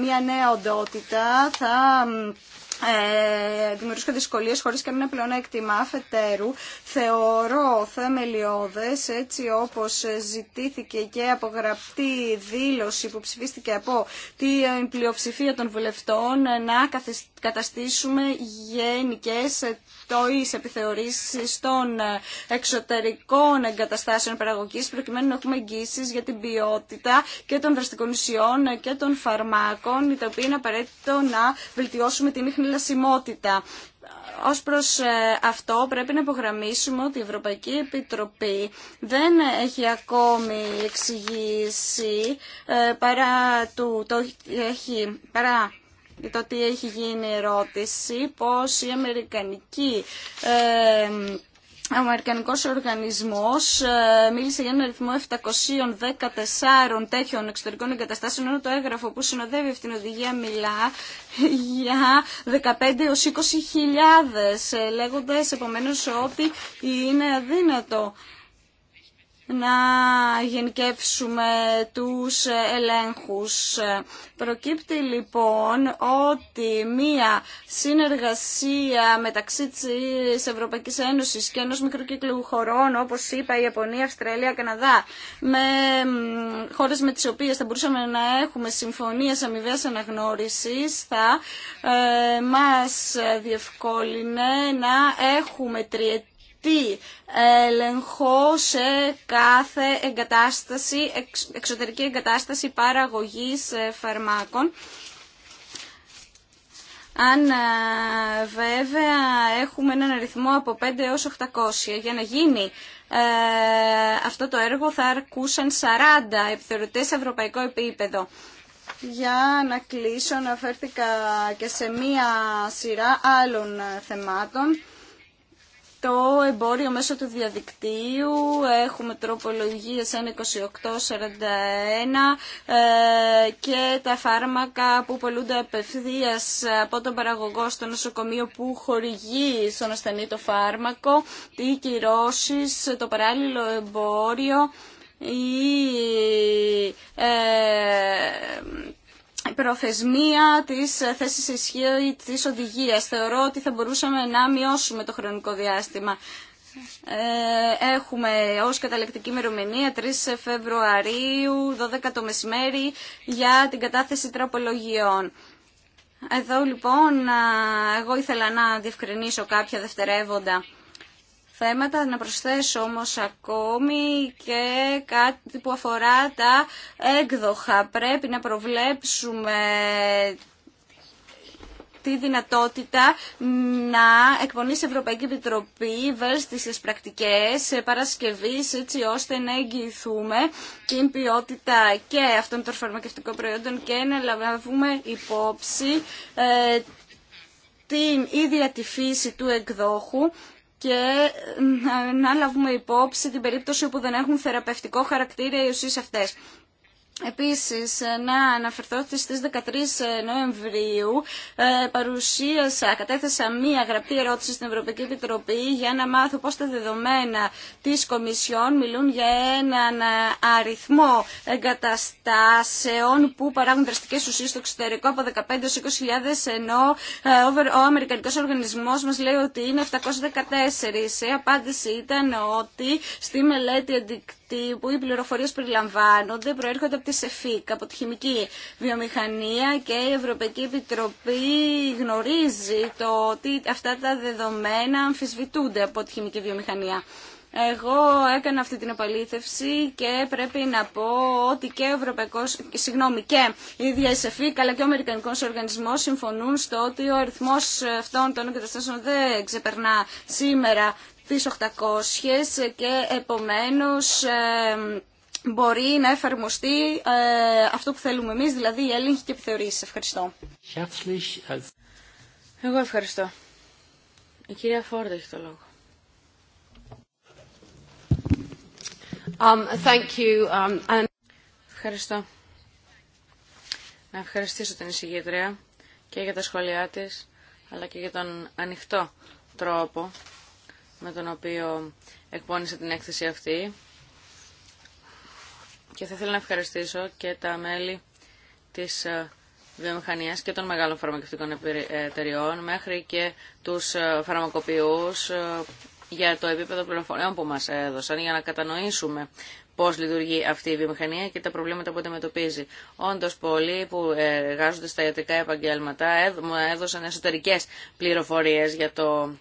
μια νέα οντότητα θα ε, δυσκολίε δυσκολίες χωρίς κανένα πλεονέκτημα αφετέρου. Θεωρώ θεμελιώδες έτσι όπως ζητήθηκε και από γραπτή δήλωση που ψηφίστηκε από την πλειοψηφία των βουλευτών να καταστήσουμε γενικές το επιθεωρήσεις των ε, εξωτερικών εγκαταστάσεων παραγωγής προκειμένου να έχουμε εγγύσει για την ποιότητα και των δραστικών ουσιών και των φαρμάκων τα οποία είναι απαραίτητο να βελτιώσουμε την ίχνηλασιμότητα. Ως προς ε, αυτό πρέπει να υπογραμμίσουμε ότι η Ευρωπαϊκή Επιτροπή δεν έχει ακόμη εξηγήσει ε, παρά του, το έχει, παρά για το τι έχει γίνει ερώτηση πώς η Αμερικανική ε, ο Αμερικανικός Οργανισμός ε, μίλησε για έναν αριθμό 714 τέτοιων εξωτερικών εγκαταστάσεων, ενώ το έγγραφο που συνοδεύει αυτήν την οδηγία μιλά για 15 έως 20 χιλιάδες, ε, λέγοντας επομένως ότι είναι αδύνατο να γενικεύσουμε τους ελέγχους. Προκύπτει λοιπόν ότι μία συνεργασία μεταξύ της Ευρωπαϊκής Ένωσης και ενός μικροκύκλου χωρών, όπως είπα η Ιαπωνία, Αυστραλία, Καναδά, με χώρες με τις οποίες θα μπορούσαμε να έχουμε συμφωνίες αμοιβαίας αναγνώρισης, θα ε, μας διευκόλυνε να έχουμε τριετή τι έλεγχο σε κάθε εγκατάσταση, εξωτερική εγκατάσταση παραγωγής ε, φαρμάκων. Αν ε, βέβαια έχουμε έναν αριθμό από 5 έως 800 για να γίνει ε, αυτό το έργο θα αρκούσαν 40 επιθεωρητές σε ευρωπαϊκό επίπεδο. Για να κλείσω, αναφέρθηκα και σε μία σειρά άλλων θεμάτων το εμπόριο μέσω του διαδικτύου. Έχουμε τροπολογίες 1.28.41 ε, και τα φάρμακα που πολλούνται απευθεία από τον παραγωγό στο νοσοκομείο που χορηγεί στον ασθενή το φάρμακο, τι κυρώσει το παράλληλο εμπόριο ή ε, προθεσμία της θέσης ισχύω της οδηγίας. Θεωρώ ότι θα μπορούσαμε να μειώσουμε το χρονικό διάστημα. Ε, έχουμε ως καταλεκτική ημερομηνία 3 Φεβρουαρίου, 12 το μεσημέρι, για την κατάθεση τραπολογιών. Εδώ λοιπόν εγώ ήθελα να διευκρινίσω κάποια δευτερεύοντα θέματα. Να προσθέσω όμως ακόμη και κάτι που αφορά τα έκδοχα. Πρέπει να προβλέψουμε τη δυνατότητα να εκπονήσει η Ευρωπαϊκή Επιτροπή βέλτιστες πρακτικές παρασκευής έτσι ώστε να εγγυηθούμε την ποιότητα και αυτών των φαρμακευτικών προϊόντων και να λαμβάνουμε υπόψη ε, την ίδια τη φύση του εκδόχου και να λάβουμε υπόψη την περίπτωση όπου δεν έχουν θεραπευτικό χαρακτήρα οι ουσίες αυτές. Επίσης, ε, να αναφερθώ ότι στις 13 ε, Νοεμβρίου ε, παρουσίασα, κατέθεσα μία γραπτή ερώτηση στην Ευρωπαϊκή Επιτροπή για να μάθω πώς τα δεδομένα της Κομισιόν μιλούν για έναν αριθμό εγκαταστάσεων που παράγουν δραστικές ουσίες στο εξωτερικό από 15-20.000 ενώ ο Αμερικανικός Οργανισμός μας λέει ότι είναι 714. Η απάντηση ήταν ότι στη μελέτη αντικτύπου που οι πληροφορίες που περιλαμβάνονται προέρχονται από τη ΣΕΦΙΚ, από τη Χημική Βιομηχανία και η Ευρωπαϊκή Επιτροπή γνωρίζει το ότι αυτά τα δεδομένα αμφισβητούνται από τη Χημική Βιομηχανία. Εγώ έκανα αυτή την επαλήθευση και πρέπει να πω ότι και Ευρωπαϊκός, συγγνώμη, και η ίδια η ΣΕΦΙΚ αλλά και ο Αμερικανικός Οργανισμός συμφωνούν στο ότι ο αριθμός αυτών των εγκαταστάσεων δεν ξεπερνά σήμερα τις 800 και επομένως ε, μπορεί να εφαρμοστεί ε, αυτό που θέλουμε εμείς, δηλαδή η έλεγχη και επιθεωρήσεις. Ευχαριστώ. Εγώ ευχαριστώ. Η κυρία Φόρντα έχει το λόγο. Um, thank you, um, and... Ευχαριστώ. Να ευχαριστήσω την εισηγήτρια και για τα σχόλιά της, αλλά και για τον ανοιχτό τρόπο με τον οποίο εκπώνησα την έκθεση αυτή και θα ήθελα να ευχαριστήσω και τα μέλη της ε, βιομηχανίας και των μεγάλων φαρμακευτικών ε, εταιριών μέχρι και τους ε, φαρμακοποιούς για το επίπεδο πληροφοριών που μας έδωσαν για να κατανοήσουμε πώς λειτουργεί αυτή η βιομηχανία και τα προβλήματα που αντιμετωπίζει. Όντως, πολλοί που εργάζονται στα ιατρικά επαγγέλματα έδωσαν εσωτερικές πληροφορίες για το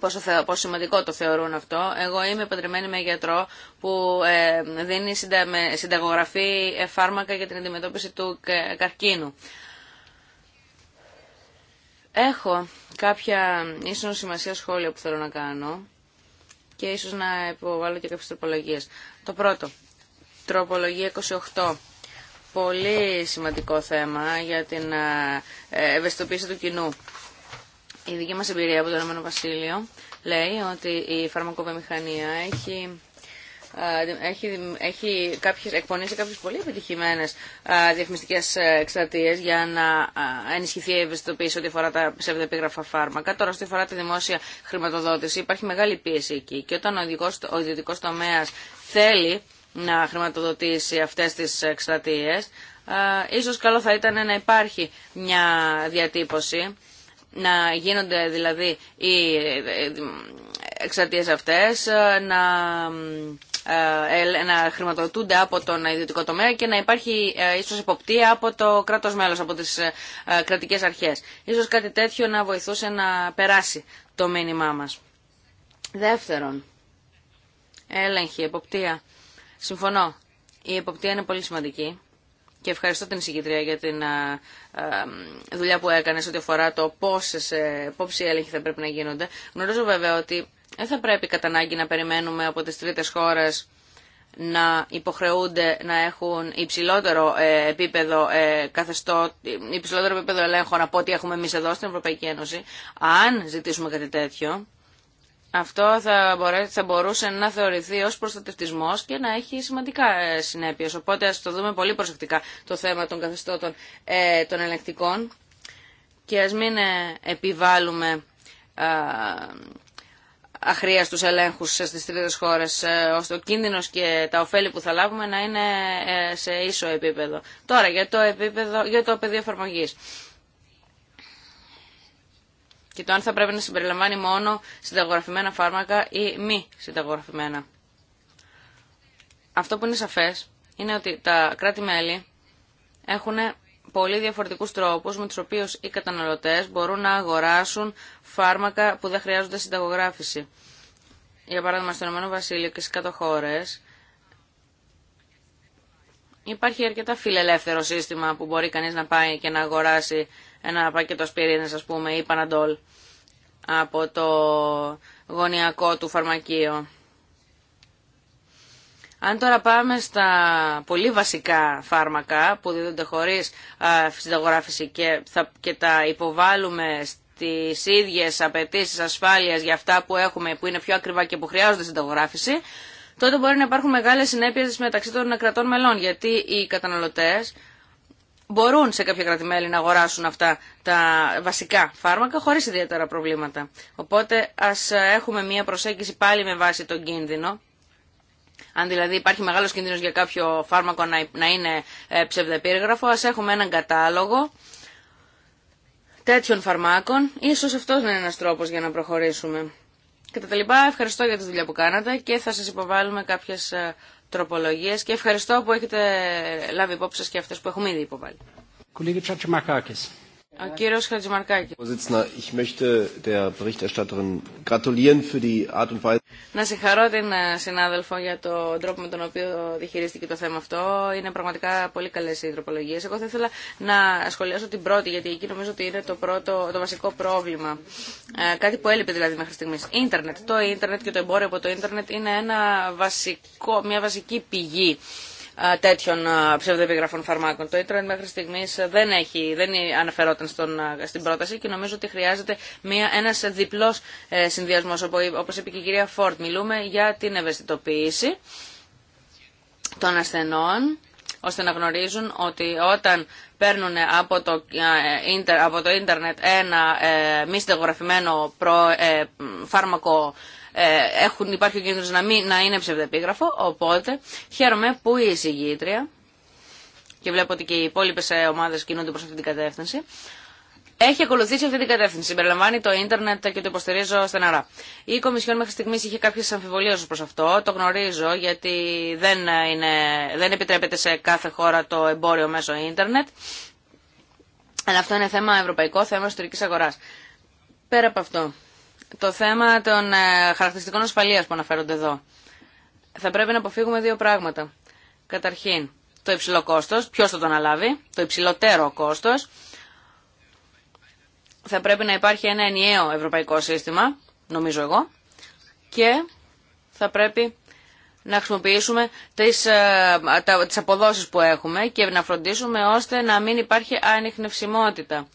πόσο, πόσο σημαντικό το θεωρούν αυτό. Εγώ είμαι παντρεμένη με γιατρό που ε, δίνει συντα, συνταγογραφή ε, φάρμακα για την αντιμετώπιση του καρκίνου. Έχω κάποια ίσως σημασία σχόλια που θέλω να κάνω και ίσως να υποβάλω και κάποιες τροπολογίες. Το πρώτο, τροπολογία 28. Πολύ σημαντικό θέμα για την ε, ευαισθητοποίηση του κοινού. Η δική μας εμπειρία από το Ρωμανό Βασίλειο λέει ότι η φαρμακοβιομηχανία έχει έχει, έχει κάποιες, εκπονήσει κάποιες πολύ επιτυχημένες διαφημιστικές εξτρατείες για να ενισχυθεί η ευαισθητοποίηση ό,τι αφορά τα ψευδεπίγραφα φάρμακα. Τώρα, ό,τι αφορά τη δημόσια χρηματοδότηση, υπάρχει μεγάλη πίεση εκεί και όταν ο, ιδιωτικός, τομέα θέλει να χρηματοδοτήσει αυτές τις εξτρατείες, ίσως καλό θα ήταν να υπάρχει μια διατύπωση να γίνονται δηλαδή οι ε, ε, εξαρτίες αυτές, ε, να, να χρηματοδοτούνται από τον ιδιωτικό τομέα και να υπάρχει ίσως υποπτή από το κράτος μέλος, από τις κρατικές αρχές. Ίσως κάτι τέτοιο να βοηθούσε να περάσει το μήνυμά μας. Δεύτερον, έλεγχη, εποπτεία. Συμφωνώ. Η εποπτεία είναι πολύ σημαντική και ευχαριστώ την εισηγητρία για την δουλειά που έκανε ό,τι αφορά το πόσοι ε, έλεγχοι θα πρέπει να γίνονται. Γνωρίζω βέβαια ότι δεν θα πρέπει κατά ανάγκη να περιμένουμε από τις τρίτες χώρες να υποχρεούνται να έχουν υψηλότερο ε, επίπεδο ε, καθεστώ, υψηλότερο επίπεδο ελέγχων από ό,τι έχουμε εμείς εδώ στην Ευρωπαϊκή Ένωση. Αν ζητήσουμε κάτι τέτοιο, αυτό θα, μπορέ, θα μπορούσε να θεωρηθεί ως προστατευτισμός και να έχει σημαντικά ε, συνέπειες. Οπότε ας το δούμε πολύ προσεκτικά το θέμα των καθεστώτων ε, των ελεκτικών και ας μην ε, επιβάλλουμε αχρία στους ελέγχους στις τρίτες χώρες, ώστε ο κίνδυνος και τα ωφέλη που θα λάβουμε να είναι σε ίσο επίπεδο. Τώρα, για το, επίπεδο, για το πεδίο εφαρμογή και το αν θα πρέπει να συμπεριλαμβάνει μόνο συνταγογραφημένα φάρμακα ή μη συνταγογραφημένα. Αυτό που είναι σαφές είναι ότι τα κράτη-μέλη έχουν πολύ διαφορετικούς τρόπους με τους οποίους οι καταναλωτές μπορούν να αγοράσουν φάρμακα που δεν χρειάζονται συνταγογράφηση. Για παράδειγμα, στο Ηνωμένο Βασίλειο και στις κάτω χώρες, υπάρχει αρκετά φιλελεύθερο σύστημα που μπορεί κανείς να πάει και να αγοράσει ένα πακέτο ασπιρίνες, ας πούμε ή παναντόλ από το γωνιακό του φαρμακείο. Αν τώρα πάμε στα πολύ βασικά φάρμακα που δίδονται χωρίς συνταγοράφηση και, και τα υποβάλλουμε στις ίδιες απαιτήσει ασφάλειας για αυτά που έχουμε που είναι πιο ακριβά και που χρειάζονται συνταγογράφηση, τότε μπορεί να υπάρχουν μεγάλες συνέπειες μεταξύ των κρατών μελών, γιατί οι καταναλωτές μπορούν σε κάποια κρατημέλη να αγοράσουν αυτά τα βασικά φάρμακα χωρίς ιδιαίτερα προβλήματα. Οπότε ας έχουμε μία προσέγγιση πάλι με βάση τον κίνδυνο. Αν δηλαδή υπάρχει μεγάλος κίνδυνος για κάποιο φάρμακο να είναι ε, ψευδεπίγραφο, ας έχουμε έναν κατάλογο τέτοιων φαρμάκων. Ίσως αυτός να είναι ένας τρόπος για να προχωρήσουμε. Κατά τα λοιπά, ευχαριστώ για τη δουλειά που κάνατε και θα σας υποβάλουμε κάποιες ε, τροπολογίες και ευχαριστώ που έχετε λάβει υπόψη και αυτές που έχουμε ήδη υποβάλει. Ο Να συγχαρώ την ε, συνάδελφο για τον τρόπο με τον οποίο διχειρίστηκε το θέμα αυτό. Είναι πραγματικά πολύ καλέ οι τροπολογίε. Εγώ θα ήθελα να σχολιάσω την πρώτη, γιατί εκεί νομίζω ότι είναι το, πρώτο, το βασικό πρόβλημα. Ε, κάτι που έλειπε δηλαδή μέχρι στιγμή. Ίντερνετ. Το ίντερνετ και το εμπόριο από το ίντερνετ είναι ένα βασικό, μια βασική πηγή τέτοιων ψευδοεπίγραφων φαρμάκων. Το ΙΤΡΕΝ μέχρι στιγμή δεν, έχει, δεν αναφερόταν στον, στην πρόταση και νομίζω ότι χρειάζεται ένα διπλό διπλός ε, συνδυασμός, όπως είπε και η κυρία Φόρτ. Μιλούμε για την ευαισθητοποίηση των ασθενών, ώστε να γνωρίζουν ότι όταν παίρνουν από το, ε, από το ίντερνετ ένα ε, μη στεγογραφημένο ε, φάρμακο ε, έχουν, υπάρχει ο κίνδυνος να, μην, να είναι ψευδεπίγραφο, οπότε χαίρομαι που η εισηγήτρια, και βλέπω ότι και οι υπόλοιπε ε, ομάδες κινούνται προς αυτή την κατεύθυνση, έχει ακολουθήσει αυτή την κατεύθυνση. Συμπεριλαμβάνει το ίντερνετ και το υποστηρίζω στεναρά. Η Κομισιόν μέχρι στιγμή είχε κάποιε αμφιβολίε ω προ αυτό. Το γνωρίζω γιατί δεν, ε, είναι, δεν επιτρέπεται σε κάθε χώρα το εμπόριο μέσω ίντερνετ. Αλλά αυτό είναι θέμα ευρωπαϊκό, θέμα ιστορική αγορά. Πέρα από αυτό, το θέμα των ε, χαρακτηριστικών ασφαλεία που αναφέρονται εδώ. Θα πρέπει να αποφύγουμε δύο πράγματα. Καταρχήν, το υψηλό κόστο, ποιο θα το αναλάβει, το υψηλότερο κόστος. Θα πρέπει να υπάρχει ένα ενιαίο ευρωπαϊκό σύστημα, νομίζω εγώ, και θα πρέπει να χρησιμοποιήσουμε τις, ε, τις αποδόσεις που έχουμε και να φροντίσουμε ώστε να μην υπάρχει ανιχνευσιμότητα.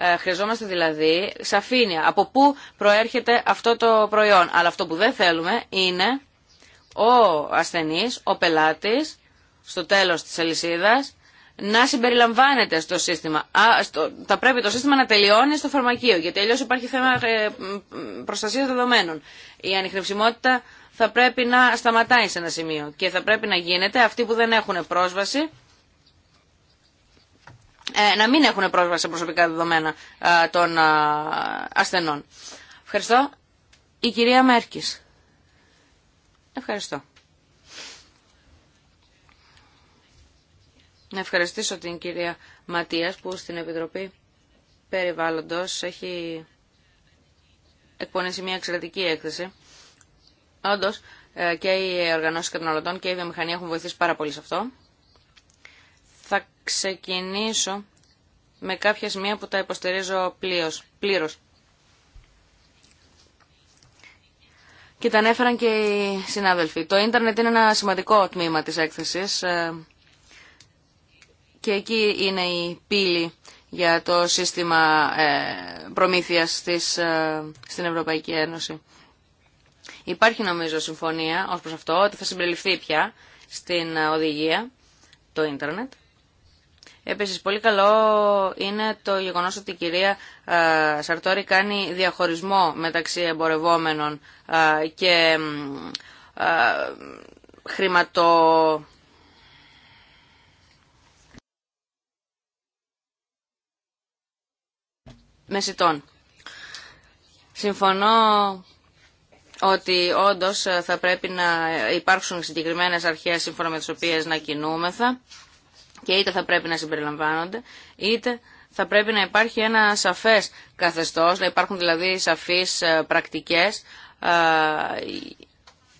Ε, χρειαζόμαστε δηλαδή σαφήνεια από πού προέρχεται αυτό το προϊόν. Αλλά αυτό που δεν θέλουμε είναι ο ασθενής, ο πελάτης, στο τέλος της αλυσίδα να συμπεριλαμβάνεται στο σύστημα. Α, θα πρέπει το σύστημα να τελειώνει στο φαρμακείο, γιατί αλλιώ υπάρχει θέμα ε, προστασία δεδομένων. Η ανιχνευσιμότητα θα πρέπει να σταματάει σε ένα σημείο και θα πρέπει να γίνεται αυτοί που δεν έχουν πρόσβαση ε, να μην έχουν πρόσβαση σε προσωπικά δεδομένα ε, των ε, ασθενών. Ευχαριστώ. Η κυρία Μέρκης. Ευχαριστώ. Να ευχαριστήσω την κυρία Ματίας που στην Επιτροπή Περιβάλλοντος έχει εκπονήσει μια εξαιρετική έκθεση. Όντως και οι οργανώσεις καταναλωτών και η βιομηχανία έχουν βοηθήσει πάρα πολύ σε αυτό. Θα ξεκινήσω με κάποια σημεία που τα υποστηρίζω πλήρως. Και τα ανέφεραν και οι συνάδελφοι. Το ίντερνετ είναι ένα σημαντικό τμήμα της έκθεσης ε, και εκεί είναι η πύλη για το σύστημα ε, προμήθειας της ε, στην Ευρωπαϊκή Ένωση. Υπάρχει νομίζω συμφωνία ως προς αυτό ότι θα συμπεριληφθεί πια στην οδηγία το ίντερνετ. Επίση, πολύ καλό είναι το γεγονός ότι η κυρία ε, Σαρτόρη κάνει διαχωρισμό μεταξύ εμπορευόμενων ε, και ε, χρηματο... μεσητών. Συμφωνώ ότι όντως θα πρέπει να υπάρξουν συγκεκριμένες αρχές σύμφωνα με τις οποίες να κινούμεθα και είτε θα πρέπει να συμπεριλαμβάνονται, είτε θα πρέπει να υπάρχει ένα σαφές καθεστώς, να υπάρχουν δηλαδή σαφείς ε, πρακτικές.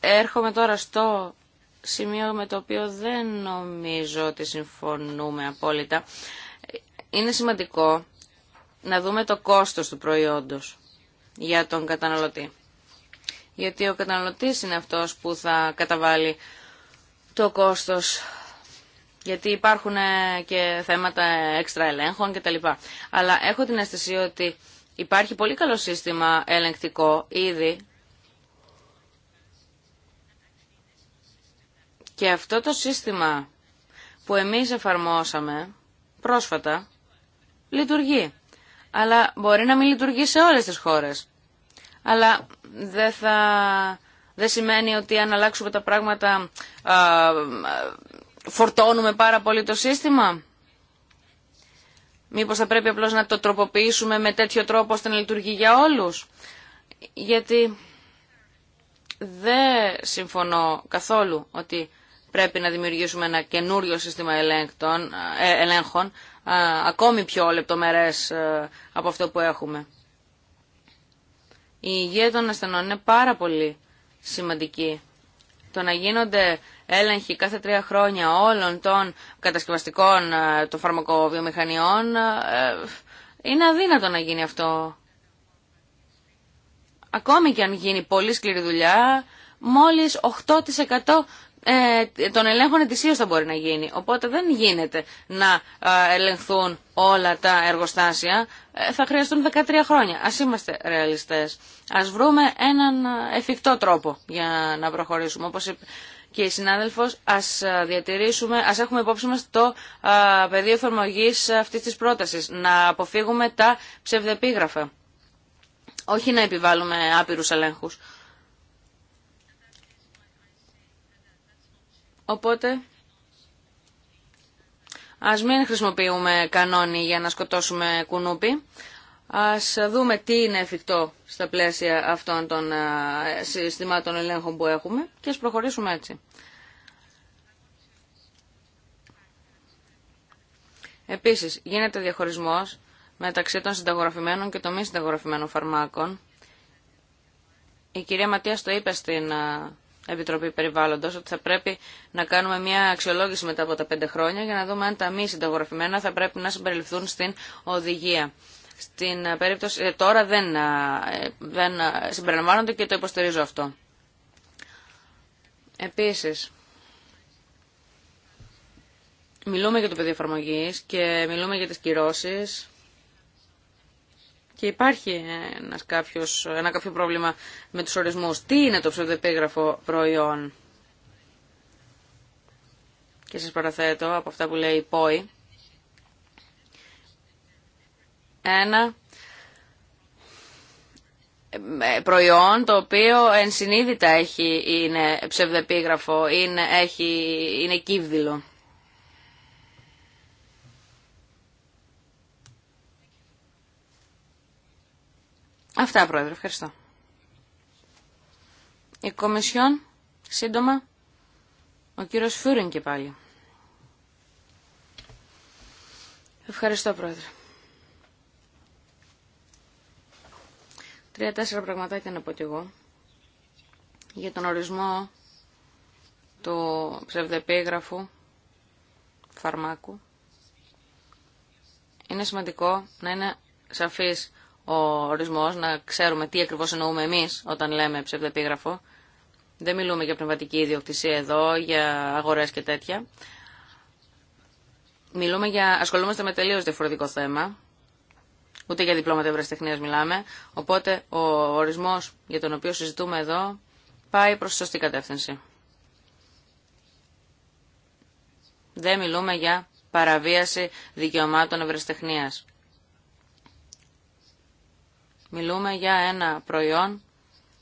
Έρχομαι τώρα στο σημείο με το οποίο δεν νομίζω ότι συμφωνούμε απόλυτα. Είναι σημαντικό να δούμε το κόστος του προϊόντος για τον καταναλωτή. Γιατί ο καταναλωτής είναι αυτός που θα καταβάλει το κόστος γιατί υπάρχουν ε, και θέματα έξτρα ελέγχων κτλ. Αλλά έχω την αίσθηση ότι υπάρχει πολύ καλό σύστημα ελεγκτικό ήδη και αυτό το σύστημα που εμείς εφαρμόσαμε πρόσφατα λειτουργεί. Αλλά μπορεί να μην λειτουργεί σε όλες τις χώρες. Αλλά δεν θα... Δεν σημαίνει ότι αν αλλάξουμε τα πράγματα φορτώνουμε πάρα πολύ το σύστημα. Μήπως θα πρέπει απλώς να το τροποποιήσουμε με τέτοιο τρόπο ώστε να λειτουργεί για όλους. Γιατί δεν συμφωνώ καθόλου ότι πρέπει να δημιουργήσουμε ένα καινούριο σύστημα ε, ελέγχων, ακόμη πιο λεπτομερές ε, από αυτό που έχουμε. Η υγεία των ασθενών είναι πάρα πολύ σημαντική. Το να γίνονται Έλεγχη κάθε τρία χρόνια όλων των κατασκευαστικών ε, των φαρμακοβιομηχανιών, ε, είναι αδύνατο να γίνει αυτό. Ακόμη και αν γίνει πολύ σκληρή δουλειά, μόλις 8% ε, των ελέγχων ετησίως θα μπορεί να γίνει. Οπότε δεν γίνεται να ελεγχθούν όλα τα εργοστάσια. Θα χρειαστούν 13 χρόνια. Ας είμαστε ρεαλιστές. Ας βρούμε έναν εφικτό τρόπο για να προχωρήσουμε. Όπως και η συνάδελφος, ας ε, διατηρήσουμε, ας έχουμε υπόψη μας το ε, πεδίο εφαρμογή αυτής της πρότασης, να αποφύγουμε τα ψευδεπίγραφα, όχι να επιβάλλουμε άπειρους ελέγχου. Οπότε, ας μην χρησιμοποιούμε κανόνι για να σκοτώσουμε κουνούπι, Ας δούμε τι είναι εφικτό στα πλαίσια αυτών των ε, συστημάτων ελέγχων που έχουμε και ας προχωρήσουμε έτσι. Επίσης, γίνεται διαχωρισμός μεταξύ των συνταγογραφημένων και των μη συνταγογραφημένων φαρμάκων. Η κυρία Ματίας το είπε στην ε, Επιτροπή Περιβάλλοντος ότι θα πρέπει να κάνουμε μια αξιολόγηση μετά από τα πέντε χρόνια για να δούμε αν τα μη συνταγογραφημένα θα πρέπει να συμπεριληφθούν στην οδηγία. Στην ε, περίπτωση ε, τώρα δεν, ε, δεν συμπεριλαμβάνονται και το υποστηρίζω αυτό. Επίσης, μιλούμε για το πεδίο εφαρμογή και μιλούμε για τις κυρώσεις και υπάρχει ένας κάποιος, ένα κάποιο πρόβλημα με τους ορισμούς. Τι είναι το ψευδεπίγραφο προϊόν. Και σας παραθέτω από αυτά που λέει η ΠΟΗ, ένα ε, προϊόν το οποίο ενσυνείδητα έχει, είναι ψευδεπίγραφο, είναι, έχει, είναι κύβδηλο. Αυτά, Πρόεδρε. Ευχαριστώ. Η Κομισιόν, σύντομα, ο κύριος Φούριν και πάλι. Ευχαριστώ, Πρόεδρε. Τρία-τέσσερα πραγματάκια να πω κι εγώ. Για τον ορισμό του ψευδεπίγραφου φαρμάκου. Είναι σημαντικό να είναι σαφής ο ορισμός, να ξέρουμε τι ακριβώς εννοούμε εμείς όταν λέμε ψευδεπίγραφο. Δεν μιλούμε για πνευματική ιδιοκτησία εδώ, για αγορές και τέτοια. Μιλούμε για, ασχολούμαστε με τελείως διαφορετικό θέμα ούτε για διπλώματα ευρεσιτεχνία μιλάμε. Οπότε ο ορισμό για τον οποίο συζητούμε εδώ πάει προ σωστή κατεύθυνση. Δεν μιλούμε για παραβίαση δικαιωμάτων ευρεσιτεχνία. Μιλούμε για ένα προϊόν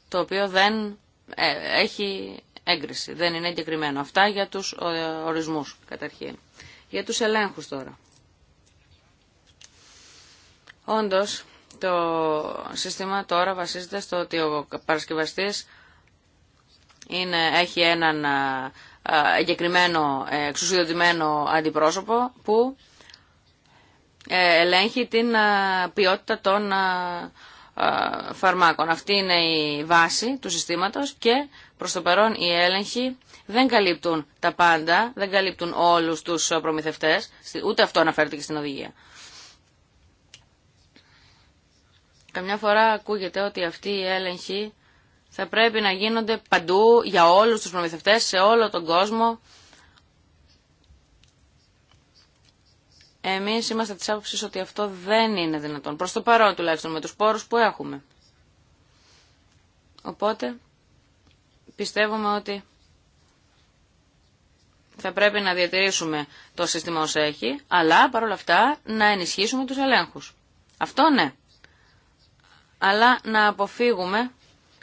το οποίο δεν ε, έχει έγκριση, δεν είναι εγκεκριμένο. Αυτά για τους ε, ορισμούς καταρχήν. Για τους ελέγχους τώρα. Όντως, το σύστημα τώρα βασίζεται στο ότι ο παρασκευαστής είναι, έχει έναν εγκεκριμένο ε, εξουσιοδοτημένο αντιπρόσωπο που ε, ελέγχει την ποιότητα των φαρμάκων. Αυτή είναι η βάση του συστήματος και προς το παρόν οι έλεγχοι δεν καλύπτουν τα πάντα, δεν καλύπτουν όλους τους προμηθευτές, ούτε αυτό αναφέρεται και στην οδηγία. Καμιά φορά ακούγεται ότι αυτοί οι έλεγχοι θα πρέπει να γίνονται παντού, για όλους τους προμηθευτές, σε όλο τον κόσμο. Εμείς είμαστε της άποψης ότι αυτό δεν είναι δυνατόν. Προς το παρόν τουλάχιστον με τους πόρους που έχουμε. Οπότε πιστεύουμε ότι θα πρέπει να διατηρήσουμε το σύστημα όσο έχει, αλλά παρόλα αυτά να ενισχύσουμε τους ελέγχους. Αυτό ναι αλλά να αποφύγουμε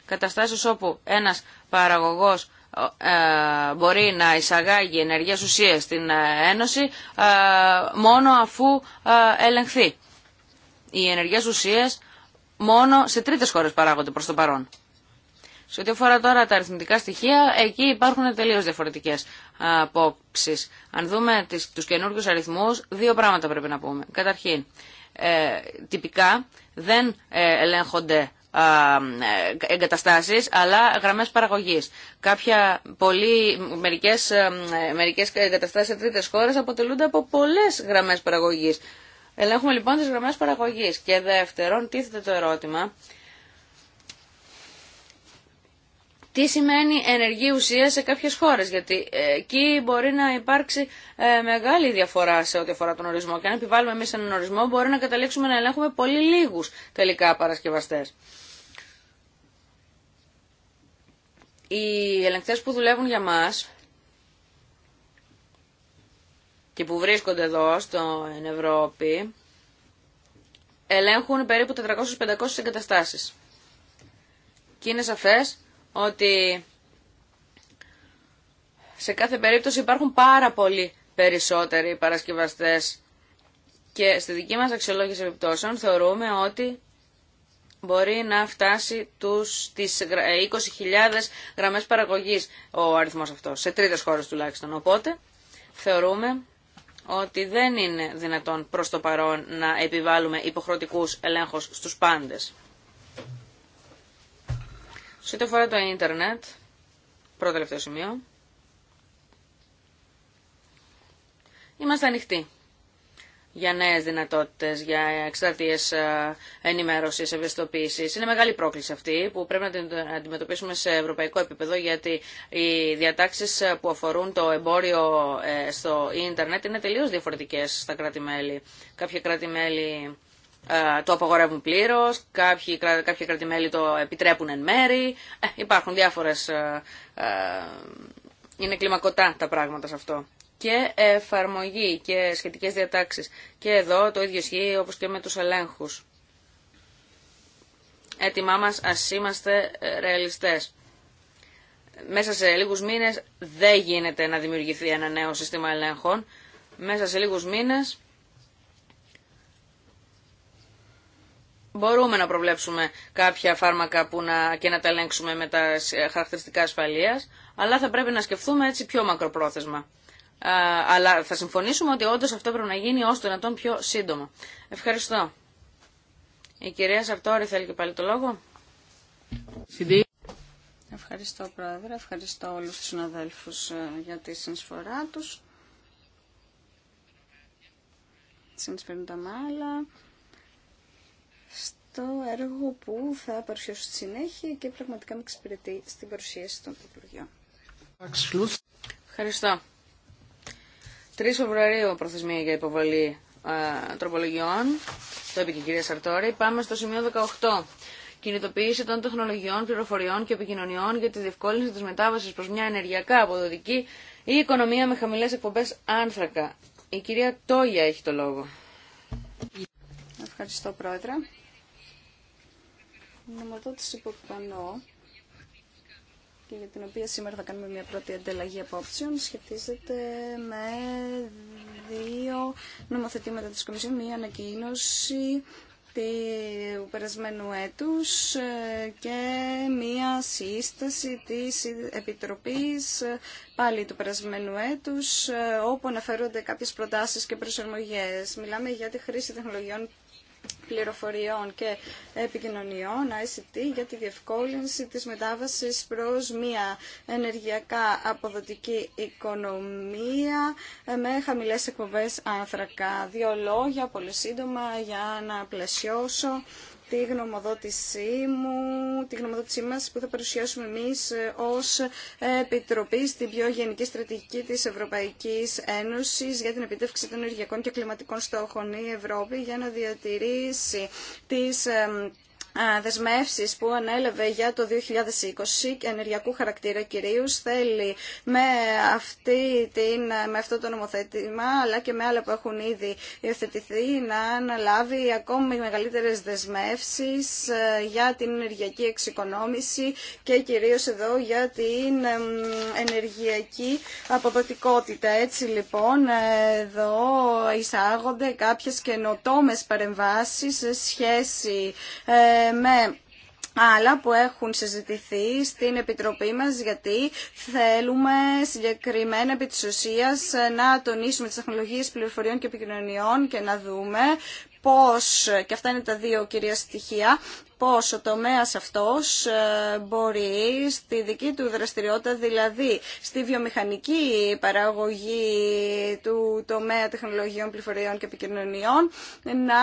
καταστάσεις όπου ένας παραγωγός ε, μπορεί να εισαγάγει ενεργές ουσίες στην ε, Ένωση ε, μόνο αφού ελεγχθεί. Οι ενεργές ουσίες μόνο σε τρίτες χώρες παράγονται προς το παρόν. Σε ό,τι αφορά τώρα τα αριθμητικά στοιχεία, εκεί υπάρχουν τελείω διαφορετικές απόψει. Αν δούμε τους καινούργιους αριθμού, δύο πράγματα πρέπει να πούμε. Καταρχήν, τυπικά δεν ε, ελέγχονται ε, εγκαταστάσεις αλλά γραμμές παραγωγής. Κάποια πολύ, μερικές, ε, μερικές εγκαταστάσεις σε τρίτες χώρες αποτελούνται από πολλές γραμμές παραγωγής. Ελέγχουμε λοιπόν τις γραμμές παραγωγής. Και δεύτερον, τίθεται το ερώτημα τι σημαίνει ενεργή ουσία σε κάποιες χώρες, γιατί εκεί μπορεί να υπάρξει ε, μεγάλη διαφορά σε ό,τι αφορά τον ορισμό και αν επιβάλλουμε εμείς έναν ορισμό μπορεί να καταλήξουμε να ελέγχουμε πολύ λίγους τελικά παρασκευαστές. Οι ελεγκτές που δουλεύουν για μας και που βρίσκονται εδώ στην Ευρώπη ελέγχουν περίπου 400-500 εγκαταστάσεις. Και είναι σαφές ότι σε κάθε περίπτωση υπάρχουν πάρα πολλοί περισσότεροι παρασκευαστές και στη δική μας αξιολόγηση επιπτώσεων θεωρούμε ότι μπορεί να φτάσει τους, τις 20.000 ε, γραμμές παραγωγής ο αριθμός αυτός, σε τρίτες χώρες τουλάχιστον. Οπότε θεωρούμε ότι δεν είναι δυνατόν προς το παρόν να επιβάλλουμε υποχρεωτικούς ελέγχους στους πάντες. Σε ό,τι αφορά το ίντερνετ, πρώτο τελευταίο σημείο, είμαστε ανοιχτοί για νέες δυνατότητες, για εξτρατείε ε, ενημέρωσης, ευαισθητοποίησης. Είναι μεγάλη πρόκληση αυτή που πρέπει να την αντιμετωπίσουμε σε ευρωπαϊκό επίπεδο, γιατί οι διατάξεις ε, που αφορούν το εμπόριο ε, στο ίντερνετ είναι τελείως διαφορετικές στα κράτη-μέλη. Κάποια κράτη-μέλη ε, το απαγορεύουν πλήρω, κάποιοι, κάποια κρατημέλη το επιτρέπουν εν μέρη. Ε, υπάρχουν διάφορες... Ε, είναι κλιμακωτά τα πράγματα σε αυτό. Και εφαρμογή και σχετικές διατάξεις. Και εδώ το ίδιο ισχύει όπως και με του ελέγχου. Έτοιμά μα α είμαστε ρεαλιστές. Μέσα σε λίγους μήνες δεν γίνεται να δημιουργηθεί ένα νέο σύστημα ελέγχων. Μέσα σε λίγους μήνες μπορούμε να προβλέψουμε κάποια φάρμακα που να, και να τα ελέγξουμε με τα χαρακτηριστικά ασφαλείας, αλλά θα πρέπει να σκεφτούμε έτσι πιο μακροπρόθεσμα. αλλά θα συμφωνήσουμε ότι όντως αυτό πρέπει να γίνει ως το δυνατόν πιο σύντομα. Ευχαριστώ. Η κυρία Σαρτόρη θέλει και πάλι το λόγο. Ευχαριστώ Πρόεδρε, ευχαριστώ όλους τους συναδέλφους ε, για τη συνεισφορά τους. Συνεισφέρουν τα μάλα στο έργο που θα παρουσιάσω στη συνέχεια και πραγματικά με εξυπηρετεί στην παρουσίαση των Υπουργείων. Ευχαριστώ. 3 Φεβρουαρίου προθεσμία για υποβολή ε, τροπολογιών. Το είπε και η κυρία Σαρτόρη. Πάμε στο σημείο 18. Κινητοποίηση των τεχνολογιών, πληροφοριών και επικοινωνιών για τη διευκόλυνση τη μετάβαση προ μια ενεργειακά αποδοτική ή οικονομία με χαμηλέ εκπομπέ άνθρακα. Η κυρία Τόγια έχει το λόγο. Ευχαριστώ, Πρόεδρε νομοδότηση που εκπανώ και για την οποία σήμερα θα κάνουμε μια πρώτη ανταλλαγή απόψεων σχετίζεται με δύο νομοθετήματα της Κομισιόν, μια ανακοίνωση του περασμένου έτους ε, και μία σύσταση της Επιτροπής ε, πάλι του περασμένου έτους ε, όπου αναφέρονται κάποιες προτάσεις και προσαρμογές. Μιλάμε για τη χρήση τεχνολογιών πληροφοριών και επικοινωνιών, ICT, για τη διευκόλυνση της μετάβασης προς μια ενεργειακά αποδοτική οικονομία με χαμηλές εκπομπές άνθρακα. Δύο λόγια, πολύ σύντομα, για να πλαισιώσω τη γνωμοδότησή μου, τη γνωμοδότησή μας που θα παρουσιάσουμε εμείς ως Επιτροπή στην πιο γενική στρατηγική της Ευρωπαϊκής Ένωσης για την επιτεύξη των ενεργειακών και κλιματικών στόχων η Ευρώπη για να διατηρήσει τις δεσμεύσεις που ανέλαβε για το 2020 και ενεργειακού χαρακτήρα κυρίως θέλει με, αυτή την, με αυτό το νομοθέτημα αλλά και με άλλα που έχουν ήδη υιοθετηθεί να αναλάβει ακόμη μεγαλύτερες δεσμεύσεις ε, για την ενεργειακή εξοικονόμηση και κυρίως εδώ για την ενεργειακή αποδοτικότητα. Έτσι λοιπόν εδώ εισάγονται κάποιες καινοτόμες παρεμβάσεις σε σχέση ε, με άλλα που έχουν συζητηθεί στην Επιτροπή μας γιατί θέλουμε συγκεκριμένα επί της ουσίας να τονίσουμε τις τεχνολογίες πληροφοριών και επικοινωνιών και να δούμε πώς, και αυτά είναι τα δύο κυρία στοιχεία, πώς ο τομέας αυτός ε, μπορεί στη δική του δραστηριότητα, δηλαδή στη βιομηχανική παραγωγή του τομέα τεχνολογιών, πληροφοριών και επικοινωνιών, να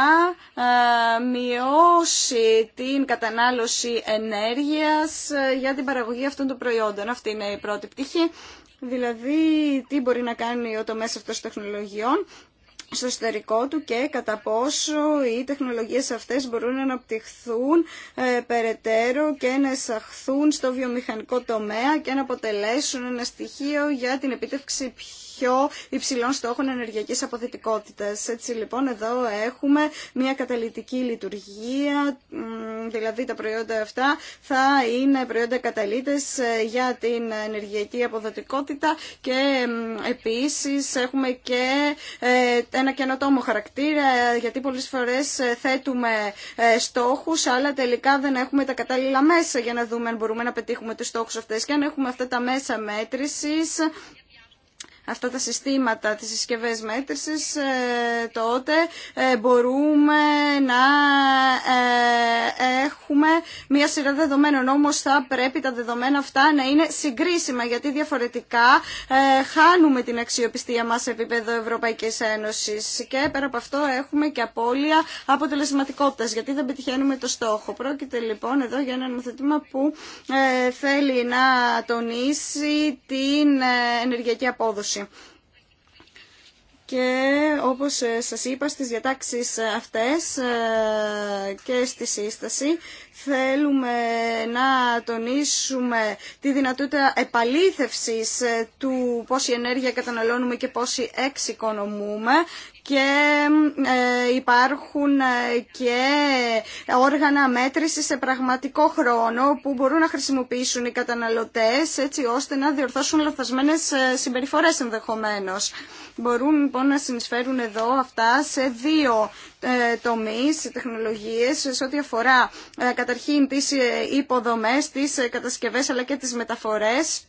ε, μειώσει την κατανάλωση ενέργειας ε, για την παραγωγή αυτών των προϊόντων. Αυτή είναι η πρώτη πτυχή. Δηλαδή, τι μπορεί να κάνει ο τομέας αυτός τεχνολογιών στο εσωτερικό του και κατά πόσο οι τεχνολογίες αυτές μπορούν να αναπτυχθούν ε, περαιτέρω και να εισαχθούν στο βιομηχανικό τομέα και να αποτελέσουν ένα στοιχείο για την επίτευξη πιο υψηλών στόχων ενεργειακή αποθετικότητα. Έτσι λοιπόν εδώ έχουμε μια καταλητική λειτουργία, δηλαδή τα προϊόντα αυτά θα είναι προϊόντα καταλύτες ε, για την ενεργειακή αποδοτικότητα και επίσης έχουμε και ε, ένα καινοτόμο χαρακτήρα γιατί πολλές φορές ε, θέτουμε στόχους αλλά τελικά δεν έχουμε τα κατάλληλα μέσα για να δούμε αν μπορούμε να πετύχουμε τους στόχους αυτές και αν έχουμε αυτά τα μέσα μέτρησης αυτά τα συστήματα, τις συσκευές μέτρησης, ε, τότε ε, μπορούμε να ε, έχουμε μία σειρά δεδομένων. Όμως θα πρέπει τα δεδομένα αυτά να είναι συγκρίσιμα, γιατί διαφορετικά χάνουμε την αξιοπιστία μας σε επίπεδο Ευρωπαϊκής Ένωσης. Και πέρα από αυτό έχουμε και απώλεια αποτελεσματικότητας, γιατί δεν πετυχαίνουμε το στόχο. Πρόκειται λοιπόν εδώ για ένα νομοθετήμα που θέλει να τονίσει την ενεργειακή απόδοση. Και όπως ε, σας είπα στις διατάξεις ε, αυτές ε, και στη σύσταση θέλουμε να τονίσουμε τη δυνατότητα επαλήθευσης του πόση ενέργεια καταναλώνουμε και πόση εξοικονομούμε και ε, υπάρχουν ε, και όργανα μέτρηση σε πραγματικό χρόνο που μπορούν να χρησιμοποιήσουν οι καταναλωτές έτσι ώστε να διορθώσουν λαθασμένες ε, συμπεριφορές ενδεχομένως. Μπορούν λοιπόν να συνεισφέρουν εδώ αυτά σε δύο τομείς, τεχνολογίες, σε ό,τι αφορά καταρχήν τις υποδομές, τις κατασκευές αλλά και τις μεταφορές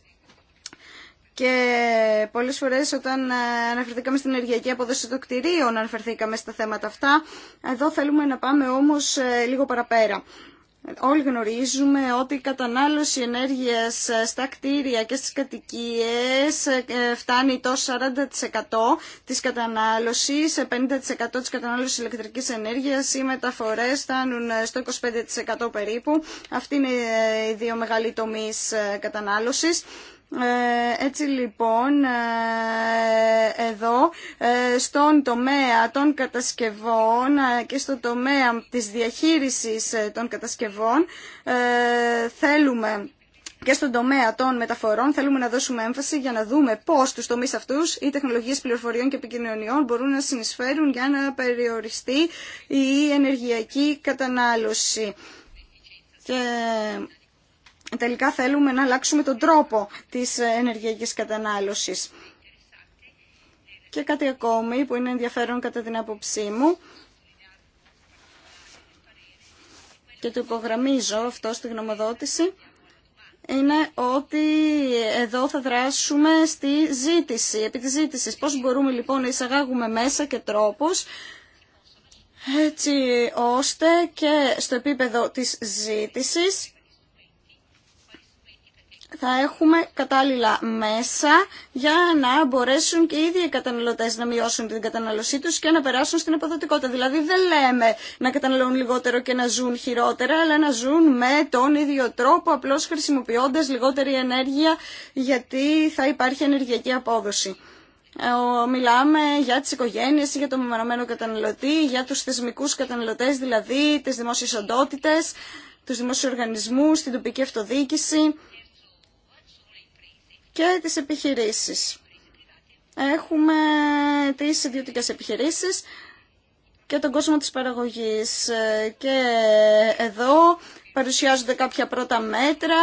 και πολλές φορές όταν ε, αναφερθήκαμε στην ενεργειακή αποδοσία των κτηρίων, αναφερθήκαμε στα θέματα αυτά. Εδώ θέλουμε να πάμε όμως ε, λίγο παραπέρα. Όλοι γνωρίζουμε ότι η κατανάλωση ενέργειας ε, στα κτίρια και στις κατοικίες φτάνει το 40% της κατανάλωσης, 50% της κατανάλωσης ηλεκτρικής ενέργειας, οι μεταφορές φτάνουν στο 25% περίπου. Αυτοί είναι οι δύο μεγάλοι τομείς κατανάλωσης. Ε, έτσι λοιπόν ε, εδώ ε, στον τομέα των κατασκευών και στον τομέα της διαχείρισης των κατασκευών θέλουμε και στον τομέα των μεταφορών θέλουμε να δώσουμε έμφαση για να δούμε πώς τους τομείς αυτούς οι τεχνολογίες πληροφοριών και επικοινωνιών μπορούν να συνεισφέρουν για να περιοριστεί η ενεργειακή κατανάλωση. Και τελικά θέλουμε να αλλάξουμε τον τρόπο της ενεργειακής κατανάλωσης. Και κάτι ακόμη που είναι ενδιαφέρον κατά την άποψή μου και το υπογραμμίζω αυτό στη γνωμοδότηση είναι ότι εδώ θα δράσουμε στη ζήτηση, επί της ζήτησης. Πώς μπορούμε λοιπόν να εισαγάγουμε μέσα και τρόπους έτσι ώστε και στο επίπεδο της ζήτησης θα έχουμε κατάλληλα μέσα για να μπορέσουν και οι ίδιοι οι καταναλωτέ να μειώσουν την κατανάλωσή του και να περάσουν στην αποδοτικότητα. Δηλαδή δεν λέμε να καταναλώνουν λιγότερο και να ζουν χειρότερα, αλλά να ζουν με τον ίδιο τρόπο, απλώ χρησιμοποιώντα λιγότερη ενέργεια, γιατί θα υπάρχει ενεργειακή απόδοση. Ε, μιλάμε για τις οικογένειες, για τον μεμονωμένο καταναλωτή, για τους θεσμικούς καταναλωτές, δηλαδή τις δημόσιες οντότητε τους δημόσιου οργανισμούς, την τοπική αυτοδιοίκηση και τις επιχειρήσεις. Έχουμε τις ιδιωτικές επιχειρήσεις και τον κόσμο της παραγωγής. Και εδώ παρουσιάζονται κάποια πρώτα μέτρα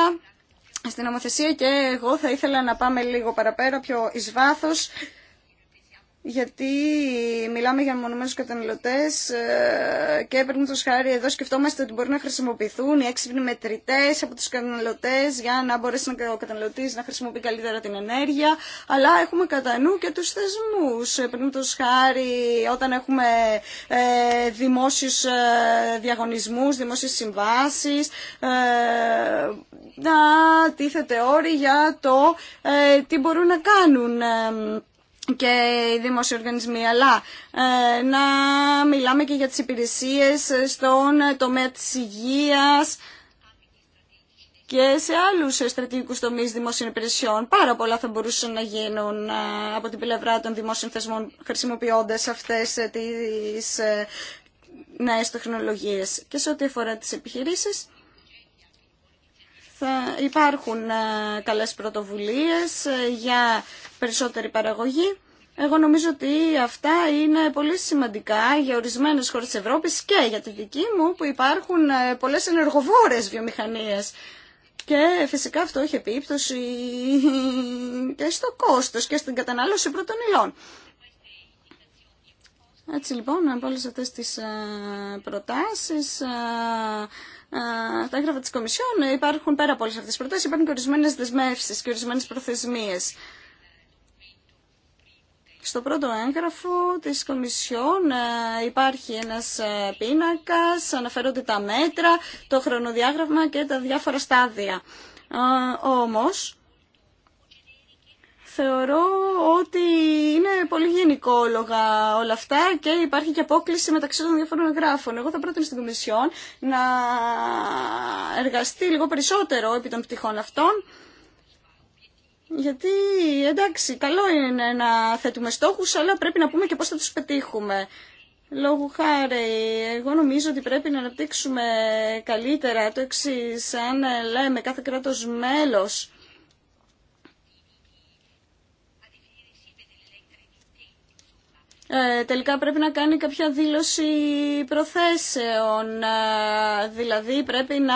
στην νομοθεσία και εγώ θα ήθελα να πάμε λίγο παραπέρα πιο εις βάθος γιατί μιλάμε για μονομένους καταναλωτές ε, και να το χάρη εδώ σκεφτόμαστε ότι μπορεί να χρησιμοποιηθούν οι έξυπνοι μετρητέ από τους καταναλωτές για να μπορέσει ο καταναλωτή να χρησιμοποιεί καλύτερα την ενέργεια αλλά έχουμε κατά νου και τους θεσμούς να το χάρη όταν έχουμε ε, δημόσιους ε, διαγωνισμούς, δημόσιες συμβάσεις να τίθεται όροι για το τι μπορούν να κάνουν και οι δημόσιοι οργανισμοί, αλλά ε, να μιλάμε και για τις υπηρεσίες στον τομέα της υγείας και σε άλλους στρατηγικούς τομείς δημόσιων υπηρεσιών. Πάρα πολλά θα μπορούσαν να γίνουν ε, από την πλευρά των δημόσιων θεσμών χρησιμοποιώντας αυτές ε, τις νέες τεχνολογίες. Και σε ό,τι αφορά τις επιχειρήσεις, θα υπάρχουν ε, καλές πρωτοβουλίες ε, για περισσότερη παραγωγή. Εγώ νομίζω ότι αυτά είναι πολύ σημαντικά για ορισμένες χώρες της Ευρώπης και για τη δική μου που υπάρχουν ε, πολλές ενεργοβόρες βιομηχανίες. Και φυσικά αυτό έχει επίπτωση και στο κόστος και στην κατανάλωση πρώτων υλών. Έτσι λοιπόν, από όλες αυτές τις προτάσεις τα έγγραφα τη Κομισιόν υπάρχουν πέρα από όλε αυτές τι προτάσει, υπάρχουν και ορισμένε δεσμεύσει και ορισμένε προθεσμίες. Στο πρώτο έγγραφο της Κομισιόν ε, υπάρχει ένας ε, πίνακας, αναφέρονται τα μέτρα, το χρονοδιάγραμμα και τα διάφορα στάδια. Ε, όμως, θεωρώ ότι είναι πολύ γενικόλογα όλα αυτά και υπάρχει και απόκληση μεταξύ των διαφορών εγγράφων. Εγώ θα πρότεινα στην Κομισιόν να εργαστεί λίγο περισσότερο επί των πτυχών αυτών. Γιατί, εντάξει, καλό είναι να θέτουμε στόχους, αλλά πρέπει να πούμε και πώ θα τους πετύχουμε. Λόγου χάρη, εγώ νομίζω ότι πρέπει να αναπτύξουμε καλύτερα το εξή αν λέμε κάθε κράτο μέλος Ε, τελικά πρέπει να κάνει κάποια δήλωση προθέσεων. Ε, δηλαδή πρέπει να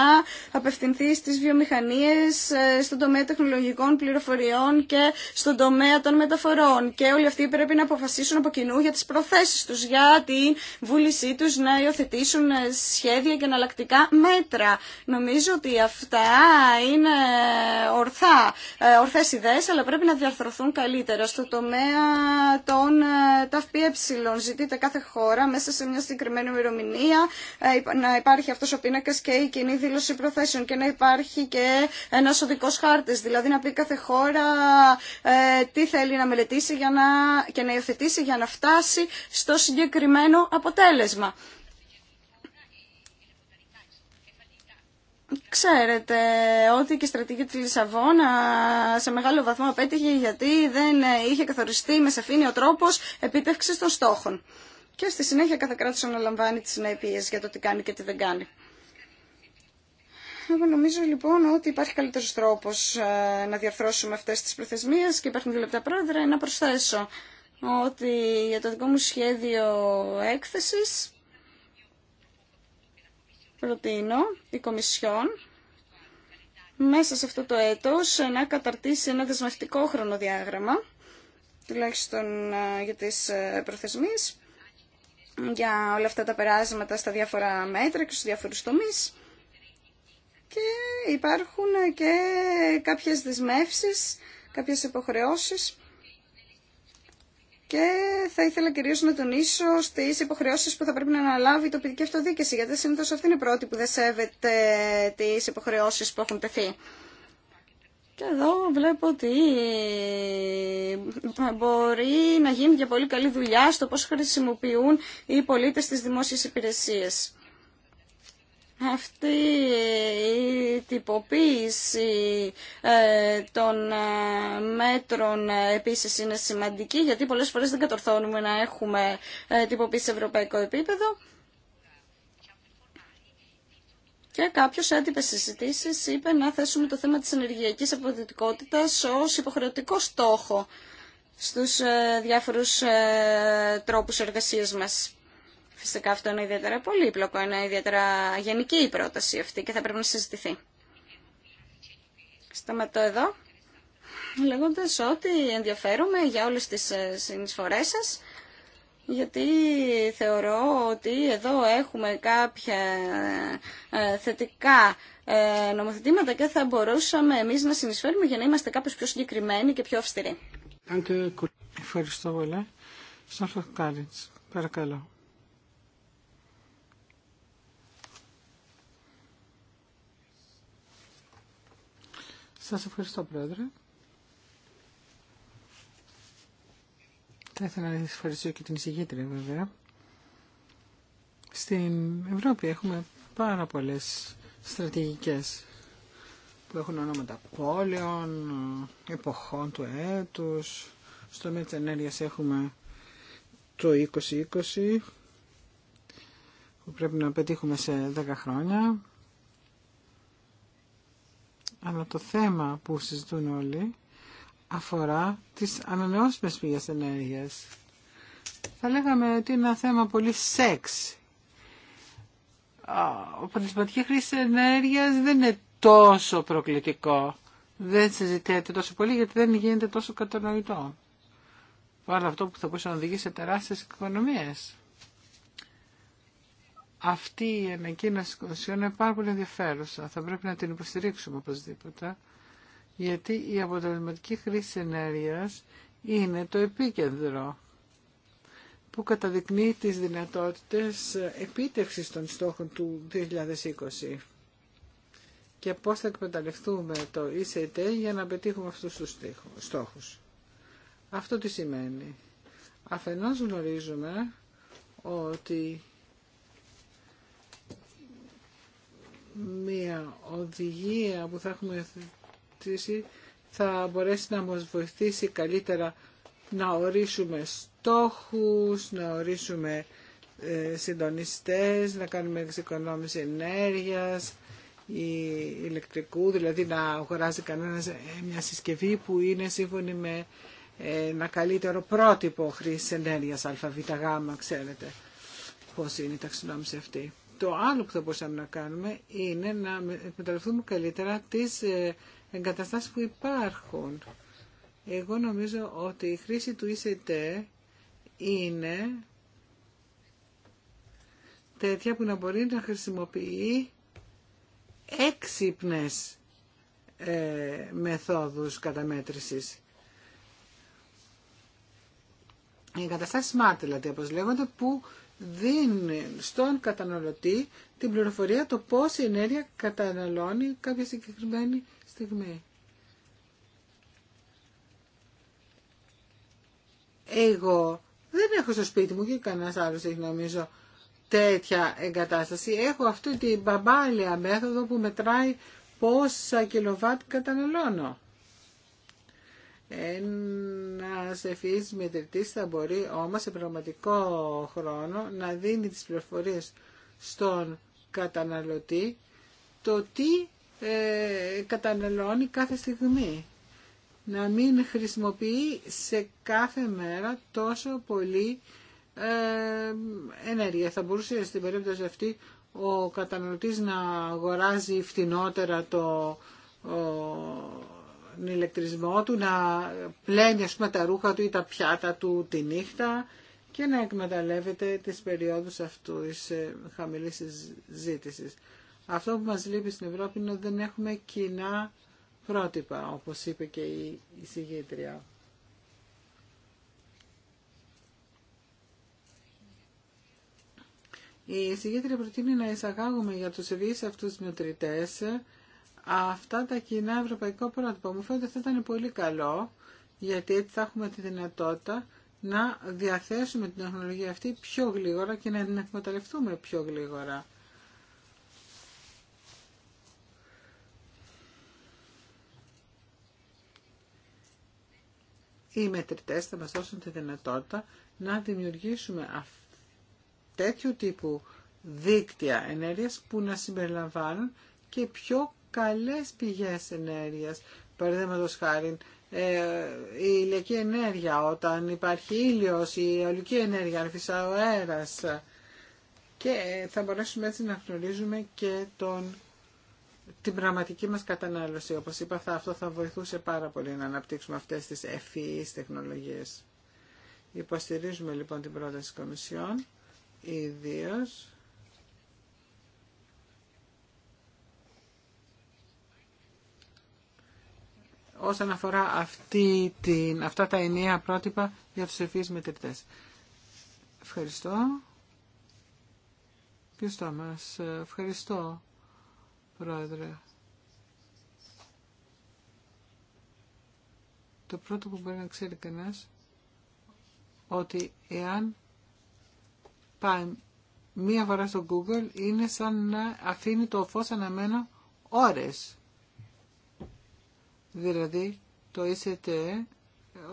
απευθυνθεί στις βιομηχανίες, ε, στον τομέα τεχνολογικών πληροφοριών και στον τομέα των μεταφορών. Και όλοι αυτοί πρέπει να αποφασίσουν από κοινού για τις προθέσεις τους, για τη βούλησή τους να υιοθετήσουν σχέδια και εναλλακτικά μέτρα. Νομίζω ότι αυτά είναι ορθά, ορθές ιδέες, αλλά πρέπει να διαρθρωθούν καλύτερα στο τομέα των ταυπιών Ζητείτε ζητείται κάθε χώρα μέσα σε μια συγκεκριμένη ημερομηνία ε, να υπάρχει αυτό ο πίνακα και η κοινή δήλωση προθέσεων και να υπάρχει και ένας οδικό χάρτη, δηλαδή να πει κάθε χώρα ε, τι θέλει να μελετήσει για να, και να υιοθετήσει για να φτάσει στο συγκεκριμένο αποτέλεσμα. Ξέρετε ότι και η στρατηγική της Λισαβόνα σε μεγάλο βαθμό απέτυχε γιατί δεν είχε καθοριστεί με σαφήνεια ο τρόπος επίτευξης των στόχων. Και στη συνέχεια κάθε κράτος αναλαμβάνει τις συνέπειες για το τι κάνει και τι δεν κάνει. Εγώ νομίζω λοιπόν ότι υπάρχει καλύτερο τρόπος ε, να διαρθρώσουμε αυτές τις προθεσμίες και υπάρχουν δύο λεπτά πρόεδρε. Να προσθέσω ότι για το δικό μου σχέδιο έκθεσης προτείνω η Κομισιόν μέσα σε αυτό το έτος να καταρτήσει ένα δεσμευτικό χρονοδιάγραμμα, τουλάχιστον ε, για τις ε, προθεσμίες, για όλα αυτά τα περάσματα στα διάφορα μέτρα και στους διάφορους τομείς. Και υπάρχουν και κάποιες δεσμεύσεις, κάποιες υποχρεώσεις και θα ήθελα κυρίω να τονίσω στι υποχρεώσει που θα πρέπει να αναλάβει η τοπική αυτοδιοίκηση, γιατί συνήθω αυτή είναι η πρώτη που δεν σέβεται τι υποχρεώσει που έχουν τεθεί. Και εδώ βλέπω ότι μπορεί να γίνει για πολύ καλή δουλειά στο πώς χρησιμοποιούν οι πολίτες τις δημόσιες υπηρεσίες αυτή η τυποποίηση ε, των ε, μέτρων επίσης είναι σημαντική γιατί πολλές φορές δεν κατορθώνουμε να έχουμε ε, τυποποίηση σε ευρωπαϊκό επίπεδο. Και κάποιο σε έντυπε συζητήσει είπε να θέσουμε το θέμα τη ενεργειακή αποδοτικότητα ω υποχρεωτικό στόχο στου διάφορου τρόπου εργασία μα. Φυσικά αυτό είναι ιδιαίτερα πολύπλοκο, είναι ιδιαίτερα γενική η πρόταση αυτή και θα πρέπει να συζητηθεί. Σταματώ εδώ, λέγοντας ότι ενδιαφέρομαι για όλες τις ε, συνεισφορές σας, γιατί θεωρώ ότι εδώ έχουμε κάποια ε, θετικά ε, νομοθετήματα και θα μπορούσαμε εμείς να συνεισφέρουμε για να είμαστε κάπως πιο συγκεκριμένοι και πιο αυστηροί. Ευχαριστώ πολύ. Παρακαλώ. Σας ευχαριστώ, Πρόεδρε. Θα ήθελα να ευχαριστήσω και την εισηγήτρια, βέβαια. Στην Ευρώπη έχουμε πάρα πολλές στρατηγικές που έχουν ονόματα πόλεων, εποχών του έτους. Στο μέτρο της ενέργειας έχουμε το 2020 που πρέπει να πετύχουμε σε 10 χρόνια. Αλλά το θέμα που συζητούν όλοι αφορά τις ανανεώσιμες πηγές ενέργειας. Θα λέγαμε ότι είναι ένα θέμα πολύ σεξ. Ο πνευματική χρήση ενέργειας δεν είναι τόσο προκλητικό. Δεν συζητιέται τόσο πολύ γιατί δεν γίνεται τόσο κατανοητό. Πάρα αυτό που θα μπορούσε να οδηγήσει σε τεράστιες οικονομίες αυτή η ανακοίνωση κομισιών είναι πάρα πολύ ενδιαφέρουσα. Θα πρέπει να την υποστηρίξουμε οπωσδήποτε, γιατί η αποτελεσματική χρήση ενέργειας είναι το επίκεντρο που καταδεικνύει τις δυνατότητες επίτευξης των στόχων του 2020 και πώς θα εκμεταλλευτούμε το ECT για να πετύχουμε αυτούς τους στόχους. Αυτό τι σημαίνει. Αφενός γνωρίζουμε ότι μία οδηγία που θα έχουμε θέσει θα μπορέσει να μας βοηθήσει καλύτερα να ορίσουμε στόχους, να ορίσουμε ε, συντονιστές, να κάνουμε εξοικονόμηση ενέργειας ή ηλεκτρικού, δηλαδή να αγοράζει κανένας ε, μια συσκευή που είναι σύμφωνη με ε, ένα καλύτερο πρότυπο χρήση ενέργειας ΑΒΓ, ξέρετε πώς είναι η ταξινόμηση αυτή. Το άλλο που θα μπορούσαμε να κάνουμε είναι να εκμεταλλευτούμε καλύτερα τις ε, εγκαταστάσεις που υπάρχουν. Εγώ νομίζω ότι η χρήση του ICT e είναι τέτοια που να μπορεί να χρησιμοποιεί έξυπνες ε, μεθόδους καταμέτρησης. Οι εγκαταστάσεις smart δηλαδή όπως λέγονται που δίνει στον καταναλωτή την πληροφορία το πόση ενέργεια καταναλώνει κάποια συγκεκριμένη στιγμή. Εγώ δεν έχω στο σπίτι μου και κανένα άλλο έχει νομίζω τέτοια εγκατάσταση. Έχω αυτή την μπαμπάλια μέθοδο που μετράει πόσα κιλοβάτ καταναλώνω ένα ευφυής μετρητής θα μπορεί όμως σε πραγματικό χρόνο να δίνει τις πληροφορίες στον καταναλωτή το τι ε, καταναλώνει κάθε στιγμή. Να μην χρησιμοποιεί σε κάθε μέρα τόσο πολύ ε, ενέργεια. Θα μπορούσε στην περίπτωση αυτή ο καταναλωτής να αγοράζει φτηνότερα το τον ηλεκτρισμό του, να πλένει ας πούμε, τα ρούχα του ή τα πιάτα του τη νύχτα και να εκμεταλλεύεται τις περιόδους αυτού της ε, χαμηλής ζήτησης. Αυτό που μας λείπει στην Ευρώπη είναι ότι δεν έχουμε κοινά πρότυπα, όπως είπε και η εισηγήτρια. Η εισηγήτρια προτείνει να εισαγάγουμε για τους ευείς αυτούς μετρητές αυτά τα κοινά ευρωπαϊκό πρότυπα. Μου φαίνεται ότι θα ήταν πολύ καλό, γιατί έτσι θα έχουμε τη δυνατότητα να διαθέσουμε την τεχνολογία αυτή πιο γλίγορα και να την εκμεταλλευτούμε πιο γλίγορα. Οι μετρητές θα μας δώσουν τη δυνατότητα να δημιουργήσουμε τέτοιου τύπου δίκτυα ενέργειας που να συμπεριλαμβάνουν και πιο καλές πηγές ενέργειας. Παραδείγματο χάρη, ε, η ηλιακή ενέργεια, όταν υπάρχει ήλιος, η αιωλική ενέργεια, αν φυσά ο Και ε, θα μπορέσουμε έτσι να γνωρίζουμε και τον, την πραγματική μας κατανάλωση. Όπως είπα, θα, αυτό θα βοηθούσε πάρα πολύ να αναπτύξουμε αυτές τις ευφυείς τεχνολογίες. Υποστηρίζουμε λοιπόν την πρόταση της Κομισιόν, ιδίως όσον αφορά αυτή την, αυτά τα ενιαία πρότυπα για τους μετρητές. Ευχαριστώ. Ποιος μας. Ε, ευχαριστώ, Πρόεδρε. Το πρώτο που μπορεί να ξέρει κανένας ότι εάν πάει μία φορά στο Google είναι σαν να αφήνει το φως αναμένο ώρες. Δηλαδή το ECT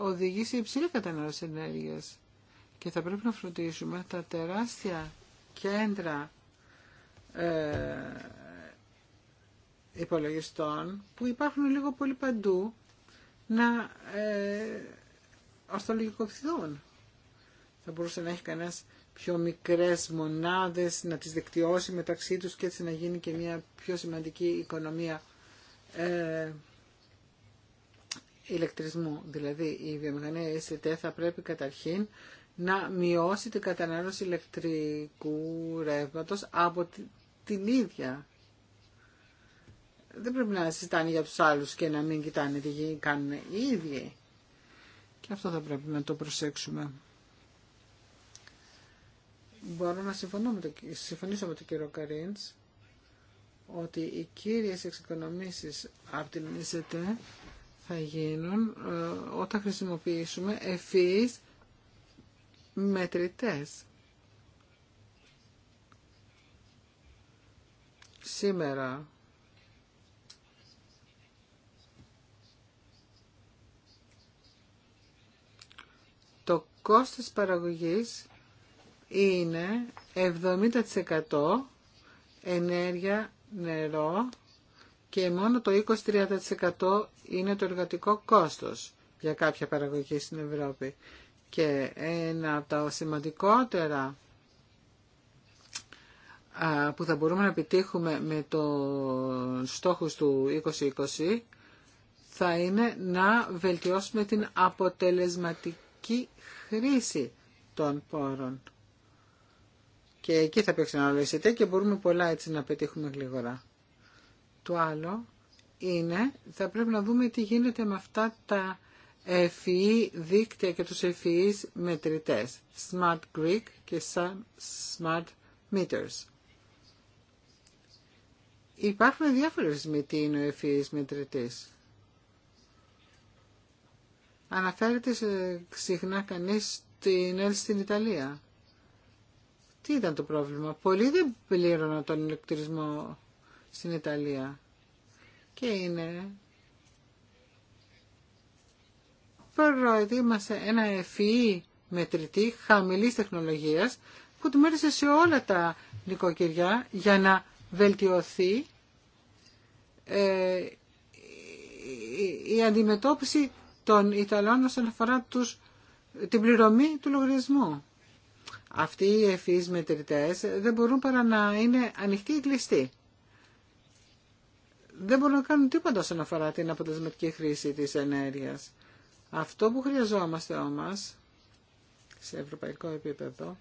οδηγεί σε υψηλή κατανάλωση ενέργειας και θα πρέπει να φροντίσουμε τα τεράστια κέντρα ε, υπολογιστών που υπάρχουν λίγο πολύ παντού να ε, Θα μπορούσε να έχει κανένας πιο μικρές μονάδες, να τις δικτυώσει μεταξύ τους και έτσι να γίνει και μια πιο σημαντική οικονομία ε, ηλεκτρισμού. Δηλαδή η βιομηχανία θα πρέπει καταρχήν να μειώσει την κατανάλωση ηλεκτρικού ρεύματος από την ίδια. Δεν πρέπει να συζητάνε για τους άλλους και να μην κοιτάνε τι κάνουν οι ίδιοι. Και αυτό θα πρέπει να το προσέξουμε. Μπορώ να συμφωνώ με συμφωνήσω με τον κύριο Καρίντς ότι οι κύριες εξοικονομήσεις από την ΕΣΕΤΕ θα γίνουν ε, όταν χρησιμοποιήσουμε ευφύης μετρητές. Σήμερα το κόστος παραγωγής είναι 70% ενέργεια, νερό και μόνο το 20-30% είναι το εργατικό κόστος για κάποια παραγωγή στην Ευρώπη. Και ένα από τα σημαντικότερα που θα μπορούμε να επιτύχουμε με το στόχους του 2020 θα είναι να βελτιώσουμε την αποτελεσματική χρήση των πόρων. Και εκεί θα παίξει να και μπορούμε πολλά έτσι να πετύχουμε γλυγορά. Το άλλο είναι, θα πρέπει να δούμε τι γίνεται με αυτά τα ευφυή e e δίκτυα και τους ευφυείς e μετρητές, Smart Greek και Smart Meters. Υπάρχουν διάφορες με τι είναι ο ευφυής μετρητής. Αναφέρεται συχνά κανείς στην Ελ στην Ιταλία. Τι ήταν το πρόβλημα. Πολλοί δεν πλήρωναν τον ηλεκτρισμό στην Ιταλία και είναι προετοίμασε ένα ευφυή μετρητή χαμηλής τεχνολογίας που του μέρισε σε όλα τα νοικοκυριά για να βελτιωθεί ε, η αντιμετώπιση των Ιταλών όσον αφορά τους, την πληρωμή του λογαριασμού. Αυτοί οι ευφυείς μετρητές δεν μπορούν παρά να είναι ανοιχτοί ή κλειστοί δεν μπορούν να κάνουν τίποτα όσον αφορά την αποτελεσματική χρήση της ενέργειας. Αυτό που χρειαζόμαστε όμως σε ευρωπαϊκό επίπεδο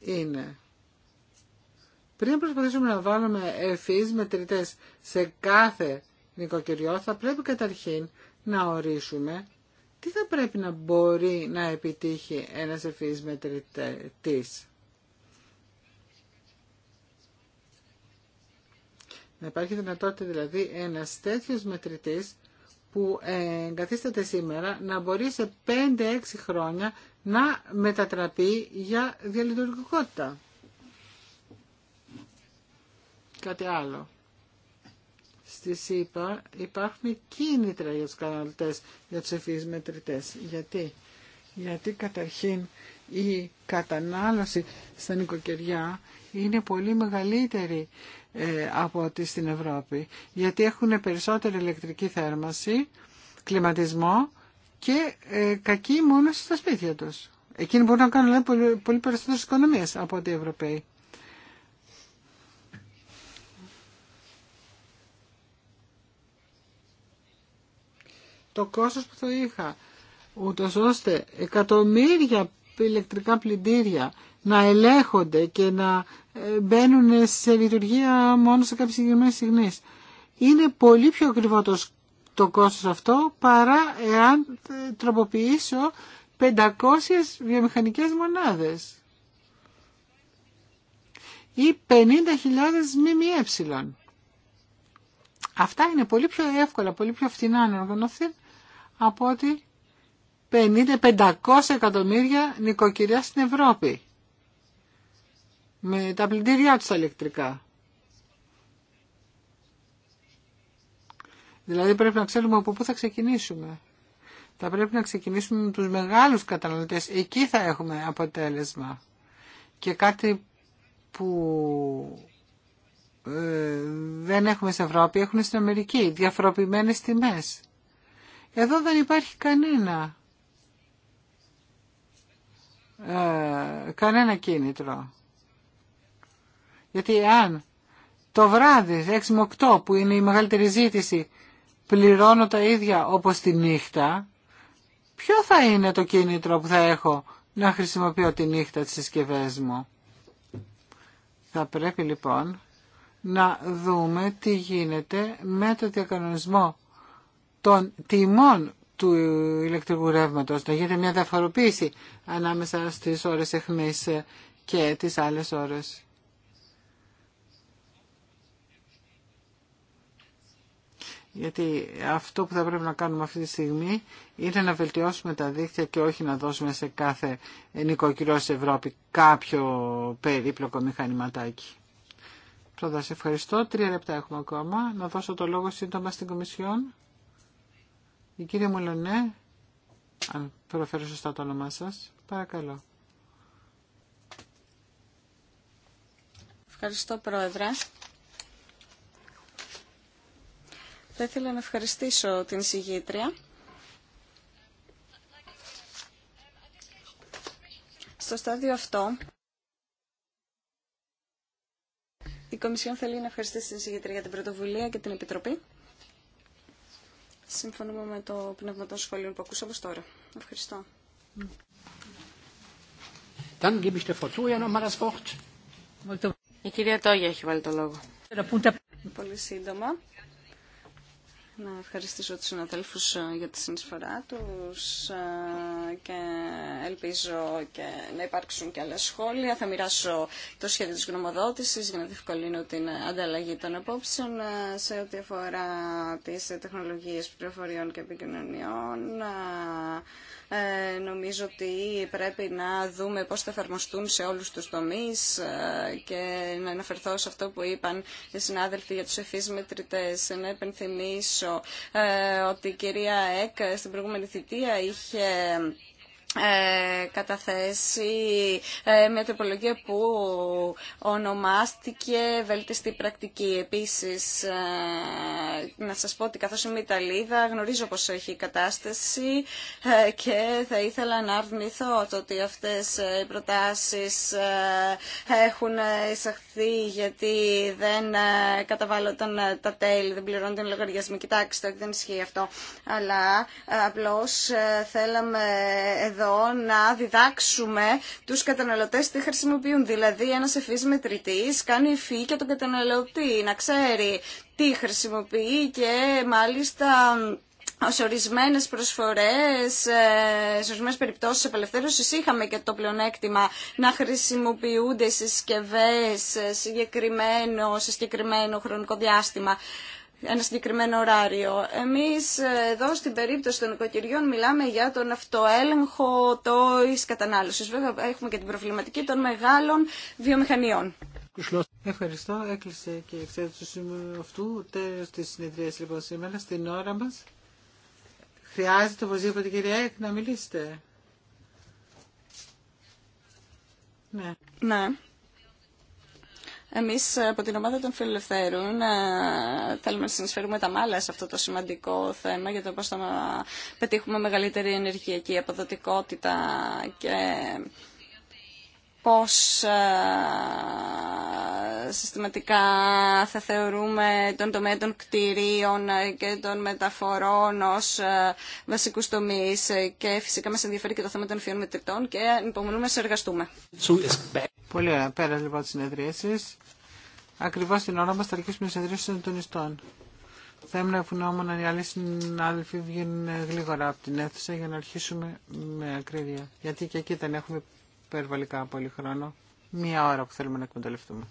είναι πριν προσπαθήσουμε να βάλουμε ευφύς μετρητές σε κάθε νοικοκυριό θα πρέπει καταρχήν να ορίσουμε τι θα πρέπει να μπορεί να επιτύχει ένας ευφύς μετρητής. Να υπάρχει δυνατότητα δηλαδή ένας τέτοιος μετρητής που εγκαθίσταται σήμερα να μπορεί σε 5-6 χρόνια να μετατραπεί για διαλειτουργικότητα. Κάτι άλλο. Στη ΣΥΠΑ υπάρχουν κίνητρα για τους καταναλωτές, για τους ευφυείς μετρητές. Γιατί? Γιατί καταρχήν η κατανάλωση στα νοικοκυριά είναι πολύ μεγαλύτερη ε, από ότι στην Ευρώπη. Γιατί έχουν περισσότερη ηλεκτρική θέρμανση, κλιματισμό και ε, κακή μόνο στα σπίτια τους. Εκείνοι μπορούν να κάνουν πολύ, πολύ περισσότερες οικονομίες από ότι οι Ευρωπαίοι. Το κόστος που θα είχα, ούτως ώστε εκατομμύρια ηλεκτρικά πλυντήρια να ελέγχονται και να μπαίνουν σε λειτουργία μόνο σε κάποιες συγκεκριμένες στιγμές. Είναι πολύ πιο ακριβό το, το κόστος αυτό παρά εάν ε, τροποποιήσω 500 βιομηχανικές μονάδες ή 50.000 ΜΜΕ. Αυτά είναι πολύ πιο εύκολα, πολύ πιο φθηνά να οργανωθεί από ότι 50-500 εκατομμύρια νοικοκυριά στην Ευρώπη με τα πλυντήριά τους τα ηλεκτρικά. Δηλαδή πρέπει να ξέρουμε από πού θα ξεκινήσουμε. Θα πρέπει να ξεκινήσουμε με τους μεγάλους καταναλωτές. Εκεί θα έχουμε αποτέλεσμα. Και κάτι που ε, δεν έχουμε στην Ευρώπη, έχουν στην Αμερική. Διαφοροποιημένες τιμές. Εδώ δεν υπάρχει κανένα, ε, κανένα κίνητρο. Γιατί αν το βράδυ 6 με 8 που είναι η μεγαλύτερη ζήτηση πληρώνω τα ίδια όπως τη νύχτα, ποιο θα είναι το κίνητρο που θα έχω να χρησιμοποιώ τη νύχτα τις συσκευέ μου. Θα πρέπει λοιπόν να δούμε τι γίνεται με το διακανονισμό των τιμών του ηλεκτρικού ρεύματος, να γίνεται μια διαφοροποίηση ανάμεσα στις ώρες εχμής και τις άλλες ώρες. Γιατί αυτό που θα πρέπει να κάνουμε αυτή τη στιγμή είναι να βελτιώσουμε τα δίκτυα και όχι να δώσουμε σε κάθε νοικοκυρό στην Ευρώπη κάποιο περίπλοκο μηχανηματάκι. Πρώτα, σε ευχαριστώ. Τρία λεπτά έχουμε ακόμα. Να δώσω το λόγο σύντομα στην Κομισιόν. Η κύριε Μουλονέ, ναι, αν προφέρω σωστά το όνομά σας, παρακαλώ. Ευχαριστώ, Πρόεδρε. Θα ήθελα να ευχαριστήσω την συγγήτρια. Στο στάδιο αυτό, η Κομισιόν θέλει να ευχαριστήσει την συγγήτρια για την πρωτοβουλία και την Επιτροπή. Συμφωνούμε με το πνεύμα των σχολείων που ακούσαμε τώρα. Ευχαριστώ. Dann gebe ich der Frau noch mal das Wort. Η κυρία Τόγια έχει βάλει το λόγο. Πολύ σύντομα να ευχαριστήσω τους συναδέλφους ε, για τη συνεισφορά τους ε, και ελπίζω και να υπάρξουν και άλλα σχόλια. Θα μοιράσω το σχέδιο της γνωμοδότησης για να διευκολύνω την ανταλλαγή των απόψεων ε, σε ό,τι αφορά τις τεχνολογίες πληροφοριών και επικοινωνιών ε, νομίζω ότι πρέπει να δούμε πώς θα εφαρμοστούν σε όλους τους τομείς ε, και να αναφερθώ σε αυτό που είπαν οι συνάδελφοι για τους ευθύς μετρητές. Να επενθυμίσω ε, ότι η κυρία ΕΚ στην προηγούμενη θητεία είχε ε, καταθέσει ε, μια τροπολογία που ονομάστηκε βελτιστή πρακτική. Επίσης, ε, να σας πω ότι καθώς είμαι Ιταλίδα γνωρίζω πως έχει η κατάσταση και θα ήθελα να αρνηθώ το ότι αυτές οι προτάσεις έχουν εισαχθεί γιατί δεν καταβάλλονταν τα τέλη, δεν πληρώνουν την λογαριασμό. Κοιτάξτε, δεν ισχύει αυτό. Αλλά απλώς θέλαμε εδώ να διδάξουμε τους καταναλωτές τι χρησιμοποιούν. Δηλαδή ένας ευφύς μετρητής κάνει φύ και τον καταναλωτή να ξέρει τι χρησιμοποιεί και μάλιστα σε ορισμένε προσφορέ, ε, σε ορισμένε περιπτώσει απελευθέρωση, είχαμε και το πλεονέκτημα να χρησιμοποιούνται συσκευέ σε συγκεκριμένο χρονικό διάστημα ένα συγκεκριμένο ωράριο. Εμείς ε, εδώ στην περίπτωση των οικοκυριών μιλάμε για τον αυτοέλεγχο της κατανάλωσης. Βέβαια έχουμε και την προβληματική των μεγάλων βιομηχανιών. Ευχαριστώ. Έκλεισε και η εξέταση αυτού. Τέλος της συνεδρίας λοιπόν σήμερα στην ώρα μας. Χρειάζεται οπωσδήποτε κυρία Εκ να μιλήσετε. Ναι. Ναι. Εμείς ε, από την ομάδα των φιλελευθέρων ε, θέλουμε να συνεισφέρουμε τα μάλα σε αυτό το σημαντικό θέμα για το πώς θα ε, πετύχουμε μεγαλύτερη ενεργειακή αποδοτικότητα και πώς ε, συστηματικά θα θεωρούμε τον τομέα των κτηρίων ε, και των μεταφορών ως ε, βασικούς τομείς και φυσικά μας ενδιαφέρει και το θέμα των φιών μετρητών και υπομονούμε να συνεργαστούμε. Πολύ ωραία. Πέρα λοιπόν τις συνεδρίασεις. Ακριβώς την ώρα μας θα αρχίσουμε τις συνεδρίασεις των τονιστών. Θα ήμουν ευγνώμων αν οι άλλοι συνάδελφοι βγαίνουν γλίγορα από την αίθουσα για να αρχίσουμε με ακρίβεια. Γιατί και εκεί δεν έχουμε υπερβολικά πολύ χρόνο. Μία ώρα που θέλουμε να εκμεταλλευτούμε.